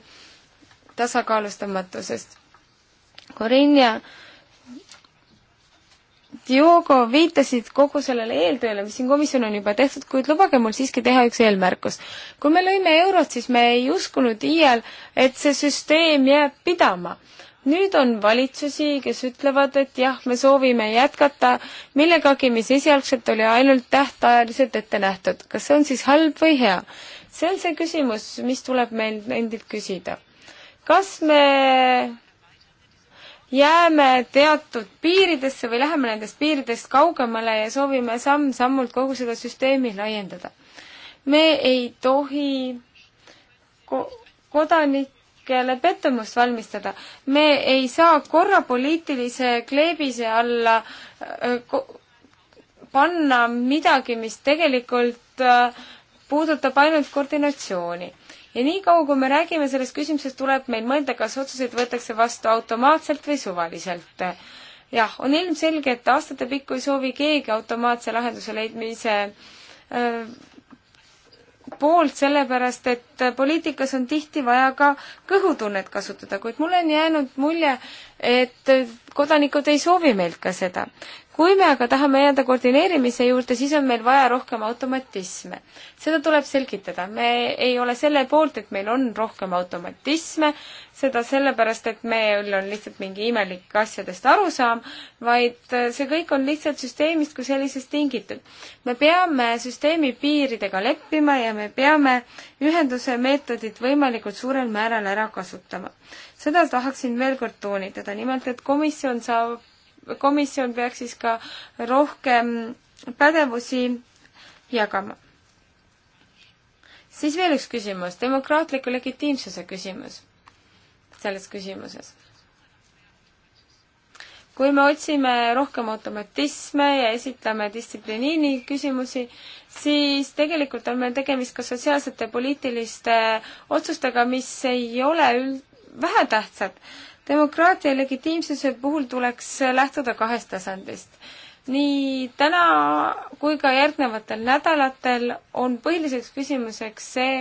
tasakaalustamatusest. Corinne Diogo viitasid kogu sellele eeltööle, mis siin komisjon on juba tehtud, kuid lubage mul siiski teha üks eelmärkus. kui me lõime eurot, siis me ei uskunud iial, et see süsteem jääb pidama nüüd on valitsusi, kes ütlevad, et jah, me soovime jätkata millegagi, mis esialgselt oli ainult tähtajaliselt ette nähtud. kas see on siis halb või hea? see on see küsimus, mis tuleb meil endilt küsida. kas me jääme teatud piiridesse või läheme nendest piiridest kaugemale ja soovime samm-sammult kogu seda süsteemi laiendada? me ei tohi ko-, kodanik-, kodanikele pettumust valmistada. me ei saa korra poliitilise kleebise alla äh, panna midagi, mis tegelikult äh, puudutab ainult koordinatsiooni. ja niikaua, kui me räägime sellest küsimusest, tuleb meil mõelda, kas otsuseid võetakse vastu automaatselt või suvaliselt. jah, on ilmselge, et aastatepikku ei soovi keegi automaatse lahenduse leidmise äh, poolt, sellepärast et poliitikas on tihti vaja ka kõhutunnet kasutada, kuid mulle on jäänud mulje, et kodanikud ei soovi meilt ka seda kui me aga tahame jääda koordineerimise juurde, siis on meil vaja rohkem automatisme. seda tuleb selgitada, me ei ole selle poolt, et meil on rohkem automatisme, seda sellepärast, et meil on lihtsalt mingi imelik asjadest arusaam, vaid äh, see kõik on lihtsalt süsteemist kui sellisest tingitud. me peame süsteemi piiridega leppima ja me peame ühenduse meetodit võimalikult suurel määral ära kasutama. seda tahaksin veel kord toonitada, nimelt et komisjon saab komisjon peaks siis ka rohkem pädevusi jagama. siis veel üks küsimus, demokraatliku legitiimsuse küsimus selles küsimuses. kui me otsime rohkem automatisme ja esitame distsipliniini küsimusi, siis tegelikult on meil tegemist ka sotsiaalsete poliitiliste otsustega, mis ei ole üld-, vähetähtsad demokraatia legitiimsuse puhul tuleks lähtuda kahest tasandist. nii täna kui ka järgnevatel nädalatel on põhiliseks küsimuseks see,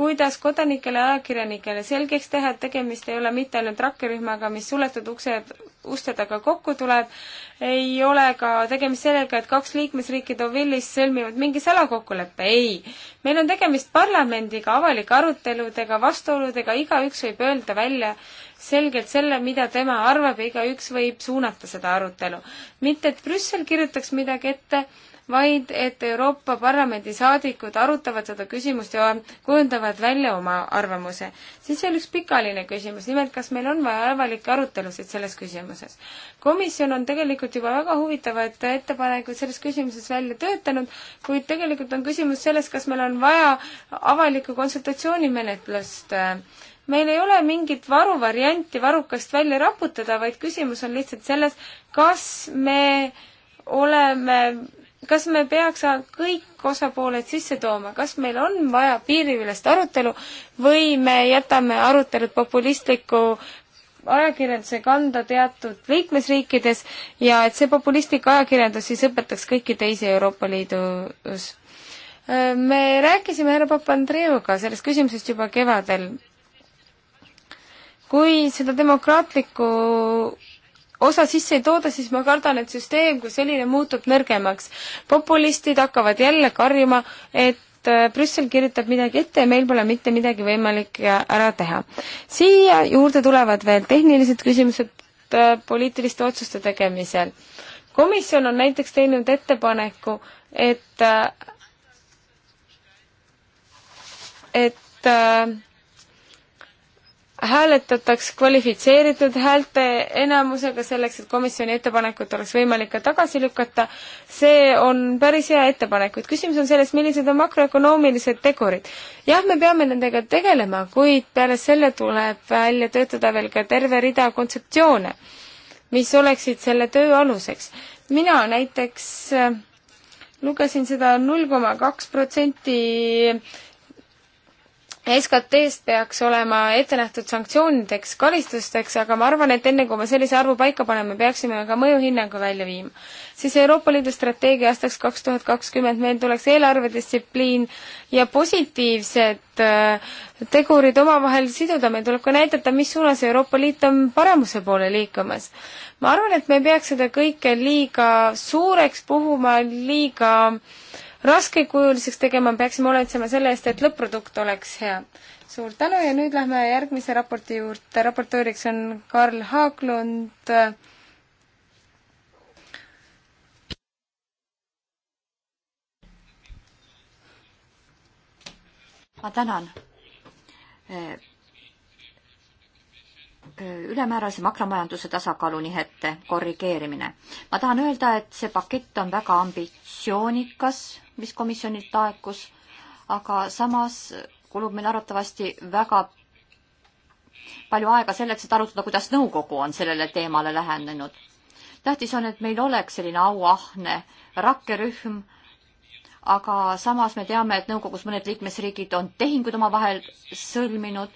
kuidas kodanikele ja ajakirjanikele selgeks teha, et tegemist ei ole mitte ainult rakkerühmaga, mis suletud uksed, uste taga kokku tuleb, ei ole ka tegemist sellega, et kaks liikmesriiki Deauvillis sõlmivad mingi salakokkuleppe, ei. meil on tegemist parlamendiga, avalike aruteludega, vastuoludega, igaüks võib öelda välja selgelt selle, mida tema arvab ja igaüks võib suunata seda arutelu. mitte, et Brüssel kirjutaks midagi ette vaid et Euroopa Parlamendi saadikud arutavad seda küsimust ja kujundavad välja oma arvamuse. siis veel üks pikaline küsimus, nimelt kas meil on vaja avalikke arutelusid selles küsimuses. komisjon on tegelikult juba väga huvitavaid ettepanekuid selles küsimuses välja töötanud, kuid tegelikult on küsimus selles, kas meil on vaja avalikku konsultatsioonimenetlust meil ei ole mingit varuvarianti varukast välja raputada, vaid küsimus on lihtsalt selles, kas me oleme kas me peaks kõik osapooled sisse tooma, kas meil on vaja piiriülest arutelu või me jätame arutelud populistliku ajakirjanduse kanda teatud liikmesriikides ja et see populistlik ajakirjandus siis õpetaks kõiki teisi Euroopa Liidus. Äh, me rääkisime härra Papandreouga sellest küsimusest juba kevadel. kui seda demokraatlikku osa sisse ei tooda, siis ma kardan, et süsteem kui selline muutub nõrgemaks. populistid hakkavad jälle karjuma, et äh, Brüssel kirjutab midagi ette ja meil pole mitte midagi võimalik äh, ära teha. siia juurde tulevad veel tehnilised küsimused äh, poliitiliste otsuste tegemisel. komisjon on näiteks teinud ettepaneku, et et hääletataks kvalifitseeritud häälte enamusega selleks, et komisjoni ettepanekut oleks võimalik ka tagasi lükata. see on päris hea ettepanek, kuid küsimus on selles, millised on makroökonoomilised tegurid. jah, me peame nendega tegelema, kuid peale selle tuleb välja töötada veel ka terve rida kontseptsioone, mis oleksid selle töö aluseks. mina näiteks äh, lugesin seda null koma kaks protsenti SKT-st peaks olema ette nähtud sanktsioonideks, karistusteks, aga ma arvan, et enne kui me sellise arvu paika paneme, peaksime ka mõjuhinnangu välja viima. siis Euroopa Liidu strateegia aastaks kaks tuhat kakskümmend meil tuleks eelarvedistsipliin ja positiivsed äh, tegurid omavahel siduda, meil tuleb ka näidata, mis suunas Euroopa Liit on paremuse poole liikumas. ma arvan, et me ei peaks seda kõike liiga suureks puhuma, liiga äh, raskekujuliseks tegema, peaksime hoolitsema selle eest, et lõpp-produkt oleks hea. suur tänu ja nüüd lähme järgmise raporti juurde, raportööriks on Karl Haaglund. ma tänan ülemäärase makromajanduse tasakaalunihete korrigeerimine. ma tahan öelda, et see pakett on väga ambitsioonikas, mis komisjonilt laekus, aga samas kulub meil arvatavasti väga palju aega selleks, et arutada, kuidas nõukogu on sellele teemale lähenenud. tähtis on, et meil oleks selline auahne rakkerühm, aga samas me teame, et nõukogus mõned liikmesriigid on tehinguid omavahel sõlminud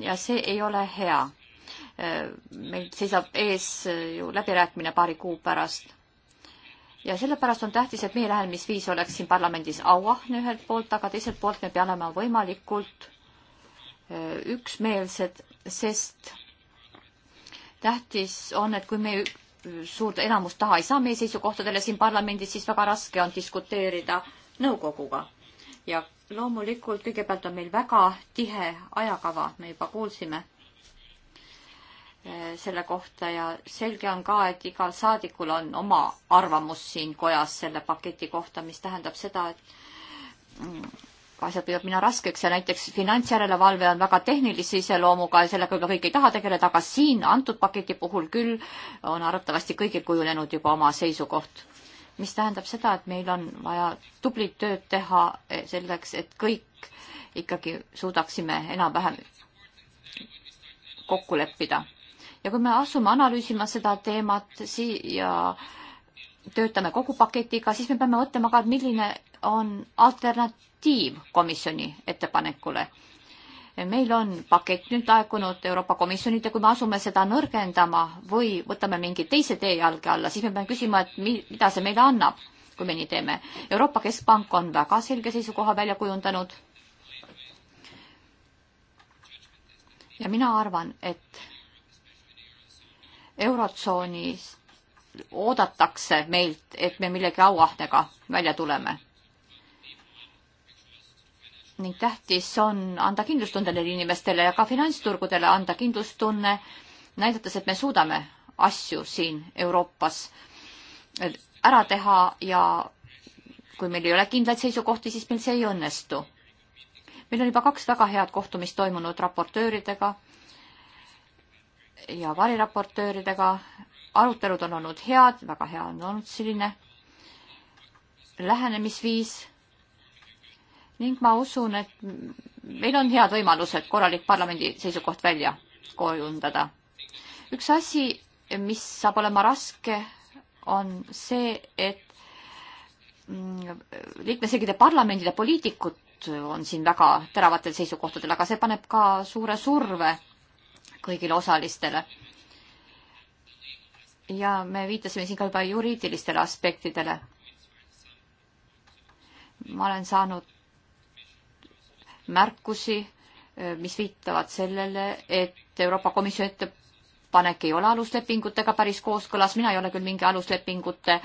ja see ei ole hea Äh, meil seisab ees äh, ju läbirääkimine paari kuu pärast. ja sellepärast on tähtis, et meie lähenemisviis oleks siin parlamendis auahne ühelt poolt, aga teiselt poolt me peame olema võimalikult äh, üksmeelsed, sest tähtis on, et kui me suurt enamust taha ei saa meie seisukohtadele siin parlamendis, siis väga raske on diskuteerida nõukoguga. ja loomulikult kõigepealt on meil väga tihe ajakava, me juba kuulsime Eh, selle kohta ja selge on ka, et igal saadikul on oma arvamus siin kojas selle paketi kohta, mis tähendab seda, et mm, asjad võivad minna raskeks ja näiteks finantsjärelevalve on väga tehnilise iseloomuga ja sellega ka kõik ei taha tegeleda, aga siin antud paketi puhul küll on arvatavasti kõigil kujunenud juba oma seisukoht. mis tähendab seda, et meil on vaja tublit tööd teha eh, selleks, et kõik ikkagi suudaksime enam-vähem kokku leppida ja kui me asume analüüsima seda teemat siia töötame kogu paketiga, siis me peame mõtlema ka, milline on alternatiiv komisjoni ettepanekule. meil on pakett nüüd laekunud Euroopa Komisjonilt ja kui me asume seda nõrgendama või võtame mingi teise tee jalge alla, siis me peame küsima, et mida see meile annab, kui me nii teeme. Euroopa Keskpank on väga selge seisukoha välja kujundanud. ja mina arvan, et Eurotsoonis oodatakse meilt, et me millegi auahnega välja tuleme. ning tähtis on anda kindlustunde neile inimestele ja ka finantsturgudele anda kindlustunne, näidates, et me suudame asju siin Euroopas ära teha ja kui meil ei ole kindlaid seisukohti, siis meil see ei õnnestu. meil on juba kaks väga head kohtumist toimunud raportööridega ja variraportööridega. arutelud on olnud head, väga hea on olnud selline lähenemisviis. ning ma usun, et meil on head võimalused korralik parlamendi seisukoht välja kujundada. üks asi, mis saab olema raske, on see, et mm, liikmesriikide parlamendid ja poliitikud on siin väga teravatel seisukohtadel, aga see paneb ka suure surve kõigile osalistele. ja me viitasime siin ka juba juriidilistele aspektidele. ma olen saanud märkusi, mis viitavad sellele, et Euroopa Komisjoni ettepanek ei ole aluslepingutega päris kooskõlas, mina ei ole küll mingi aluslepingute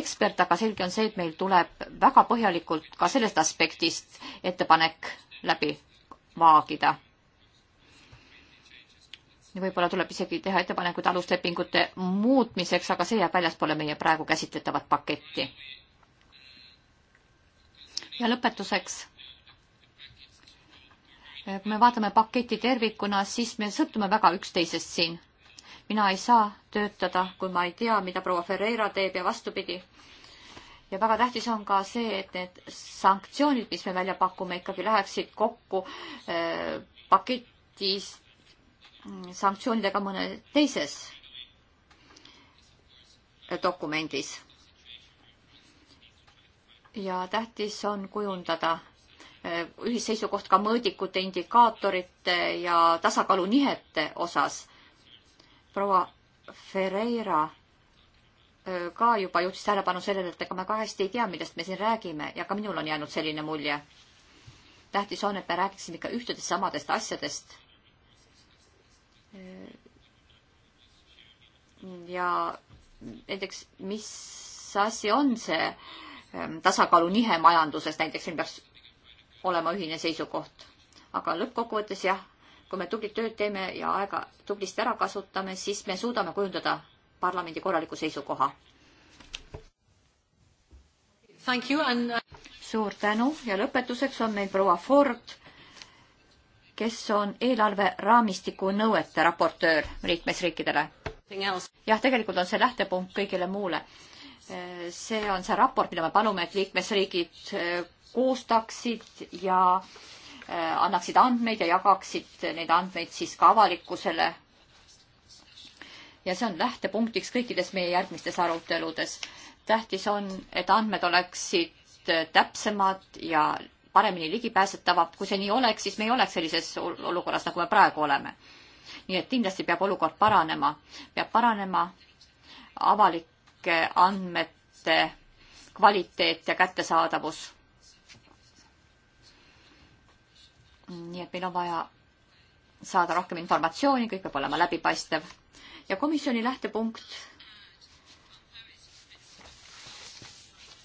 ekspert, aga selge on see, et meil tuleb väga põhjalikult ka sellest aspektist ettepanek läbi vaagida võib-olla tuleb isegi teha ettepanekud aluslepingute muutmiseks, aga see jääb väljaspoole meie praegu käsitletavat paketti. ja lõpetuseks. kui me vaatame paketti tervikuna, siis me sõltume väga üksteisest siin. mina ei saa töötada, kui ma ei tea, mida proua Ferreira teeb ja vastupidi. ja väga tähtis on ka see, et need sanktsioonid, mis me välja pakume, ikkagi läheksid kokku eh, paketist sanktsioonidega mõne teises dokumendis. ja tähtis on kujundada äh, ühisseisukoht ka mõõdikute, indikaatorite ja tasakaalunihete osas. proua Ferreira äh, ka juba juhtis tähelepanu sellele, et ega me ka hästi ei tea, millest me siin räägime ja ka minul on jäänud selline mulje. tähtis on, et me räägiksime ikka ühtedest samadest asjadest ja näiteks, mis asi on see ähm, tasakaalu nihe majanduses, näiteks siin peaks olema ühine seisukoht. aga lõppkokkuvõttes jah, kui me tublit tööd teeme ja aega tublisti ära kasutame, siis me suudame kujundada parlamendi korraliku seisukoha. And... Uh, suur tänu ja lõpetuseks on meil proua Ford kes on eelarveraamistiku nõuete raportöör liikmesriikidele. jah, tegelikult on see lähtepunkt kõigile muule. see on see raport, mida me palume, et liikmesriigid eh, koostaksid ja eh, annaksid andmeid ja jagaksid neid andmeid siis ka avalikkusele. ja see on lähtepunktiks kõikides meie järgmistes aruteludes. tähtis on, et andmed oleksid eh, täpsemad ja paremini ligipääsetavam. kui see nii oleks, siis me ei oleks sellises olukorras, nagu me praegu oleme. nii et kindlasti peab olukord paranema, peab paranema avalike andmete kvaliteet ja kättesaadavus. nii et meil on vaja saada rohkem informatsiooni, kõik peab olema läbipaistev. ja komisjoni lähtepunkt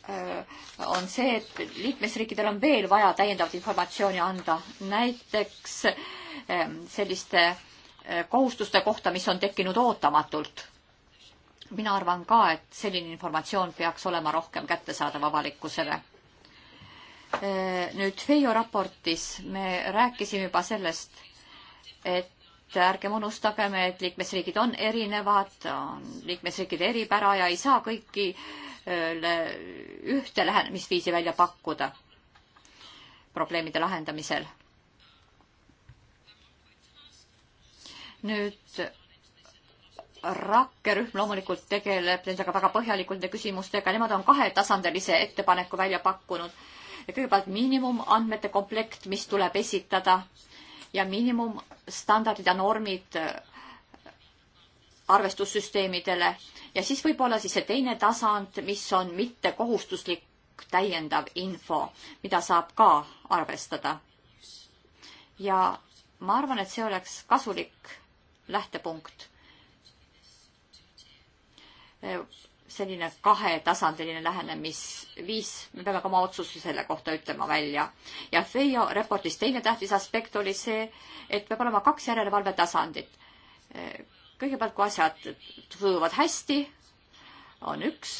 Äh, on see, et liikmesriikidel on veel vaja täiendavat informatsiooni anda, näiteks ähm, selliste äh, kohustuste kohta, mis on tekkinud ootamatult. mina arvan ka, et selline informatsioon peaks olema rohkem kättesaadav avalikkusele. Äh, nüüd FEIO raportis me rääkisime juba sellest, et ärgem unustagem, et liikmesriigid on erinevad, on liikmesriikide eripära ja ei saa kõigile ühte lähenemisviisi välja pakkuda probleemide lahendamisel. nüüd rakkerühm loomulikult tegeleb nendega väga põhjalikult, nende küsimustega, nemad on kahetasandilise ettepaneku välja pakkunud. kõigepealt miinimumandmete komplekt, mis tuleb esitada ja miinimumstandardid ja normid äh, arvestussüsteemidele ja siis võib-olla siis see teine tasand, mis on mitte kohustuslik täiendav info, mida saab ka arvestada. ja ma arvan, et see oleks kasulik lähtepunkt äh, selline kahetasandiline lähenemisviis, me peame ka oma otsusi selle kohta ütlema välja. ja FEIO raportis teine tähtis aspekt oli see, et peab olema kaks järelevalve tasandit. kõigepealt, kui asjad sujuvad hästi, on üks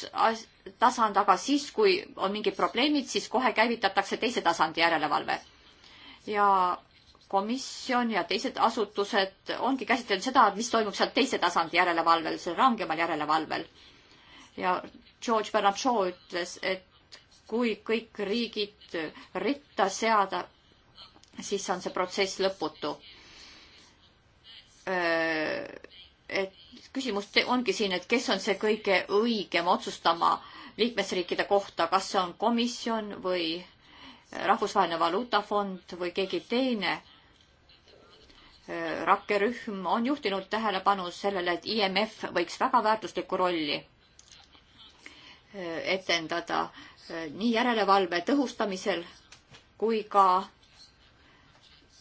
tasand, aga siis, kui on mingid probleemid, siis kohe käivitatakse teise tasandi järelevalve. ja komisjon ja teised asutused ongi käsitlenud seda, mis toimub seal teise tasandi järelevalvel, seal rangemal järelevalvel ja George Bernard Shaw ütles, et kui kõik riigid ritta seada, siis on see protsess lõputu. et küsimus ongi siin, et kes on see kõige õigem otsustama liikmesriikide kohta, kas see on komisjon või Rahvusvaheline Valuutafond või keegi teine. rakkerühm on juhtinud tähelepanu sellele, et IMF võiks väga väärtuslikku rolli etendada eh, nii järelevalve tõhustamisel kui ka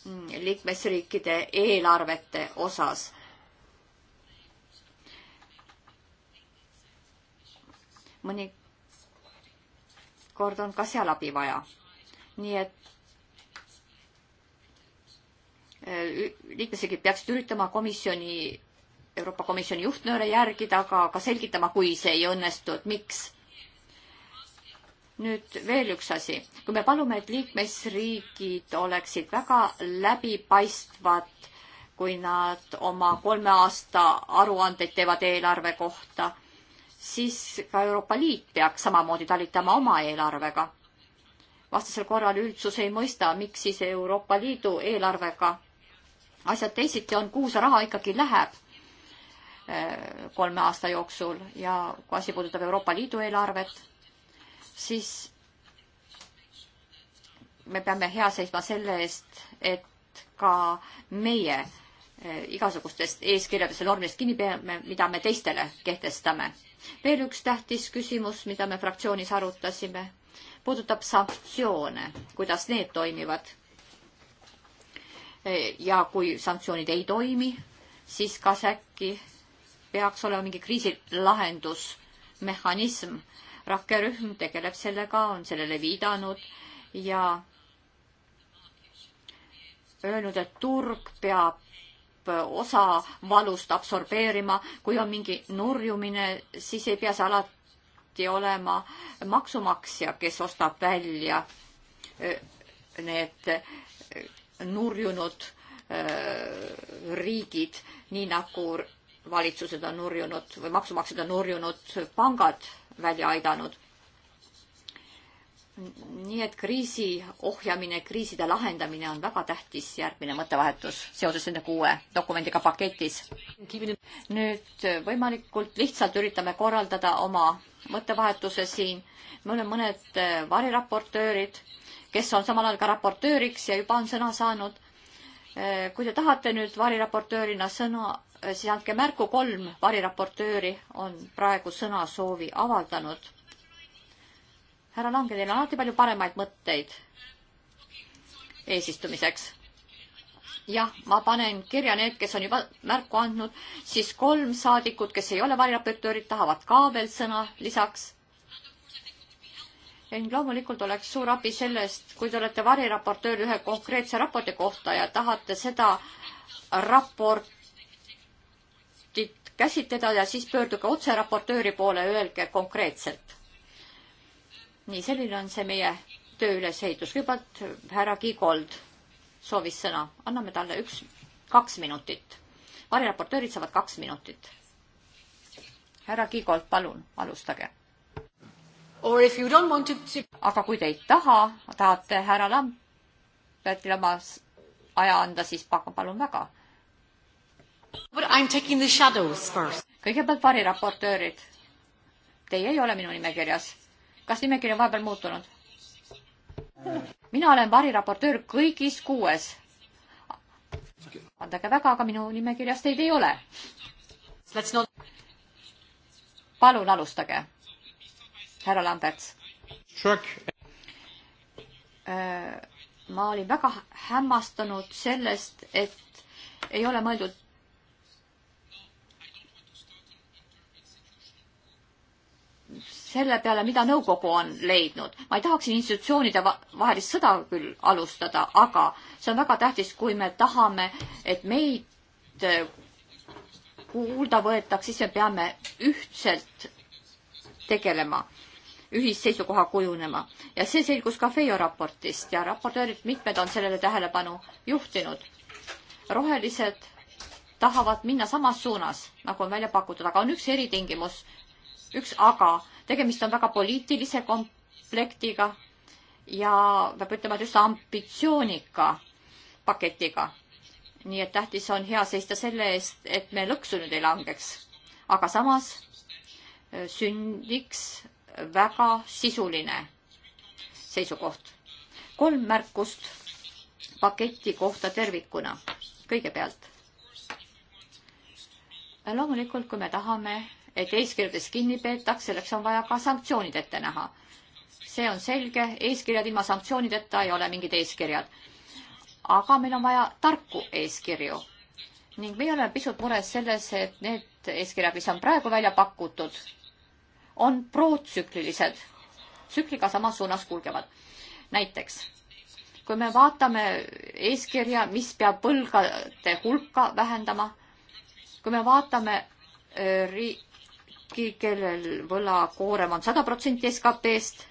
mm, liikmesriikide eelarvete osas. mõnikord on ka seal abi vaja. nii et eh, liikmesriigid peaksid üritama komisjoni, Euroopa Komisjoni juhtnööre järgida, aga ka selgitama, kui see ei õnnestu, et miks nüüd veel üks asi. kui me palume, et liikmesriigid oleksid väga läbipaistvad, kui nad oma kolme aasta aruandeid teevad eelarve kohta, siis ka Euroopa Liit peaks samamoodi talitama oma eelarvega. vastasel korral üldsus ei mõista, miks siis Euroopa Liidu eelarvega asjad teisiti on, kuhu see raha ikkagi läheb eh, kolme aasta jooksul ja kui asi puudutab Euroopa Liidu eelarvet siis me peame hea seisma selle eest, et ka meie eh, igasugustest eeskirjadest ja normidest kinni peame, mida me teistele kehtestame. veel üks tähtis küsimus, mida me fraktsioonis arutasime, puudutab sanktsioone, kuidas need toimivad. Eh, ja kui sanktsioonid ei toimi, siis kas äkki peaks olema mingi kriisilahendusmehhanism, rakkerühm tegeleb sellega, on sellele viidanud ja öelnud, et turg peab osa valust absorbeerima, kui on mingi nurjumine, siis ei pea see alati olema maksumaksja, kes ostab välja need nurjunud riigid, nii nagu valitsused on nurjunud või maksumaksjad on nurjunud pangad välja aidanud. nii et kriisi ohjamine, kriiside lahendamine on väga tähtis järgmine mõttevahetus seoses nende kuue dokumendiga paketis. nüüd võimalikult lihtsalt üritame korraldada oma mõttevahetuse siin. mul on mõned eh, variraportöörid, kes on samal ajal ka raportööriks ja juba on sõna saanud eh, kui te tahate nüüd variraportöörina sõna Eh, siis andke märku, kolm variraportööri on praegu sõnasoovi avaldanud. härra Lange, teil on alati palju paremaid mõtteid eesistumiseks. jah, ma panen kirja need, kes on juba märku andnud, siis kolm saadikut, kes ei ole variraportöörid, tahavad ka veel sõna lisaks. ent loomulikult oleks suur abi sellest, kui te olete variraportöör ühe konkreetse raporti kohta ja tahate seda raport käsitleda ja siis pöörduge otse raportööri poole, öelge konkreetselt. nii, selline on see meie töö ülesehitus. kõigepealt härra Kiigold soovis sõna, anname talle üks, kaks minutit. variraportöörid saavad kaks minutit. härra Kiigold, palun, alustage. To... aga kui te ei taha, tahate härra Lambertile oma aja anda, siis palun väga kõigepealt variraportöörid. Teie ei ole minu nimekirjas. kas nimekiri on vahepeal muutunud? mina olen variraportöör kõigis kuues. andage väga, aga minu nimekirjas teid ei ole. palun alustage, härra Lamberts. Äh, ma olin väga hämmastunud sellest, et ei ole mõeldud selle peale, mida nõukogu on leidnud. ma ei tahaks siin institutsioonide vahelist sõda küll alustada, aga see on väga tähtis, kui me tahame, et meid äh, kuulda võetaks, siis me peame ühtselt tegelema, ühisseisukoha kujunema ja see selgus ka Feio raportist ja raportöörid mitmed on sellele tähelepanu juhtinud. rohelised tahavad minna samas suunas, nagu on välja pakutud, aga on üks eritingimus, üks aga, tegemist on väga poliitilise komplektiga ja peab ütlema, et üsna ambitsioonika paketiga. nii et tähtis on hea seista selle eest, et me lõksu nüüd ei langeks. aga samas äh, sünniks väga sisuline seisukoht. kolm märkust paketi kohta tervikuna. kõigepealt loomulikult, kui me tahame et eeskirjadest kinni peetaks, selleks on vaja ka sanktsioonid ette näha. see on selge, eeskirjad ilma sanktsioonideta ei ole mingid eeskirjad. aga meil on vaja tarku eeskirju ning meie oleme pisut mures selles, et need eeskirjad, mis on praegu välja pakutud, on protsüklilised, tsükliga samas suunas kulgevad. näiteks, kui me vaatame eeskirja, mis peab võlgade hulka vähendama, kui me vaatame äh, ri-, riiki, kellel võlakoorem on sada protsenti SKP-st,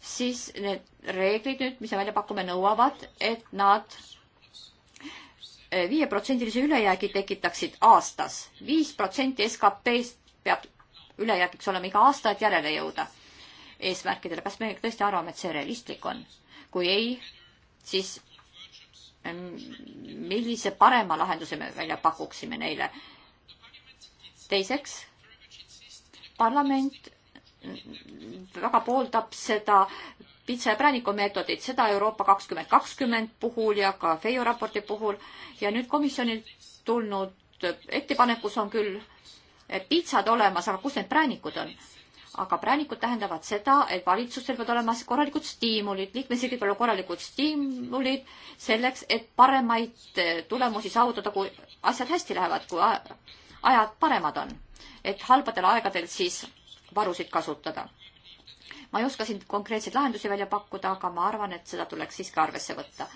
siis need reeglid nüüd, mis me välja pakume, nõuavad, et nad viieprotsendilise ülejäägi tekitaksid aastas. viis protsenti SKP-st peab ülejäägiks olema iga aasta, et järele jõuda eesmärkidele. kas me tõesti arvame, et see realistlik on? kui ei, siis mm, millise parema lahenduse me välja pakuksime neile? teiseks, parlament väga pooldab seda pitsa ja prääniku meetodit, seda Euroopa kakskümmend kakskümmend puhul ja ka FEIO raporti puhul ja nüüd komisjonilt tulnud ettepanekus on küll pitsad olemas, aga kus need präänikud on? aga präänikud tähendavad seda, et valitsustel peavad olema korralikud stiimulid, liikmesriigid peavad olema korralikud stiimulid selleks, et paremaid tulemusi saavutada, kui asjad hästi lähevad, kui ajad paremad on et halbadel aegadel siis varusid kasutada. ma ei oska siin konkreetseid lahendusi välja pakkuda, aga ma arvan, et seda tuleks siiski arvesse võtta.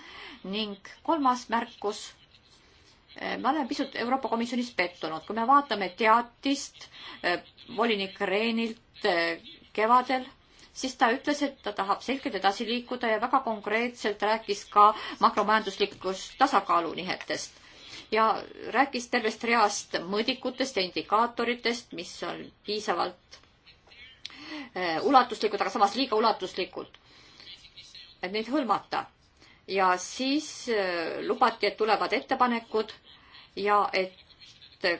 ning kolmas märkus. Eh, me oleme pisut Euroopa Komisjonis pettunud, kui me vaatame teatist eh, volinik Rehnilt eh, kevadel siis ta ütles, et ta tahab selgelt edasi liikuda ja väga konkreetselt rääkis ka makromajanduslikust tasakaalunihetest ja rääkis tervest reast mõõdikutest ja indikaatoritest, mis on piisavalt eh, ulatuslikud, aga samas liiga ulatuslikud, et neid hõlmata. ja siis eh, lubati, et tulevad ettepanekud ja et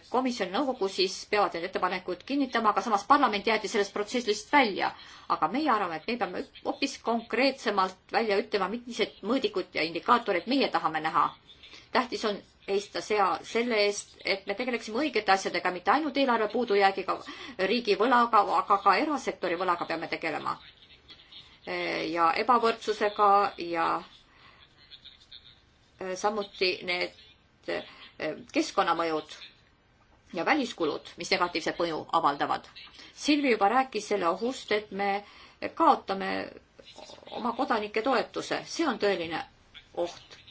komisjon nõukogu siis peavad need ettepanekud kinnitama, aga samas parlament jäeti sellest protsessist välja. aga meie arvame, et me peame hoopis konkreetsemalt välja ütlema, millised mõõdikud ja indikaatorid meie tahame näha. tähtis on seista sea selle eest, et me tegeleksime õigete asjadega, mitte ainult eelarve puudujäägiga, riigi võlaga, aga ka erasektori võlaga peame tegelema. ja ebavõrdsusega ja äh, samuti need äh, keskkonnamõjud ja väliskulud, mis negatiivset mõju avaldavad. Silvi juba rääkis selle ohust, et me kaotame oma kodanike toetuse, see on tõeline oht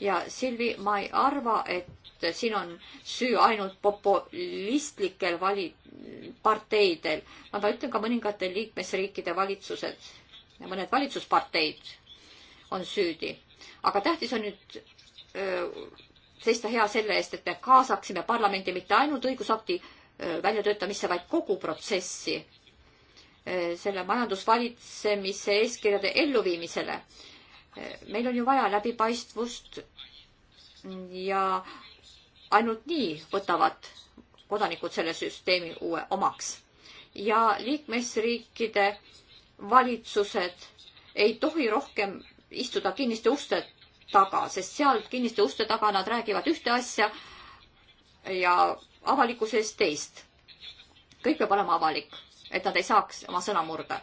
ja Silvi, ma ei arva, et siin on süü ainult populistlikel vali-, parteidel, aga ütlen ka mõningate liikmesriikide valitsused ja mõned valitsusparteid on süüdi. aga tähtis on nüüd öö, seista hea selle eest, et me kaasaksime parlamendi mitte ainult õigusakti väljatöötamisse, vaid kogu protsessi, selle majandusvalitsemise eeskirjade elluviimisele meil on ju vaja läbipaistvust ja ainult nii võtavad kodanikud selle süsteemi uue omaks. ja liikmesriikide valitsused ei tohi rohkem istuda kinniste uste taga, sest seal kinniste uste taga nad räägivad ühte asja ja avalikkuse ees teist. kõik peab olema avalik, et nad ei saaks oma sõna murda.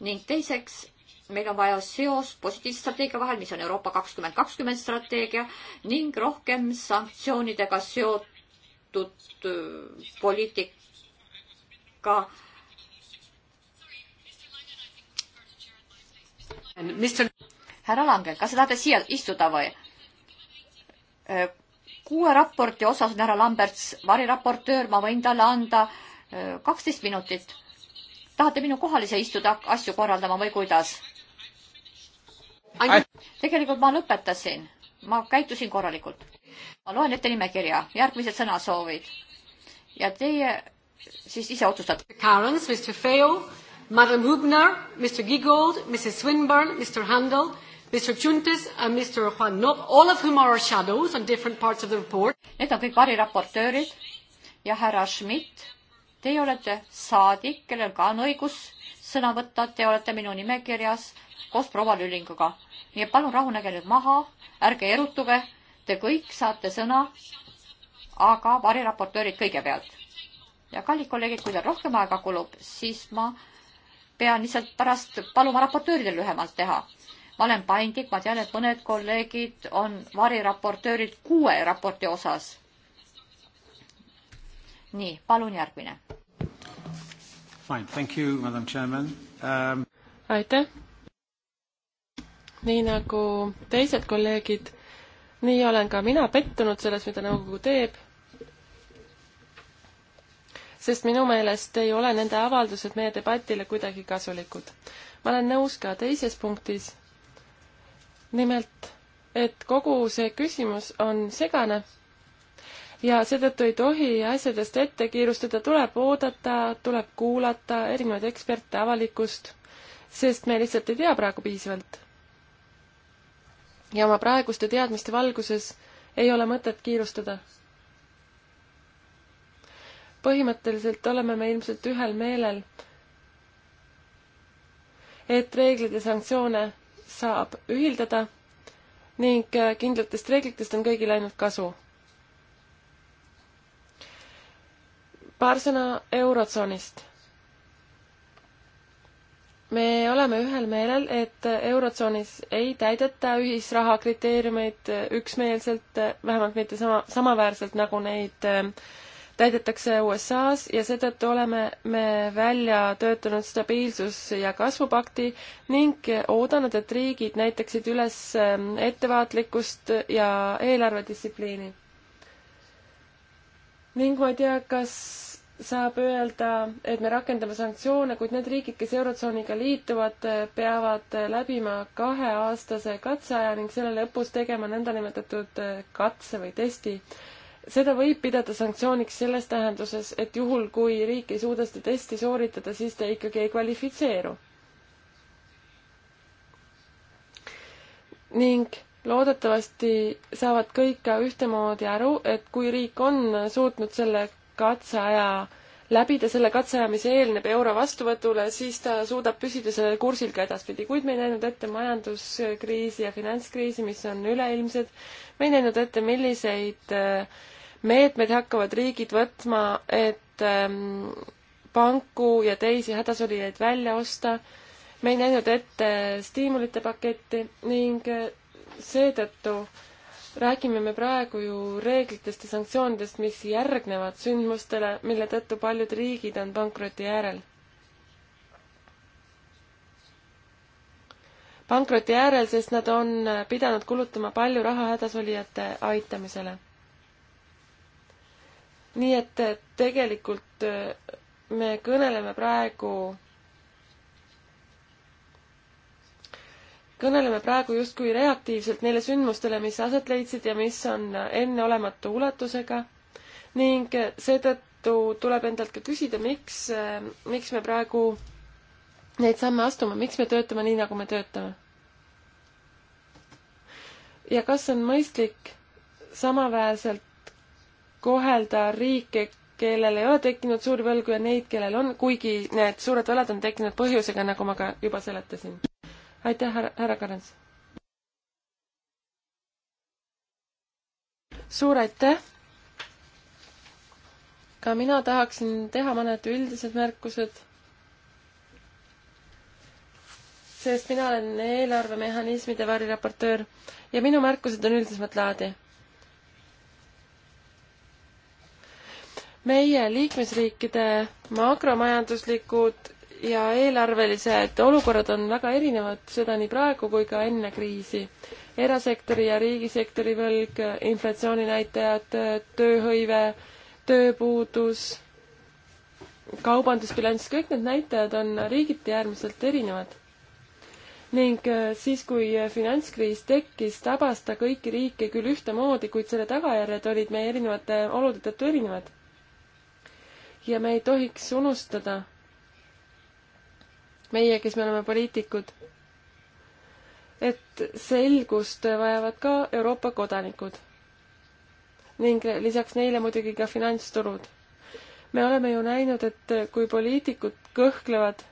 ning teiseks meil on vaja seos positiivse strateegia vahel, mis on Euroopa kakskümmend kakskümmend strateegia ning rohkem sanktsioonidega seotud äh, poliitika. härra Langel, kas te tahate siia istuda või? Äh, kuue raporti osas on härra Lamberts variraportöör, ma võin talle anda äh, kaksteist minutit. tahate minu kohal ise istuda, asju korraldama või kuidas? tegelikult ma lõpetasin, ma käitusin korralikult. ma loen ette nimekirja, järgmised sõnasoovid ja teie siis ise otsustate. Karens, Mr Feo, Madam Hübner, Mr Giggold, Mrs Swinburne, Mr Handel, Mr Chuntis and Mr Juan Nob, all of whom are our shadows on different parts of the report. Need on kõik variraportöörid ja härra Schmidt, teie olete saadik, kellel ka on õigus sõna võtta, te olete minu nimekirjas koos proua Lüllinguga nii et palun rahunege nüüd maha, ärge erutuge, te kõik saate sõna, aga variraportöörid kõigepealt. ja kallid kolleegid, kui teil rohkem aega kulub, siis ma pean lihtsalt pärast paluma raportööridel lühemalt teha. ma olen paindlik, ma tean, et mõned kolleegid on variraportöörid kuue raporti osas. nii, palun järgmine. Fine, thank you, madam chairman um.... aitäh nii nagu teised kolleegid, nii olen ka mina pettunud selles, mida nõukogu teeb. sest minu meelest ei ole nende avaldused meie debatile kuidagi kasulikud. ma olen nõus ka teises punktis. nimelt, et kogu see küsimus on segane ja seetõttu ei tohi asjadest ette kiirustada, tuleb oodata, tuleb kuulata erinevaid eksperte, avalikkust, sest me lihtsalt ei tea praegu piisavalt ja oma praeguste teadmiste valguses ei ole mõtet kiirustada. põhimõtteliselt oleme me ilmselt ühel meelel, et reeglid ja sanktsioone saab ühildada ning kindlatest reeglitest on kõigil ainult kasu. paar sõna Eurotsoonist me oleme ühel meelel, et Eurotsoonis ei täideta ühisraha kriteeriumeid üksmeelselt, vähemalt mitte sama, samaväärselt, nagu neid äh, täidetakse USA-s ja seetõttu oleme me välja töötanud stabiilsus- ja kasvupakti ning oodanud, et riigid näitaksid üles ähm, ettevaatlikkust ja eelarvedistsipliini. ning ma ei tea, kas saab öelda, et me rakendame sanktsioone, kuid need riigid, kes Eurotsooniga liituvad, peavad läbima kaheaastase katseaja ning selle lõpus tegema nõndanimetatud katse või testi. seda võib pidada sanktsiooniks selles tähenduses, et juhul, kui riik ei suuda seda testi sooritada, siis ta ikkagi ei kvalifitseeru. ning loodetavasti saavad kõik ka ühtemoodi aru, et kui riik on suutnud selle katseaja, läbida selle katseaja, mis eelneb euro vastuvõtule, siis ta suudab püsida sellel kursil ka edaspidi, kuid me ei näinud ette majanduskriisi ja finantskriisi, mis on üleilmsed. me ei näinud ette, milliseid äh, meetmeid hakkavad riigid võtma, et ähm, panku ja teisi hädasolijaid välja osta. me ei näinud ette stiimulite paketti ning äh, seetõttu äh, räägime me praegu ju reeglitest ja sanktsioonidest, mis järgnevad sündmustele, mille tõttu paljud riigid on pankroti äärel. pankroti äärel, sest nad on pidanud kulutama palju raha hädasolijate aitamisele. nii et tegelikult me kõneleme praegu kõneleme praegu justkui reaktiivselt neile sündmustele, mis aset leidsid ja mis on enneolematu ulatusega ning seetõttu tuleb endalt ka küsida, miks, miks me praegu neid samme astume, miks me töötame nii, nagu me töötame. ja kas on mõistlik samaväärselt kohelda riike, kellel ei ole tekkinud suuri võlgu ja neid, kellel on, kuigi need suured võlad on tekkinud põhjusega, nagu ma ka juba seletasin aitäh, härra, härra Karens. suur aitäh. ka mina tahaksin teha mõned üldised märkused sest mina olen eelarvemehhanismide variraportöör ja minu märkused on üldisemat laadi. meie liikmesriikide makromajanduslikud ja eelarvelised olukorrad on väga erinevad, seda nii praegu kui ka enne kriisi. erasektori ja riigisektori võlg, inflatsiooninäitajad, tööhõive, tööpuudus, kaubandusbilanss, kõik need näitajad on riigiti äärmiselt erinevad. ning äh, siis, kui äh, finantskriis tekkis, tabas ta kõiki riike küll ühtemoodi, kuid selle tagajärjed olid meie erinevate olude tõttu erinevad. ja me ei tohiks unustada meie, kes me oleme poliitikud, et selgust vajavad ka Euroopa kodanikud ning lisaks neile muidugi ka finantsturud. me oleme ju näinud, et kui poliitikud kõhklevad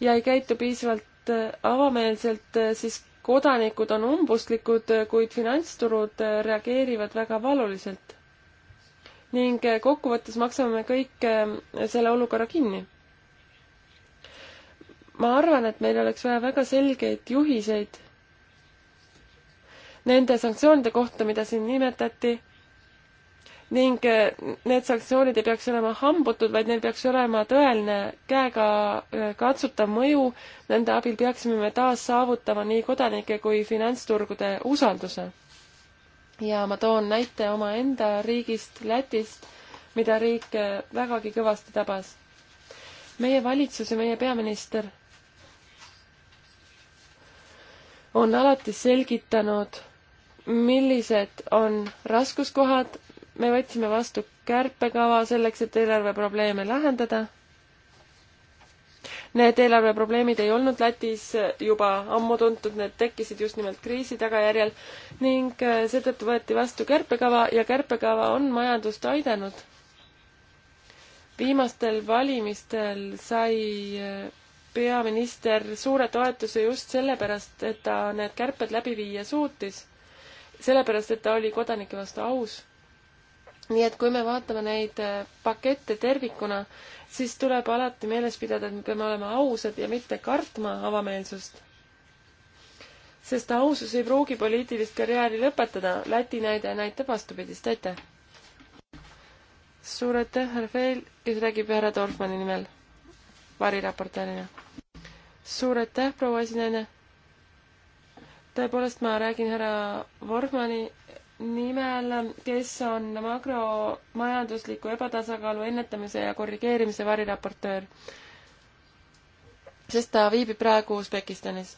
ja ei käitu piisavalt avameelselt, siis kodanikud on umbustlikud, kuid finantsturud reageerivad väga valuliselt. ning kokkuvõttes maksame me kõik selle olukorra kinni ma arvan, et meil oleks vaja väga selgeid juhiseid nende sanktsioonide kohta, mida siin nimetati ning eh, need sanktsioonid ei peaks olema hambutud, vaid neil peaks olema tõeline käega eh, katsutav mõju. Nende abil peaksime me taas saavutama nii kodanike kui finantsturgude usalduse. ja ma toon näite omaenda riigist, Lätist, mida riik eh, vägagi kõvasti tabas. meie valitsus ja meie peaminister on alati selgitanud, millised on raskuskohad, me võtsime vastu kärpekava selleks, et eelarveprobleeme lahendada. Need eelarveprobleemid ei olnud Lätis juba ammu tuntud, need tekkisid just nimelt kriisi tagajärjel ning äh, seetõttu võeti vastu kärpekava ja kärpekava on majandust aidanud. viimastel valimistel sai äh, peaminister suure toetuse just sellepärast, et ta need kärped läbi viia suutis. sellepärast, et ta oli kodanike vastu aus. nii et kui me vaatame neid äh, pakette tervikuna, siis tuleb alati meeles pidada, et me peame olema ausad ja mitte kartma avameelsust. sest ausus ei pruugi poliitilist karjääri lõpetada. Läti näide näitab vastupidist, aitäh! suur aitäh, härra Feil, kes räägib härra Dorfmanni nimel variraportöörina. suur aitäh, proua esinaine. tõepoolest, ma räägin härra Vormani nimel, kes on makromajandusliku ebatasakaalu ennetamise ja korrigeerimise variraportöör, sest ta viibib praegu Usbekistanis.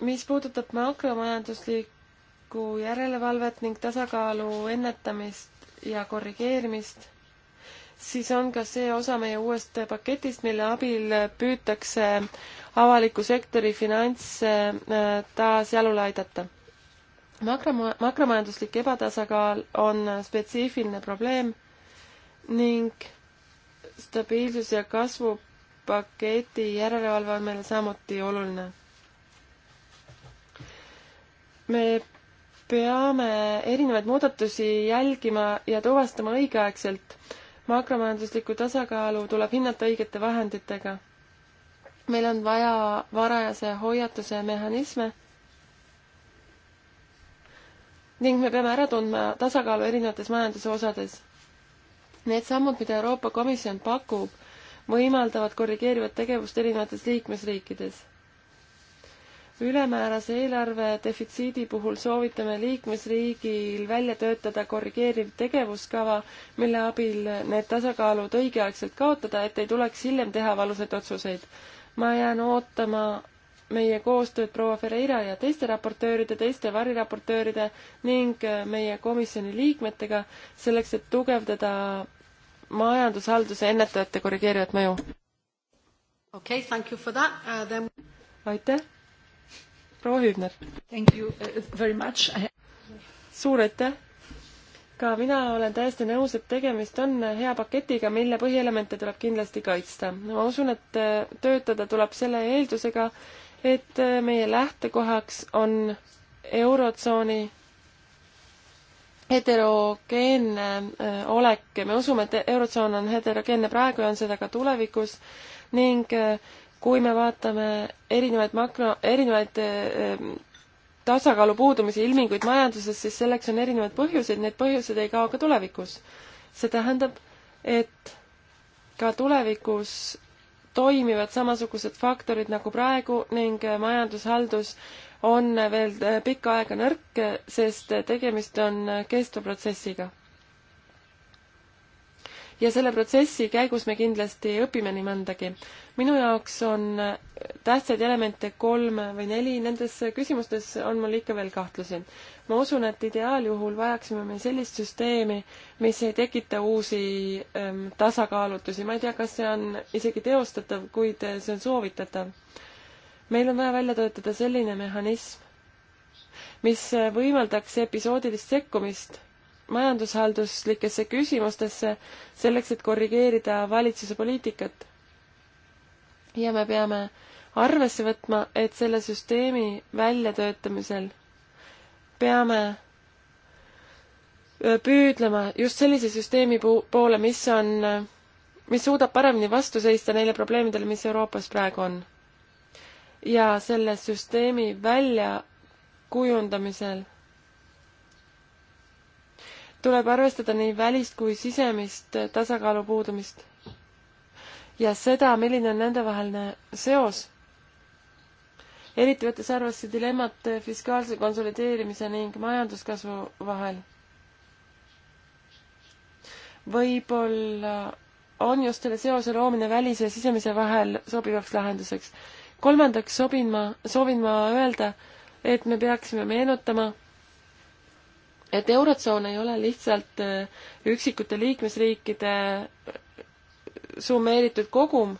mis puudutab makromajanduslikku järelevalvet ning tasakaalu ennetamist ja korrigeerimist siis on ka see osa meie uuest paketist, mille abil püütakse avaliku sektori finantse äh, taas jalule aidata. Makroma-, makromajanduslik ebatasakaal on spetsiifiline probleem ning stabiilsus- ja kasvupaketi järelevalve on meile samuti oluline. me peame erinevaid muudatusi jälgima ja tuvastama õigeaegselt makromajanduslikku tasakaalu tuleb hinnata õigete vahenditega. meil on vaja varajase hoiatuse mehhanisme ning me peame ära tundma tasakaalu erinevates majanduse osades. Need sammud, mida Euroopa Komisjon pakub, võimaldavad korrigeerivat tegevust erinevates liikmesriikides ülemäärase eelarve defitsiidi puhul soovitame liikmesriigil välja töötada korrigeeriv tegevuskava, mille abil need tasakaalud õigeaegselt kaotada, et ei tuleks hiljem teha valusaid otsuseid. ma jään ootama meie koostööd proua Ferreira ja teiste raportööride, teiste variraportööride ning meie komisjoni liikmetega selleks, et tugevdada majandushalduse ennetajate korrigeerivat mõju. okei okay,, thank you for that uh,. Then... aitäh proua Hübner. Thank you uh, very much. suur aitäh. ka mina olen täiesti nõus, et tegemist on hea paketiga, mille põhielemente tuleb kindlasti kaitsta. ma usun, et äh, töötada tuleb selle eeldusega, et äh, meie lähtekohaks on Eurotsooni heterogeenne äh, olek. me usume, et Eurotsoon on heterogeenne praegu ja on seda ka tulevikus ning kui me vaatame erinevaid makro, erinevaid ehm, tasakaalu puudumise ilminguid majanduses, siis selleks on erinevad põhjused, need põhjused ei kao ka tulevikus. see tähendab, et ka tulevikus toimivad samasugused faktorid nagu praegu ning eh, majandushaldus on veel eh, pikka aega nõrk, sest eh, tegemist on kestva protsessiga ja selle protsessi käigus me kindlasti õpime nii mõndagi. minu jaoks on tähtsaid elemente kolm või neli, nendes küsimustes on mul ikka veel kahtlusi. ma usun, et ideaaljuhul vajaksime me sellist süsteemi, mis ei tekita uusi ähm, tasakaalutusi, ma ei tea, kas see on isegi teostatav, kuid see on soovitatav. meil on vaja välja töötada selline mehhanism, mis võimaldaks episoodilist sekkumist majandushalduslikesse küsimustesse selleks, et korrigeerida valitsuse poliitikat. ja me peame arvesse võtma, et selle süsteemi väljatöötamisel peame äh, püüdlema just sellise süsteemi poole, mis on, äh, mis suudab paremini vastu seista neile probleemidele, mis Euroopas praegu on. ja selle süsteemi väljakujundamisel tuleb arvestada nii välist kui sisemist tasakaalu puudumist ja seda, milline on nendevaheline seos. eriti võttes arvesse dilemmat fiskaalse konsolideerimise ning majanduskasvu vahel. võib-olla on just selle seose loomine välise ja sisemise vahel sobivaks lahenduseks. kolmandaks sobin ma, soovin ma öelda, et me peaksime meenutama, et Eurotsoon ei ole lihtsalt äh, üksikute liikmesriikide äh, summeeritud kogum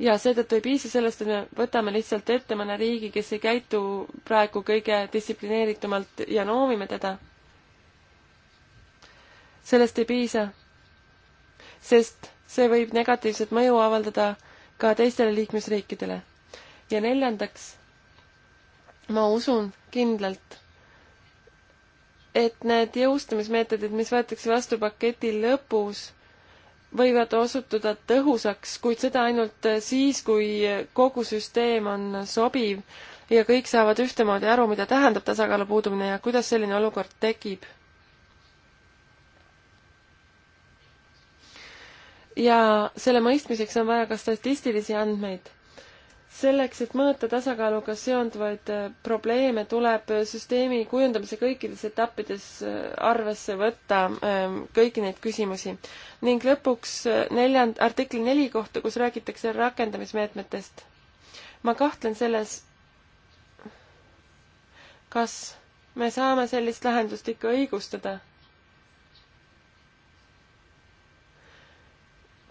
ja seetõttu ei piisa sellest, et me võtame lihtsalt ette mõne riigi, kes ei käitu praegu kõige distsiplineeritumalt ja noomime teda. sellest ei piisa, sest see võib negatiivset mõju avaldada ka teistele liikmesriikidele. ja neljandaks, ma usun kindlalt et need jõustamismeetodid, mis võetakse vastu paketi lõpus, võivad osutuda tõhusaks, kuid seda ainult siis, kui kogu süsteem on sobiv ja kõik saavad ühtemoodi aru, mida tähendab tasakaalu puudumine ja kuidas selline olukord tekib. ja selle mõistmiseks on vaja ka statistilisi andmeid selleks, et mõõta tasakaaluga seonduvaid äh, probleeme, tuleb äh, süsteemi kujundamise kõikides etappides äh, arvesse võtta ähm, kõiki neid küsimusi. ning lõpuks neljand-, artikli neli kohta, kus räägitakse rakendamismeetmetest. ma kahtlen selles, kas me saame sellist lahendust ikka õigustada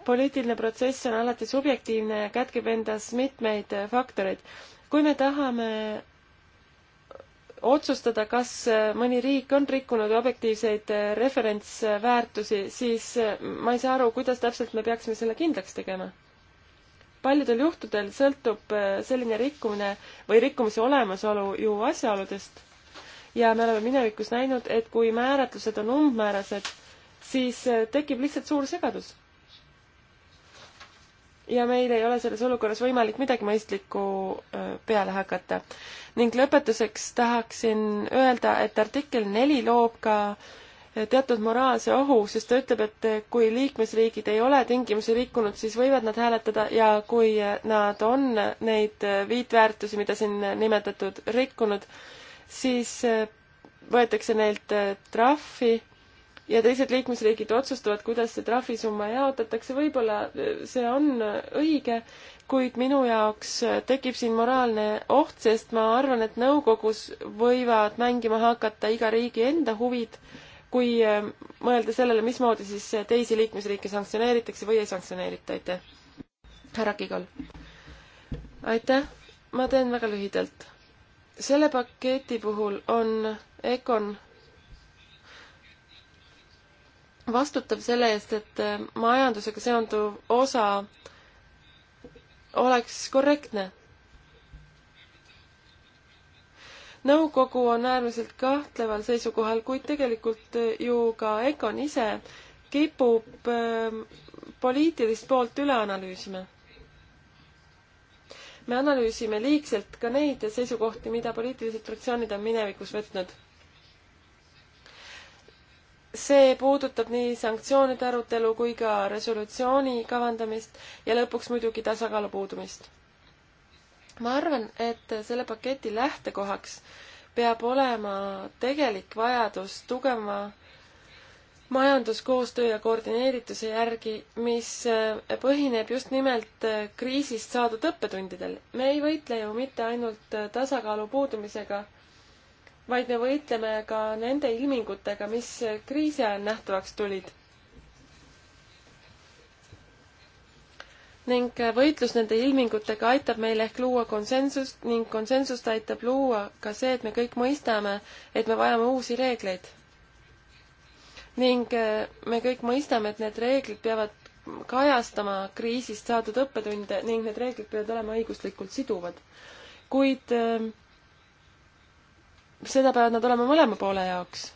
poliitiline protsess on alati subjektiivne ja kätkeb endas mitmeid faktoreid. kui me tahame otsustada, kas mõni riik on rikkunud objektiivseid referentsväärtusi, siis ma ei saa aru, kuidas täpselt me peaksime selle kindlaks tegema. paljudel juhtudel sõltub selline rikkumine või rikkumise olemasolu ju asjaoludest ja me oleme minevikus näinud, et kui määratlused on umbmäärased, siis tekib lihtsalt suur segadus ja meil ei ole selles olukorras võimalik midagi mõistlikku peale hakata. ning lõpetuseks tahaksin öelda, et artikkel neli loob ka teatud moraalse ohu, sest ta ütleb, et kui liikmesriigid ei ole tingimusi rikkunud, siis võivad nad hääletada ja kui nad on neid viit väärtusi, mida siin nimetatud, rikkunud, siis võetakse neilt trahvi ja teised liikmesriigid otsustavad, kuidas see trahvisumma jaotatakse, võib-olla äh, see on äh, õige, kuid minu jaoks äh, tekib siin moraalne oht, sest ma arvan, et nõukogus võivad mängima hakata iga riigi enda huvid, kui mõelda sellele, mismoodi siis teisi liikmesriike sanktsioneeritakse või ei sanktsioneerita, aitäh. härra Kigol. aitäh, ma teen väga lühidalt. selle paketi puhul on Econ vastutab selle eest, et äh, majandusega seonduv osa oleks korrektne. nõukogu on äärmiselt kahtleval seisukohal, kuid tegelikult äh, ju ka Econ ise kipub ähm, poliitilist poolt üle analüüsima. me analüüsime liigselt ka neid seisukohti, mida poliitilised fraktsioonid on minevikus võtnud see puudutab nii sanktsioonide arutelu kui ka resolutsiooni kavandamist ja lõpuks muidugi tasakaalu puudumist. ma arvan, et selle paketi lähtekohaks peab olema tegelik vajadus tugeva majanduskoostöö ja koordineerituse järgi, mis põhineb just nimelt kriisist saadud õppetundidel. me ei võitle ju mitte ainult tasakaalu puudumisega vaid me võitleme ka nende ilmingutega, mis kriisi ajal nähtavaks tulid. ning võitlus nende ilmingutega aitab meil ehk luua konsensust ning konsensust aitab luua ka see, et me kõik mõistame, et me vajame uusi reegleid. ning äh, me kõik mõistame, et need reeglid peavad kajastama kriisist saadud õppetunde ning need reeglid peavad olema õiguslikult siduvad. kuid äh, seda peavad nad olema mõlema poole jaoks.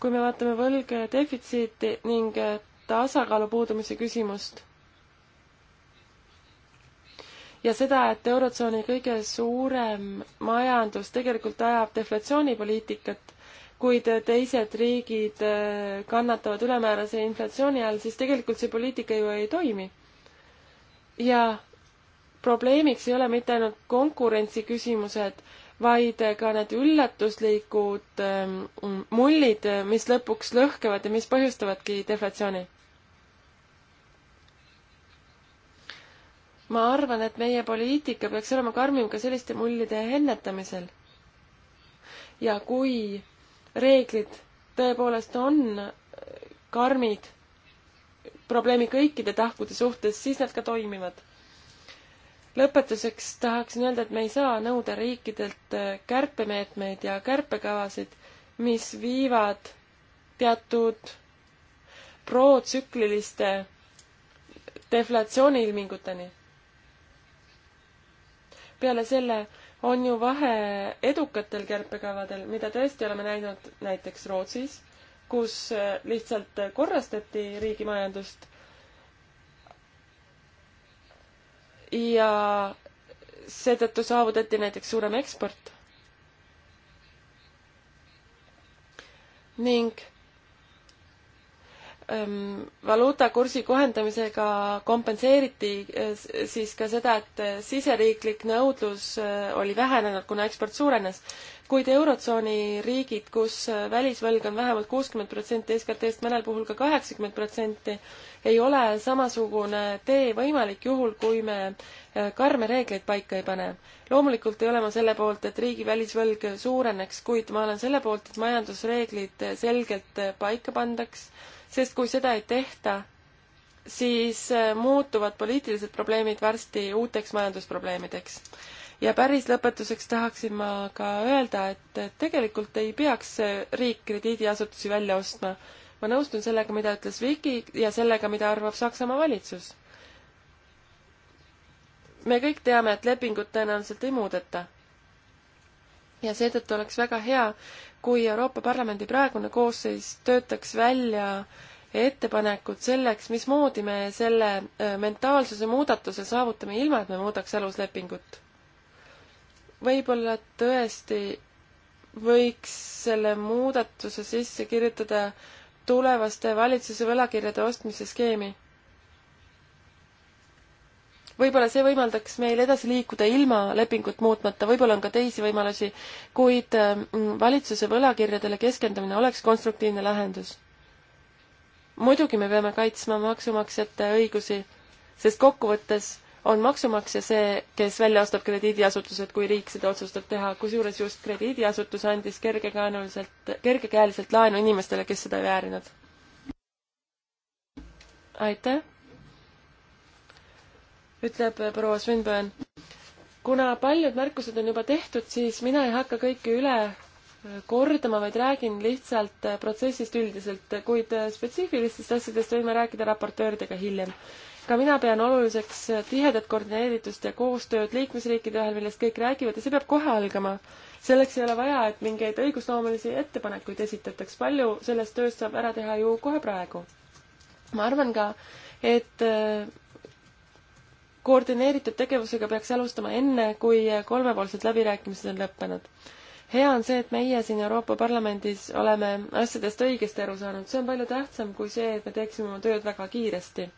kui me vaatame võlga ja defitsiiti ning tasakaalu puudumise küsimust ja seda, et Eurotsooni kõige suurem majandus tegelikult ajab deflatsioonipoliitikat, kuid teised riigid äh, kannatavad ülemäärase inflatsiooni all, siis tegelikult see poliitika ju ei toimi. ja probleemiks ei ole mitte ainult konkurentsi küsimused, vaid ka need üllatuslikud ähm, mullid, mis lõpuks lõhkevad ja mis põhjustavadki deflatsiooni. ma arvan, et meie poliitika peaks olema karmim ka selliste mullide ennetamisel. ja kui reeglid tõepoolest on äh, karmid probleemi kõikide tahkude suhtes, siis nad ka toimivad lõpetuseks tahaksin öelda, et me ei saa nõuda riikidelt äh, kärpemeetmeid ja kärpekavasid, mis viivad teatud protsükliliste deflatsiooniilminguteni. peale selle on ju vahe edukatel kärpekavadel, mida tõesti oleme näinud näiteks Rootsis, kus äh, lihtsalt korrastati riigi majandust ja seetõttu saavutati näiteks suurem eksport. ning ähm, valuutakursi kohendamisega kompenseeriti äh, siis ka seda, et siseriiklik nõudlus äh, oli vähenenud, kuna eksport suurenes kuid Eurotsooni riigid, kus välisvõlg on vähemalt kuuskümmend protsenti SKT-st, mõnel puhul ka kaheksakümmend protsenti, ei ole samasugune tee võimalik juhul, kui me äh, karme reegleid paika ei pane. loomulikult ei ole ma selle poolt, et riigi välisvõlg suureneks, kuid ma olen selle poolt, et majandusreeglid selgelt paika pandaks, sest kui seda ei tehta, siis äh, muutuvad poliitilised probleemid varsti uuteks majandusprobleemideks ja päris lõpetuseks tahaksin ma ka öelda, et tegelikult ei peaks riik krediidiasutusi välja ostma. ma nõustun sellega, mida ütles Viki ja sellega, mida arvab Saksamaa valitsus. me kõik teame, et lepingut tõenäoliselt ei muudeta. ja seetõttu oleks väga hea, kui Euroopa Parlamendi praegune koosseis töötaks välja ettepanekud selleks, mismoodi me selle äh, mentaalsuse muudatuse saavutame, ilma et me muudaks aluslepingut võib-olla tõesti võiks selle muudatuse sisse kirjutada tulevaste valitsuse võlakirjade ostmise skeemi. võib-olla see võimaldaks meil edasi liikuda ilma lepingut muutmata, võib-olla on ka teisi võimalusi, kuid mm, valitsuse võlakirjadele keskendumine oleks konstruktiivne lahendus. muidugi me peame kaitsma maksumaksjate õigusi, sest kokkuvõttes on maksumaksja see, kes välja ostab krediidiasutused, kui riik seda otsustab teha, kusjuures just krediidiasutus andis kergekäänuliselt, kergekäeliselt laenu inimestele, kes seda ei väärinud. aitäh, ütleb äh, proua Swinburne. kuna paljud märkused on juba tehtud, siis mina ei hakka kõike üle äh, kordama, vaid räägin lihtsalt äh, protsessist üldiselt, kuid spetsiifilistest asjadest võime rääkida raportööridega hiljem ka mina pean oluliseks tihedat koordineeritust ja koostööd liikmesriikide vahel, millest kõik räägivad ja see peab kohe algama. selleks ei ole vaja, et mingeid õigusloomelisi ettepanekuid esitataks, palju sellest tööst saab ära teha ju kohe praegu. ma arvan ka, et äh, koordineeritud tegevusega peaks alustama enne, kui kolmepoolsed läbirääkimised on lõppenud hea on see, et meie siin Euroopa Parlamendis oleme asjadest õigesti aru saanud, see on palju tähtsam kui see, et me teeksime oma tööd väga kiiresti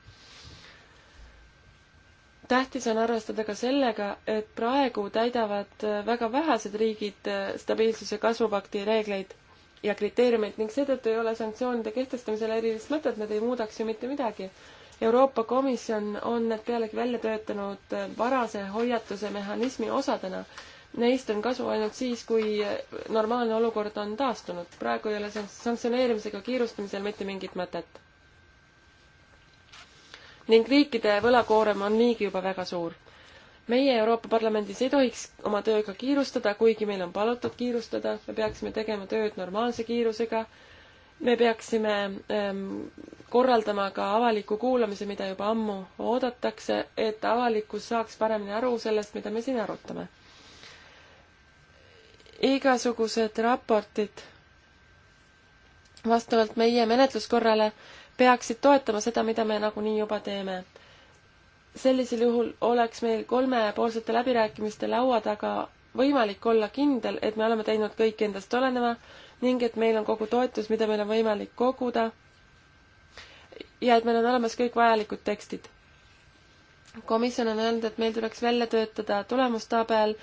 tähtis on arvestada ka sellega, et praegu täidavad väga vähesed riigid stabiilsuse kasvupakti reegleid ja kriteeriumeid ning seetõttu ei ole sanktsioonide kehtestamisel erilist mõtet, nad ei muudaks ju mitte midagi. Euroopa Komisjon on need pealegi välja töötanud varase hoiatuse mehhanismi osadena. Neist on kasu ainult siis, kui normaalne olukord on taastunud. praegu ei ole sanktsioneerimisega kiirustamisel mitte mingit mõtet ning riikide võlakoorem on niigi juba väga suur. meie Euroopa Parlamendis ei tohiks oma tööga kiirustada, kuigi meil on palutud kiirustada, me peaksime tegema tööd normaalse kiirusega, me peaksime ähm, korraldama ka avaliku kuulamise, mida juba ammu oodatakse, et avalikkus saaks paremini aru sellest, mida me siin arutame. igasugused raportid vastavalt meie menetluskorrale äh, peaksid toetama seda, mida me nagunii juba teeme. sellisel juhul oleks meil kolmepoolsete läbirääkimiste laua taga võimalik olla kindel, et me oleme teinud kõik endast oleneva ning et meil on kogu toetus, mida meil on võimalik koguda ja et meil on olemas kõik vajalikud tekstid. komisjon on öelnud, et meil tuleks välja töötada tulemustabel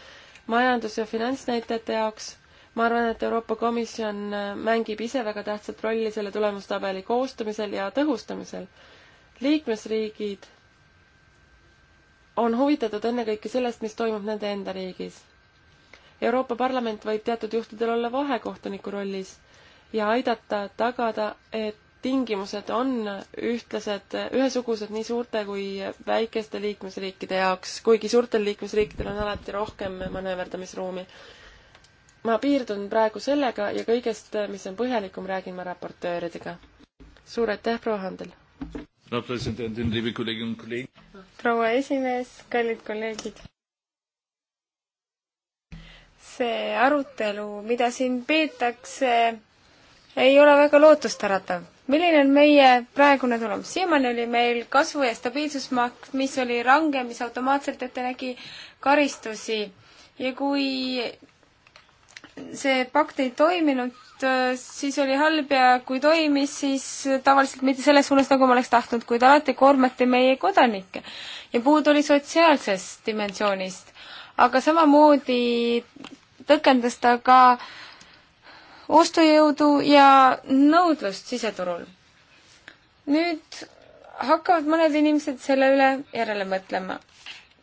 majandus- ja finantsnäitajate jaoks ma arvan, et Euroopa Komisjon äh, mängib ise väga tähtsat rolli selle tulemustabeli koostamisel ja tõhustamisel. liikmesriigid on huvitatud ennekõike sellest, mis toimub nende enda riigis. Euroopa Parlament võib teatud juhtudel olla vahekohtuniku rollis ja aidata tagada, et tingimused on ühtlased, ühesugused nii suurte kui väikeste liikmesriikide jaoks, kuigi suurtel liikmesriikidel on alati rohkem manööverdamisruumi ma piirdun praegu sellega ja kõigest, mis on põhjalikum, räägin ma raportööridega. suur aitäh, proua Handel! proua esimees, kallid kolleegid! see arutelu, mida siin peetakse, ei ole väga lootustäratav. milline on meie praegune tulemus? siiamaani oli meil kasvu- ja stabiilsusmaks, mis oli range, mis automaatselt ette nägi karistusi ja kui see pakt ei toiminud, äh, siis oli halb ja kui toimis, siis tavaliselt mitte selles suunas, nagu ma oleks tahtnud, kuid alati koormati meie kodanikke. ja puudu oli sotsiaalsest dimensioonist. aga samamoodi tõkendas ta ka ostujõudu ja nõudlust siseturul. nüüd hakkavad mõned inimesed selle üle järele mõtlema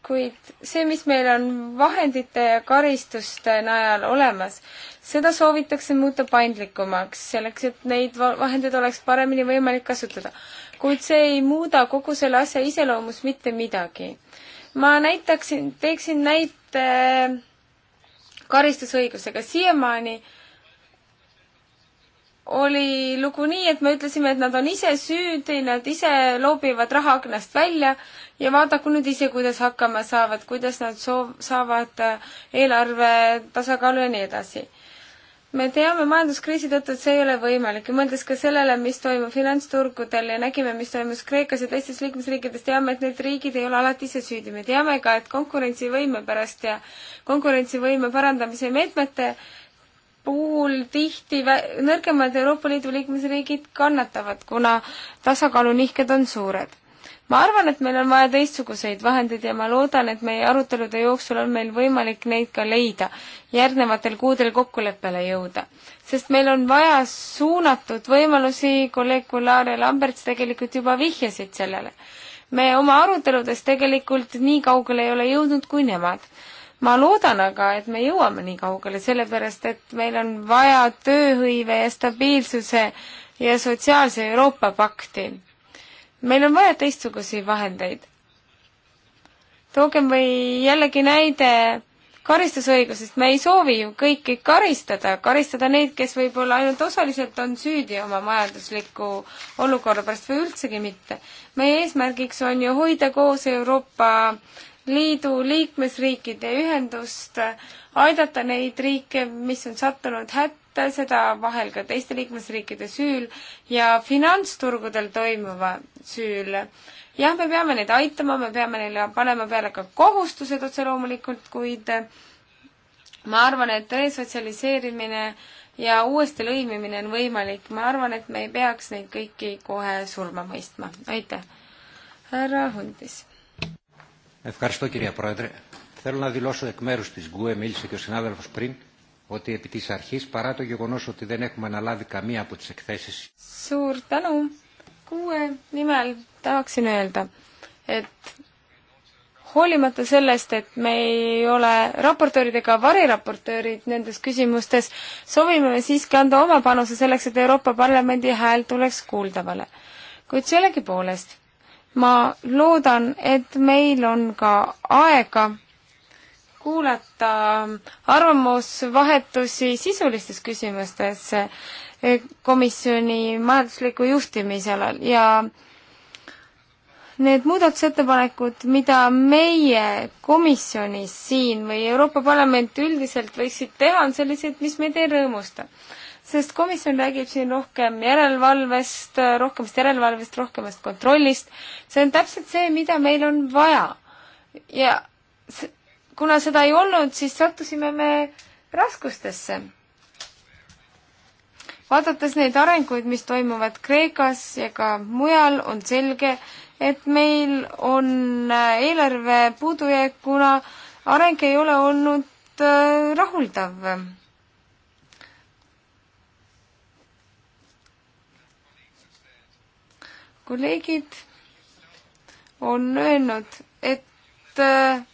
kuid see, mis meil on vahendite ja karistuste najal olemas, seda soovitakse muuta paindlikumaks, selleks et neid vahendeid oleks paremini võimalik kasutada. kuid see ei muuda kogu selle asja iseloomus mitte midagi. ma näitaksin, teeksin näite karistusõigusega. siiamaani oli lugu nii, et me ütlesime, et nad on ise süüdi, nad ise loobivad raha aknast välja ja vaadaku nüüd ise, kuidas hakkama saavad, kuidas nad soov, saavad äh, eelarve tasakaalu ja nii edasi. me teame majanduskriisi tõttu, et see ei ole võimalik ja mõeldes ka sellele, mis toimub finantsturgudel ja nägime, mis toimus Kreekas ja teistes liikmesriikides, teame, et need riigid ei ole alati ise süüdi. me teame ka, et konkurentsivõime pärast ja konkurentsivõime parandamise meetmete puhul tihti nõrgemad Euroopa Liidu liikmesriigid kannatavad, kuna tasakaalunihked on suured ma arvan, et meil on vaja teistsuguseid vahendeid ja ma loodan, et meie arutelude jooksul on meil võimalik neid ka leida, järgnevatel kuudel kokkuleppele jõuda. sest meil on vaja suunatud võimalusi, kolleeg Kular ja Lamberts tegelikult juba vihjasid sellele. me oma aruteludes tegelikult nii kaugele ei ole jõudnud kui nemad ma loodan aga, et me jõuame nii kaugele, sellepärast et meil on vaja tööhõive ja stabiilsuse ja sotsiaalse Euroopa pakti meil on vaja teistsuguseid vahendeid. toogem või jällegi näide karistusõigusest, me ei soovi ju kõiki karistada, karistada neid, kes võib-olla ainult osaliselt on süüdi oma majandusliku olukorra pärast või üldsegi mitte. meie eesmärgiks on ju hoida koos Euroopa Liidu liikmesriikide ühendust, aidata neid riike, mis on sattunud hätta, mõõta, seda vahel ka teiste liikmesriikide süül ja finantsturgudel toimuva süül. jah, me peame neid aitama, me peame neile panema peale ka kohustused otse loomulikult, kuid ma arvan, et resotsialiseerimine ja uuesti lõimimine on võimalik. ma arvan, et me ei peaks neid kõiki kohe surma mõistma. aitäh. härra Hundis. Ευχαριστώ κυρία Πρόεδρε. Θέλω να δηλώσω εκ μέρους της ΓΚΟΕ, μίλησε και ο συνάδελφος πριν, ότι επί της αρχής, παρά το γεγονός ότι δεν έχουμε αναλάβει καμία από τις εκθέσεις... Suur tänu! Kuue nimel tahaksin öelda, et hoolimata sellest, et me ei ole raportöörid ega variraportöörid nendes küsimustes, soovime me siiski anda oma panuse selleks, et Euroopa Parlamendi hääl tuleks kuuldavale. kuid sellegipoolest ma loodan, et meil on ka aega kuulata arvamusvahetusi sisulistes küsimustes eh, komisjoni majandusliku juhtimise alal ja need muudatusettepanekud, mida meie komisjonis siin või Euroopa Parlament üldiselt võiksid teha, on sellised, mis meid ei rõõmusta. sest komisjon räägib siin rohkem järelevalvest, rohkemast järelevalvest, rohkemast kontrollist, see on täpselt see, mida meil on vaja. ja kuna seda ei olnud, siis sattusime me raskustesse. vaadates neid arenguid, mis toimuvad Kreekas ja ka mujal, on selge, et meil on äh, eelarve puudujääk, kuna areng ei ole olnud äh, rahuldav. kolleegid on öelnud, et äh,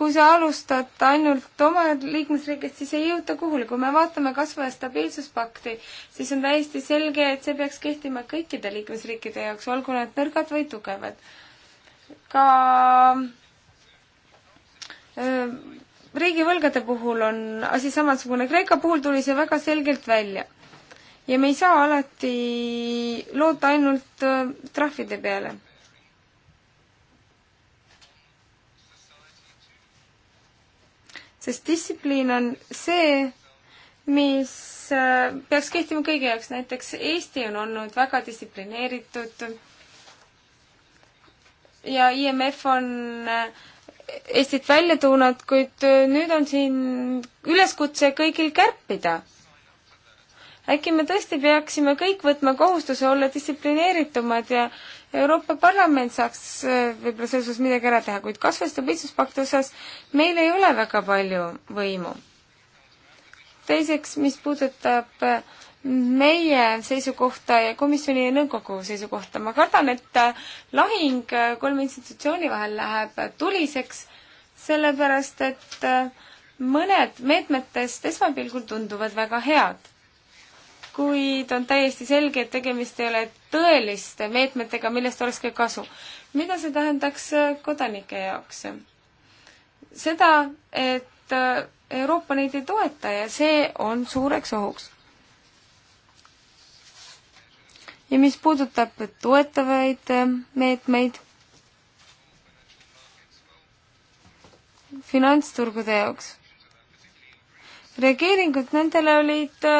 kui sa alustad ainult oma liikmesriigist, siis ei jõuta kuhugi. kui me vaatame kas või stabiilsuspakti, siis on täiesti selge, et see peaks kehtima kõikide liikmesriikide jaoks, olgu nad nõrgad või tugevad. ka öö, riigivõlgade puhul on asi samasugune. Kreeka puhul tuli see väga selgelt välja. ja me ei saa alati loota ainult trahvide peale sest distsipliin on see, mis äh, peaks kehtima kõigi jaoks, näiteks Eesti on olnud väga distsiplineeritud ja IMF on äh, Eestit välja tuunud, kuid äh, nüüd on siin üleskutse kõigil kärpida. äkki me tõesti peaksime kõik võtma kohustuse olla distsiplineeritumad ja Euroopa Parlament saaks äh, võib-olla selles osas midagi ära teha, kuid kasvu- ja stabiilsuspakti osas meil ei ole väga palju võimu. teiseks, mis puudutab äh, meie seisukohta ja komisjoni ja nõukogu seisukohta, ma kardan, et äh, lahing kolme institutsiooni vahel läheb tuliseks, sellepärast et mõned meetmetest esmapilgul tunduvad väga head kuid on täiesti selge, et tegemist ei ole tõeliste meetmetega, millest oleks ka kasu. mida see tähendaks kodanike jaoks? seda, et Euroopa neid ei toeta ja see on suureks ohuks. ja mis puudutab toetavaid meetmeid finantsturgude jaoks. reageeringud nendele olid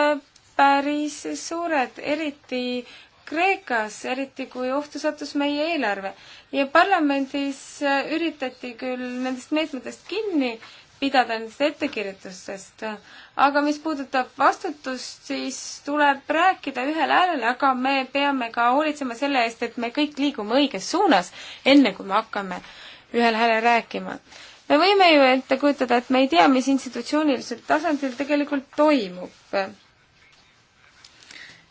päris suured, eriti Kreekas, eriti kui ohtu sattus meie eelarve. ja parlamendis äh, üritati küll nendest meetmetest kinni pidada, nendest ettekirjutustest, aga mis puudutab vastutust, siis tuleb rääkida ühel häälel, aga me peame ka hoolitsema selle eest, et me kõik liigume õiges suunas, enne kui me hakkame ühel häälel rääkima. me võime ju ette kujutada, et me ei tea, mis institutsioonilisel tasandil tegelikult toimub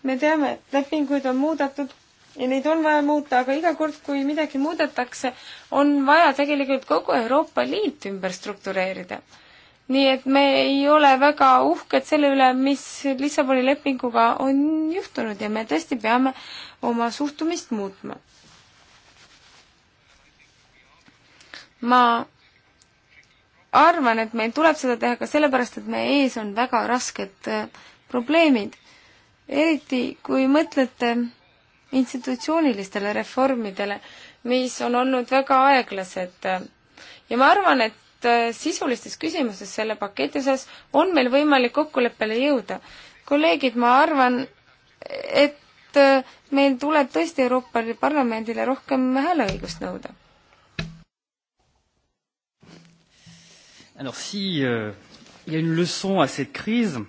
me teame, et lepinguid on muudetud ja neid on vaja muuta, aga iga kord, kui midagi muudetakse, on vaja tegelikult kogu Euroopa Liit ümber struktureerida. nii et me ei ole väga uhked selle üle, mis Lissaboni lepinguga on juhtunud ja me tõesti peame oma suhtumist muutma. ma arvan, et meil tuleb seda teha ka sellepärast, et meie ees on väga rasked äh, probleemid eriti kui mõtlete institutsioonilistele reformidele, mis on olnud väga aeglased. ja ma arvan, et äh, sisulistes küsimustes selle paketi osas on meil võimalik kokkuleppele jõuda. kolleegid, ma arvan, et äh, meil tuleb tõesti Euroopa Parlamendile rohkem hääleõigust nõuda. Alors si euh, il y a une leçon à cette crise,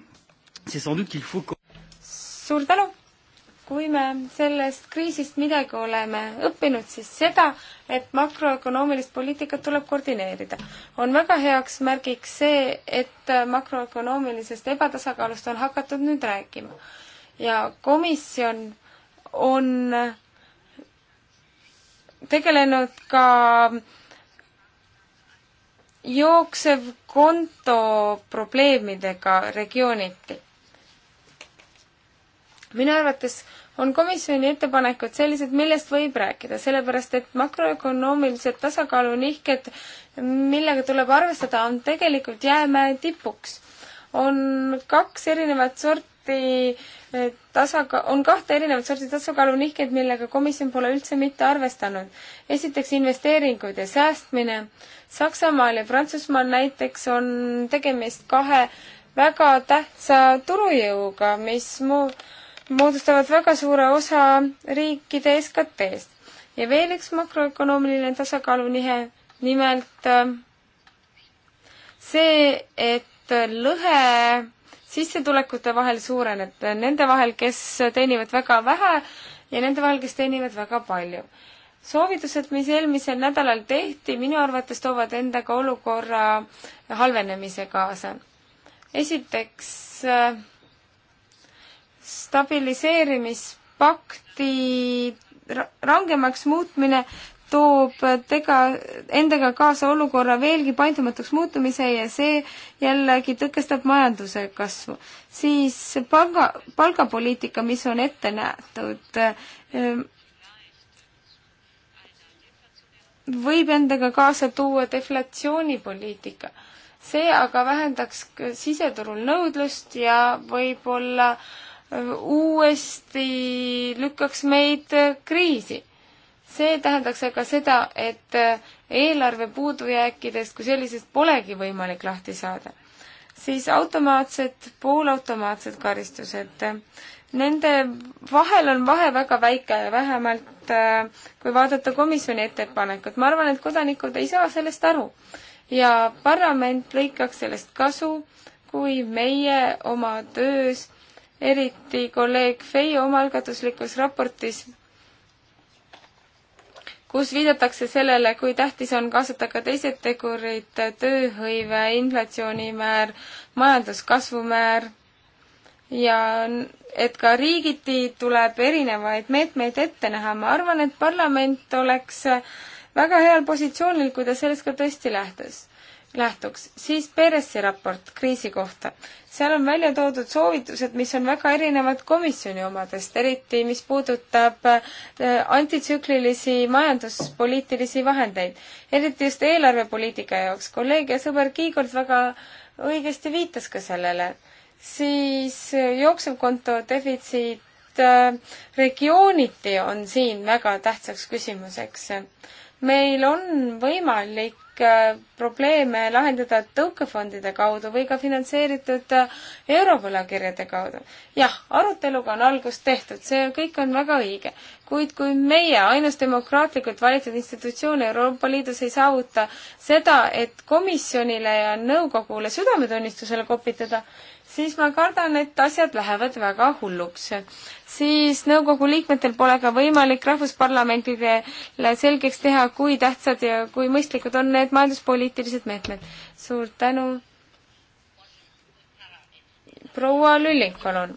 c'est sans doute qu'il faut suur tänu! kui me sellest kriisist midagi oleme õppinud, siis seda, et makroökonoomilist poliitikat tuleb koordineerida. on väga heaks märgiks see, et makroökonoomilisest ebatasakaalust on hakatud nüüd rääkima. ja komisjon on tegelenud ka jooksev konto probleemidega regiooniti minu arvates on komisjoni ettepanekud sellised, millest võib rääkida, sellepärast et makroökonoomilised tasakaalunihked, millega tuleb arvestada, on tegelikult jäämäe tipuks. on kaks erinevat sorti eh, tasaka-, on kahte erinevat sorti tasakaalunihked, millega komisjon pole üldse mitte arvestanud. esiteks investeeringud ja säästmine. Saksamaal ja Prantsusmaal näiteks on tegemist kahe väga tähtsa turujõuga, mis muu moodustavad väga suure osa riikide SKT-st. ja veel üks makroökonoomiline tasakaalunihe, nimelt äh, see, et lõhe sissetulekute vahel suureneb, nende vahel, kes teenivad väga vähe ja nende vahel, kes teenivad väga palju. soovitused, mis eelmisel nädalal tehti, minu arvates toovad endaga olukorra halvenemise kaasa. esiteks äh, stabiliseerimispakti rangemaks muutmine toob tega, endaga kaasa olukorra veelgi paindumatuks muutumise ja see jällegi tõkestab majanduse kasvu. siis palga, palgapoliitika, mis on ette nähtud, ehm, võib endaga kaasa tuua deflatsioonipoliitika. see aga vähendaks siseturul nõudlust ja võib-olla äh, uuesti lükkaks meid kriisi. see tähendaks aga seda, et eelarve puudujääkidest kui sellisest polegi võimalik lahti saada. siis automaatsed, poolautomaatsed karistused. Nende vahel on vahe väga väike ja vähemalt äh, kui vaadata komisjoni ettepanekut, ma arvan, et kodanikud ei saa sellest aru. ja parlament lõikaks sellest kasu, kui meie oma töös eriti kolleeg Feio omaalgatuslikus raportis, kus viidatakse sellele, kui tähtis on kaasata ka teised tegurid, tööhõive, inflatsioonimäär, majanduskasvumäär ja et ka riigiti tuleb erinevaid meetmeid ette näha. ma arvan, et parlament oleks väga heal positsioonil, kui ta sellest ka tõesti lähtus, lähtuks. siis PRS-i raport kriisi kohta seal on välja toodud soovitused, mis on väga erinevad komisjoni omadest, eriti mis puudutab äh, antitsüklilisi majanduspoliitilisi vahendeid. eriti just eelarvepoliitika jaoks. kolleeg ja sõber Kiigolt väga õigesti viitas ka sellele. siis äh, jooksevkonto defitsiit äh, regiooniti on siin väga tähtsaks küsimuseks. meil on võimalik Äh, probleeme lahendada tõukefondide kaudu või ka finantseeritud äh, eurovõlakirjade kaudu. jah, aruteluga on algust tehtud, see kõik on väga õige, kuid kui meie, ainus demokraatlikult valitud institutsioon Euroopa Liidus ei saavuta seda, et komisjonile ja nõukogule südametunnistusele kopitada, siis ma kardan, et asjad lähevad väga hulluks. siis nõukogu liikmetel pole ka võimalik rahvusparlamentidele selgeks teha, kui tähtsad ja kui mõistlikud on need majanduspoliitilised meetmed. suur tänu. proua Lülling, palun.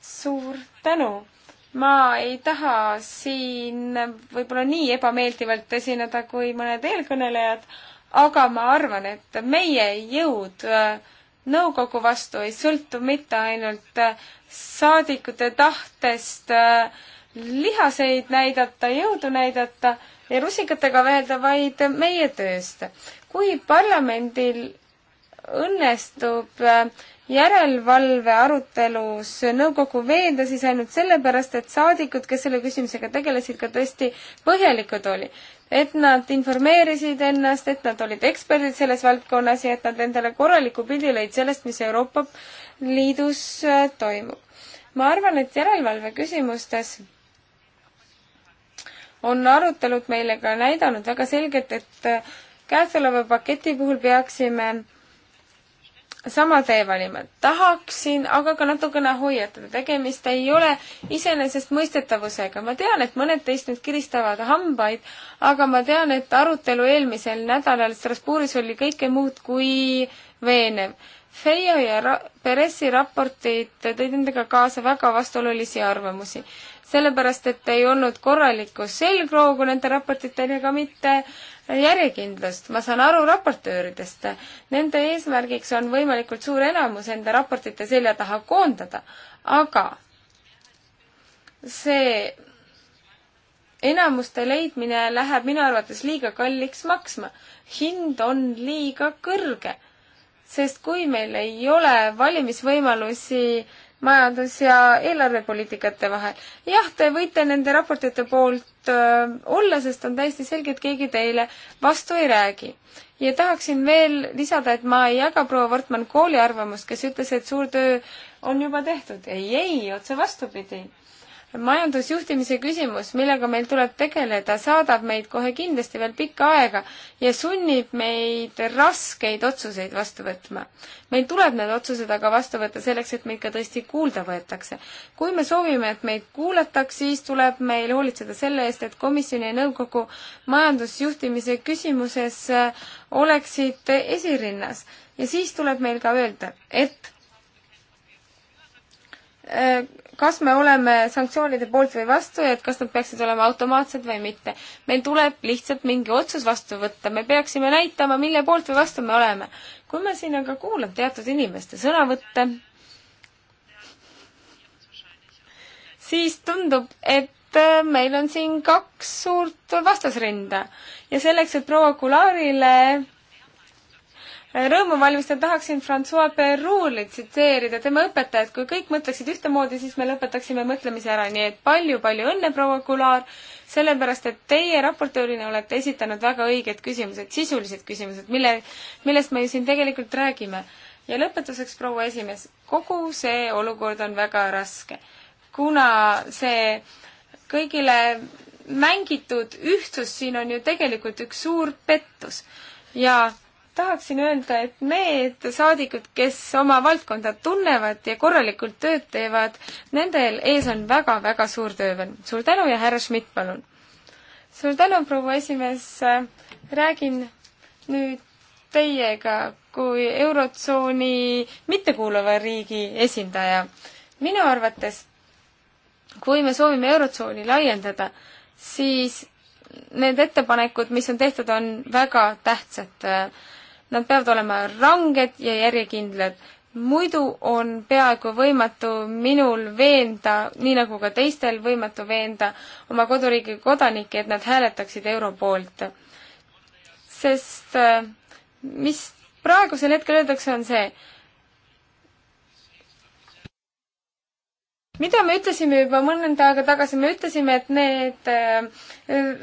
suur tänu. ma ei taha siin võib-olla nii ebameeldivalt esineda kui mõned eelkõnelejad, aga ma arvan, et meie jõud äh, nõukogu vastu ei sõltu mitte ainult äh, saadikute tahtest äh, lihaseid näidata, jõudu näidata ja rusikatega veelda, vaid meie tööst. kui parlamendil õnnestub äh, järelevalve arutelus nõukogu veenda, siis ainult sellepärast, et saadikud, kes selle küsimusega tegelesid, ka tõesti põhjalikud oli et nad informeerisid ennast, et nad olid eksperdid selles valdkonnas ja et nad endale korraliku pildi lõid sellest, mis Euroopa Liidus äh, toimub. ma arvan, et järelevalve küsimustes on arutelud meile ka näidanud väga selgelt, et äh, käesoleva paketi puhul peaksime sama tee valima. tahaksin aga ka natukene hoiatada, tegemist ei ole iseenesestmõistetavusega. ma tean, et mõned teist nüüd kiristavad hambaid, aga ma tean, et arutelu eelmisel nädalal Strasbourgis oli kõike muud kui veenev. Feio ja ra-, Peresi raportid tõid endaga kaasa väga vastuolulisi arvamusi. sellepärast, et ei olnud korralikku selgroogu nende raportitega, mitte äh, järjekindlust. ma saan aru raportööridest, nende eesmärgiks on võimalikult suur enamus enda raportite selja taha koondada, aga see enamuste leidmine läheb minu arvates liiga kalliks maksma. hind on liiga kõrge, sest kui meil ei ole valimisvõimalusi majandus- ja eelarvepoliitikate vahel. jah, te võite nende raportite poolt äh, olla, sest on täiesti selge, et keegi teile vastu ei räägi. ja tahaksin veel lisada, et ma ei jaga proua Wortmann kooli arvamust, kes ütles, et suur töö on juba tehtud. ei, ei, otse vastupidi majandusjuhtimise küsimus, millega meil tuleb tegeleda, saadab meid kohe kindlasti veel pikka aega ja sunnib meid raskeid otsuseid vastu võtma. meil tuleb need otsused aga vastu võtta selleks, et meid ka tõesti kuulda võetakse. kui me soovime, et meid kuulataks, siis tuleb meil hoolitseda selle eest, et komisjoni ja nõukogu majandusjuhtimise küsimuses äh, oleksid esirinnas ja siis tuleb meil ka öelda, et äh, kas me oleme sanktsioonide poolt või vastu ja et kas nad peaksid olema automaatsed või mitte. meil tuleb lihtsalt mingi otsus vastu võtta, me peaksime näitama, mille poolt või vastu me oleme. kui ma siin aga kuulan teatud inimeste sõnavõtte, siis tundub, et äh, meil on siin kaks suurt vastasrinda ja selleks, et proua Kularile rõõmu valmistan, tahaksin Francois Perrouli tsiteerida, tema õpetajat, kui kõik mõtleksid ühtemoodi, siis me lõpetaksime mõtlemise ära, nii et palju-palju õnne, proua Kular, sellepärast et teie raportöörina olete esitanud väga õiged küsimused, sisulised küsimused, mille, millest me ju siin tegelikult räägime. ja lõpetuseks, proua esimees, kogu see olukord on väga raske, kuna see kõigile mängitud ühtsus siin on ju tegelikult üks suur pettus ja tahaksin öelda, et need saadikud, kes oma valdkonda tunnevad ja korralikult tööd teevad, nendel ees on väga-väga suur töövõim. suur tänu ja härra Schmidt, palun! suur tänu, proua esimees, räägin nüüd teiega kui Eurotsooni mittekuuluva riigi esindaja. minu arvates, kui me soovime Eurotsooni laiendada, siis need ettepanekud, mis on tehtud, on väga tähtsad. Nad peavad olema ranged ja järjekindlad. muidu on peaaegu võimatu minul veenda, nii nagu ka teistel võimatu veenda oma koduriigi kodanikke, et nad hääletaksid euro poolt. sest äh, mis praegusel hetkel öeldakse, on see, mida me ütlesime juba mõnda aega tagasi, me ütlesime, et need äh,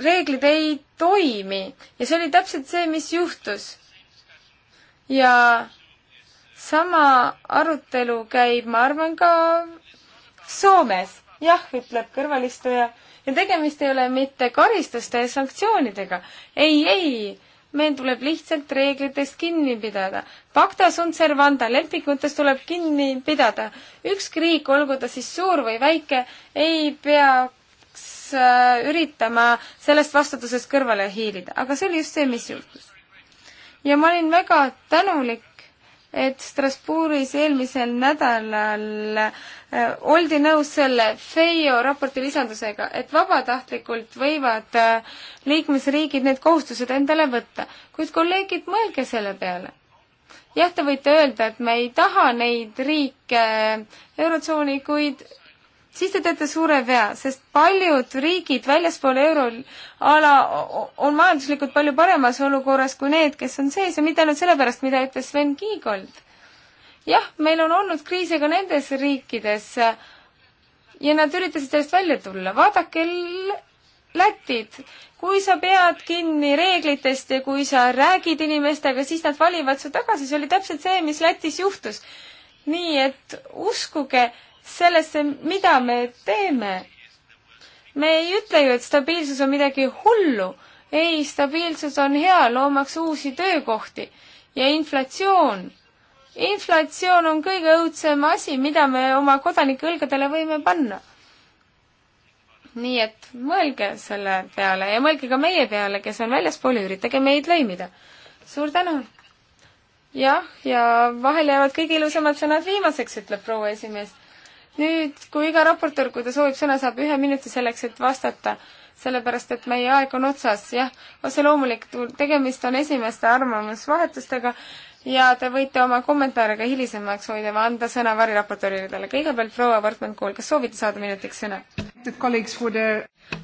reeglid ei toimi ja see oli täpselt see, mis juhtus ja sama arutelu käib, ma arvan, ka Soomes. jah, ütleb kõrvalistuja ja tegemist ei ole mitte karistuste ja sanktsioonidega. ei, ei, meil tuleb lihtsalt reeglitest kinni pidada. Pacta sunt servanda, lepingutest tuleb kinni pidada. ükski riik, olgu ta siis suur või väike, ei peaks äh, üritama sellest vastutusest kõrvale hiilida, aga see oli just see, mis juhtus ja ma olin väga tänulik, et Strasbourgis eelmisel nädalal äh, oldi nõus selle FEIO raporti lisandusega, et vabatahtlikult võivad äh, liikmesriigid need kohustused endale võtta. kuid kolleegid, mõelge selle peale. jah, te võite öelda, et me ei taha neid riike äh, Eurotsooni, kuid siis te teete suure vea, sest paljud riigid väljaspool euroala on majanduslikult palju paremas olukorras kui need, kes on sees ja mitte ainult sellepärast, mida ütles Sven Kiigold. jah, meil on olnud kriise ka nendes riikides ja nad üritasid sellest välja tulla. vaadake Lätit, kui sa pead kinni reeglitest ja kui sa räägid inimestega, siis nad valivad su tagasi, see oli täpselt see, mis Lätis juhtus. nii et uskuge, sellesse, mida me teeme. me ei ütle ju, et stabiilsus on midagi hullu. ei, stabiilsus on hea, loomaks uusi töökohti ja inflatsioon. inflatsioon on kõige õudsem asi, mida me oma kodanike õlgadele võime panna. nii et mõelge selle peale ja mõelge ka meie peale, kes on väljaspool, üritage meid lõimida. suur tänu! jah, ja vahel jäävad kõige ilusamad sõnad viimaseks, ütleb proua esimees nüüd, kui iga raportöör, kui ta soovib sõna, saab ühe minuti selleks, et vastata, sellepärast et meie aeg on otsas, jah, otse loomulikult tegemist on esimeste arvamusvahetustega ja te võite oma kommentaare ka hilisemaks hoida või anda sõna variraportööridele. kõigepealt proua Wortmann-Kool, kas soovite saada minutiks sõna?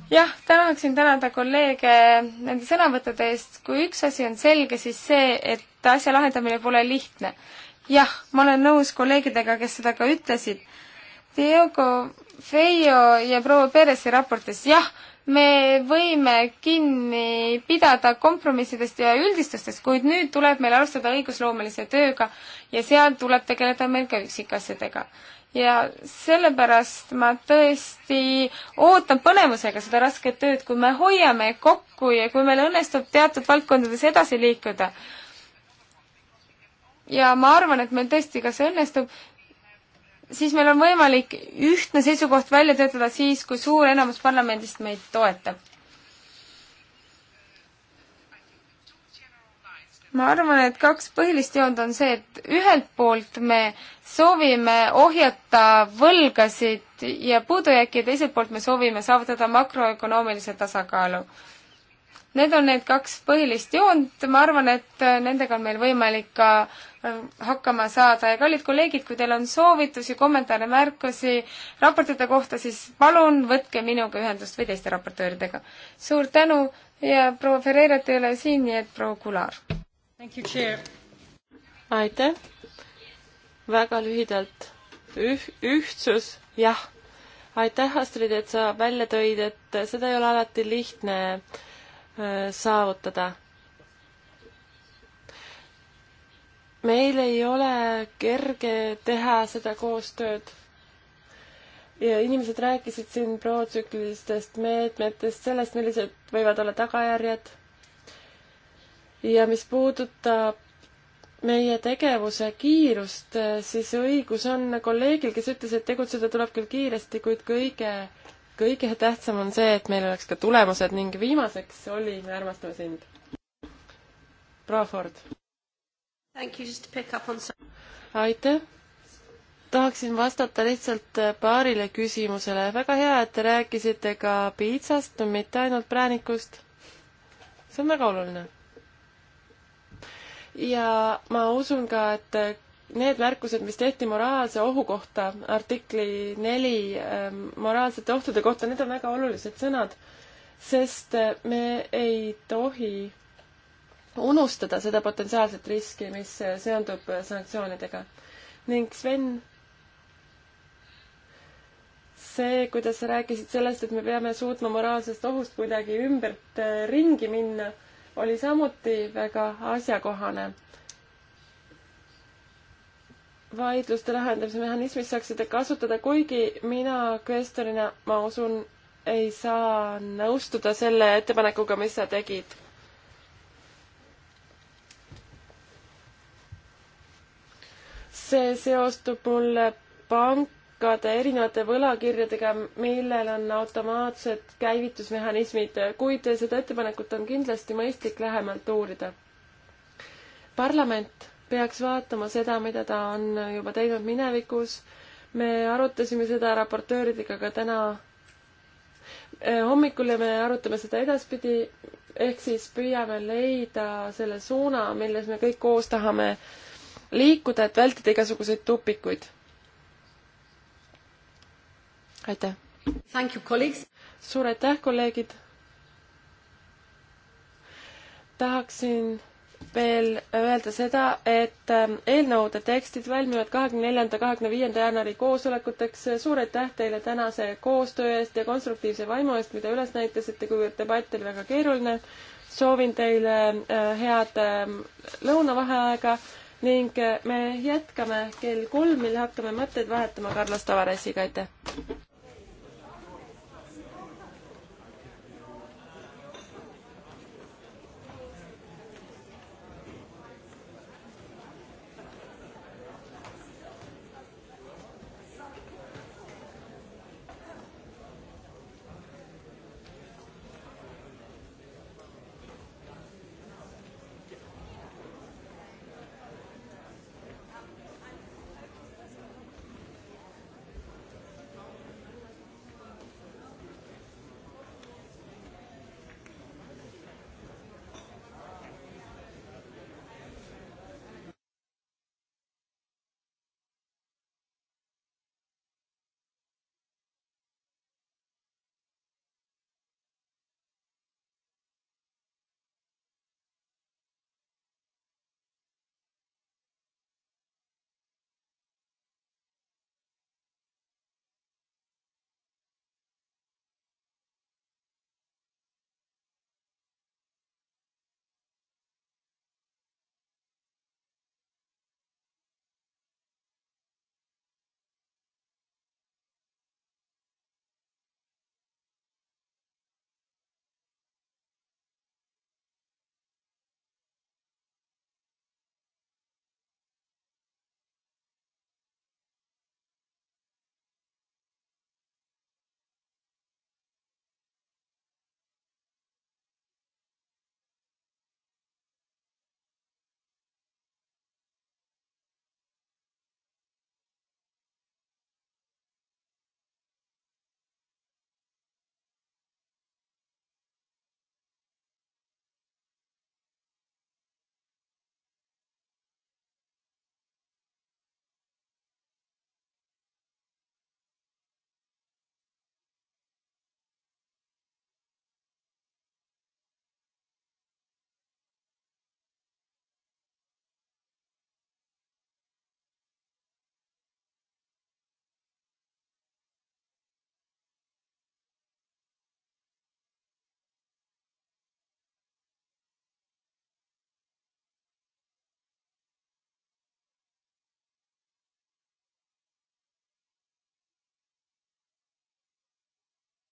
jah, tahaksin tänada kolleege nende sõnavõttude eest. kui üks asi on selge, siis see, et asja lahendamine pole lihtne. jah, ma olen nõus kolleegidega, kes seda ka ütlesid Diego Feio ja proua Peresi raportis, jah, me võime kinni pidada kompromissidest ja üldistustest, kuid nüüd tuleb meil alustada õigusloomelise tööga ja seal tuleb tegeleda meil ka üksikasjadega. ja sellepärast ma tõesti ootan põnevusega seda rasket tööd, kui me hoiame kokku ja kui meil õnnestub teatud valdkondades edasi liikuda. ja ma arvan, et meil tõesti ka see õnnestub siis meil on võimalik ühtne seisukoht välja töötada siis, kui suur enamus parlamendist meid toetab. ma arvan, et kaks põhilist joont on see, et ühelt poolt me soovime ohjata võlgasid ja puudujääki ja teiselt poolt me soovime saavutada makroökonoomilise tasakaalu. Need on need kaks põhilist joont, ma arvan, et nendega on meil võimalik ka äh, Äh, hakkama saada ja kallid kolleegid, kui teil on soovitusi, kommentaare, märkusi raportite kohta, siis palun võtke minuga ühendust või teiste raportööridega. suur tänu ja proua Ferreirat ei ole siin, nii et proua Kular. aitäh, väga lühidalt Üh,, ühtsus, jah, aitäh, Astrid, et sa välja tõid, et seda ei ole alati lihtne äh, saavutada meil ei ole kerge teha seda koostööd. ja inimesed rääkisid siin protsüklilistest meetmetest, sellest, millised võivad olla tagajärjed. ja mis puudutab meie tegevuse kiirust, siis õigus on kolleegil, kes ütles, et tegutseda tuleb küll kiiresti, kuid kõige, kõige tähtsam on see, et meil oleks ka tulemused ning viimaseks oli, me armastame sind. Proua Ford. On... aitäh! tahaksin vastata lihtsalt äh, paarile küsimusele. väga hea, et te rääkisite ka piitsast, mitte ainult präänikust. see on väga oluline. ja ma usun ka, et äh, need märkused, mis tehti moraalse ohu kohta, artikli neli ähm, moraalsete ohtude kohta, need on väga olulised sõnad, sest äh, me ei tohi unustada seda potentsiaalset riski, mis seondub sanktsioonidega. ning Sven, see, kuidas sa rääkisid sellest, et me peame suutma moraalsest ohust kuidagi ümbert äh, ringi minna, oli samuti väga asjakohane. vaidluste lahendamise mehhanismis saaks seda kasutada, kuigi mina kvestorina, ma usun, ei saa nõustuda selle ettepanekuga, mis sa tegid see seostub mulle pankade erinevate võlakirjadega, millel on automaatsed käivitusmehhanismid, kuid seda ettepanekut on kindlasti mõistlik lähemalt uurida. parlament peaks vaatama seda, mida ta on juba teinud minevikus. me arutasime seda raportööridega ka täna hommikul ja me arutame seda edaspidi, ehk siis püüame leida selle suuna, milles me kõik koos tahame äh, liikuda, et vältida igasuguseid tupikuid. aitäh! suur aitäh, kolleegid! tahaksin veel öelda seda, et ähm, eelnõude tekstid valmivad kahekümne neljanda, kahekümne viienda jaanuari koosolekuteks. suur aitäh teile tänase koostöö eest ja konstruktiivse vaimu eest, mida üles näitasite, kuivõrd debatt oli väga keeruline. soovin teile äh, head ähm, lõunavaheaega ning eh, me jätkame kell kolm, mil hakkame mõtteid vahetama Carlos Tavaresiga, aitäh!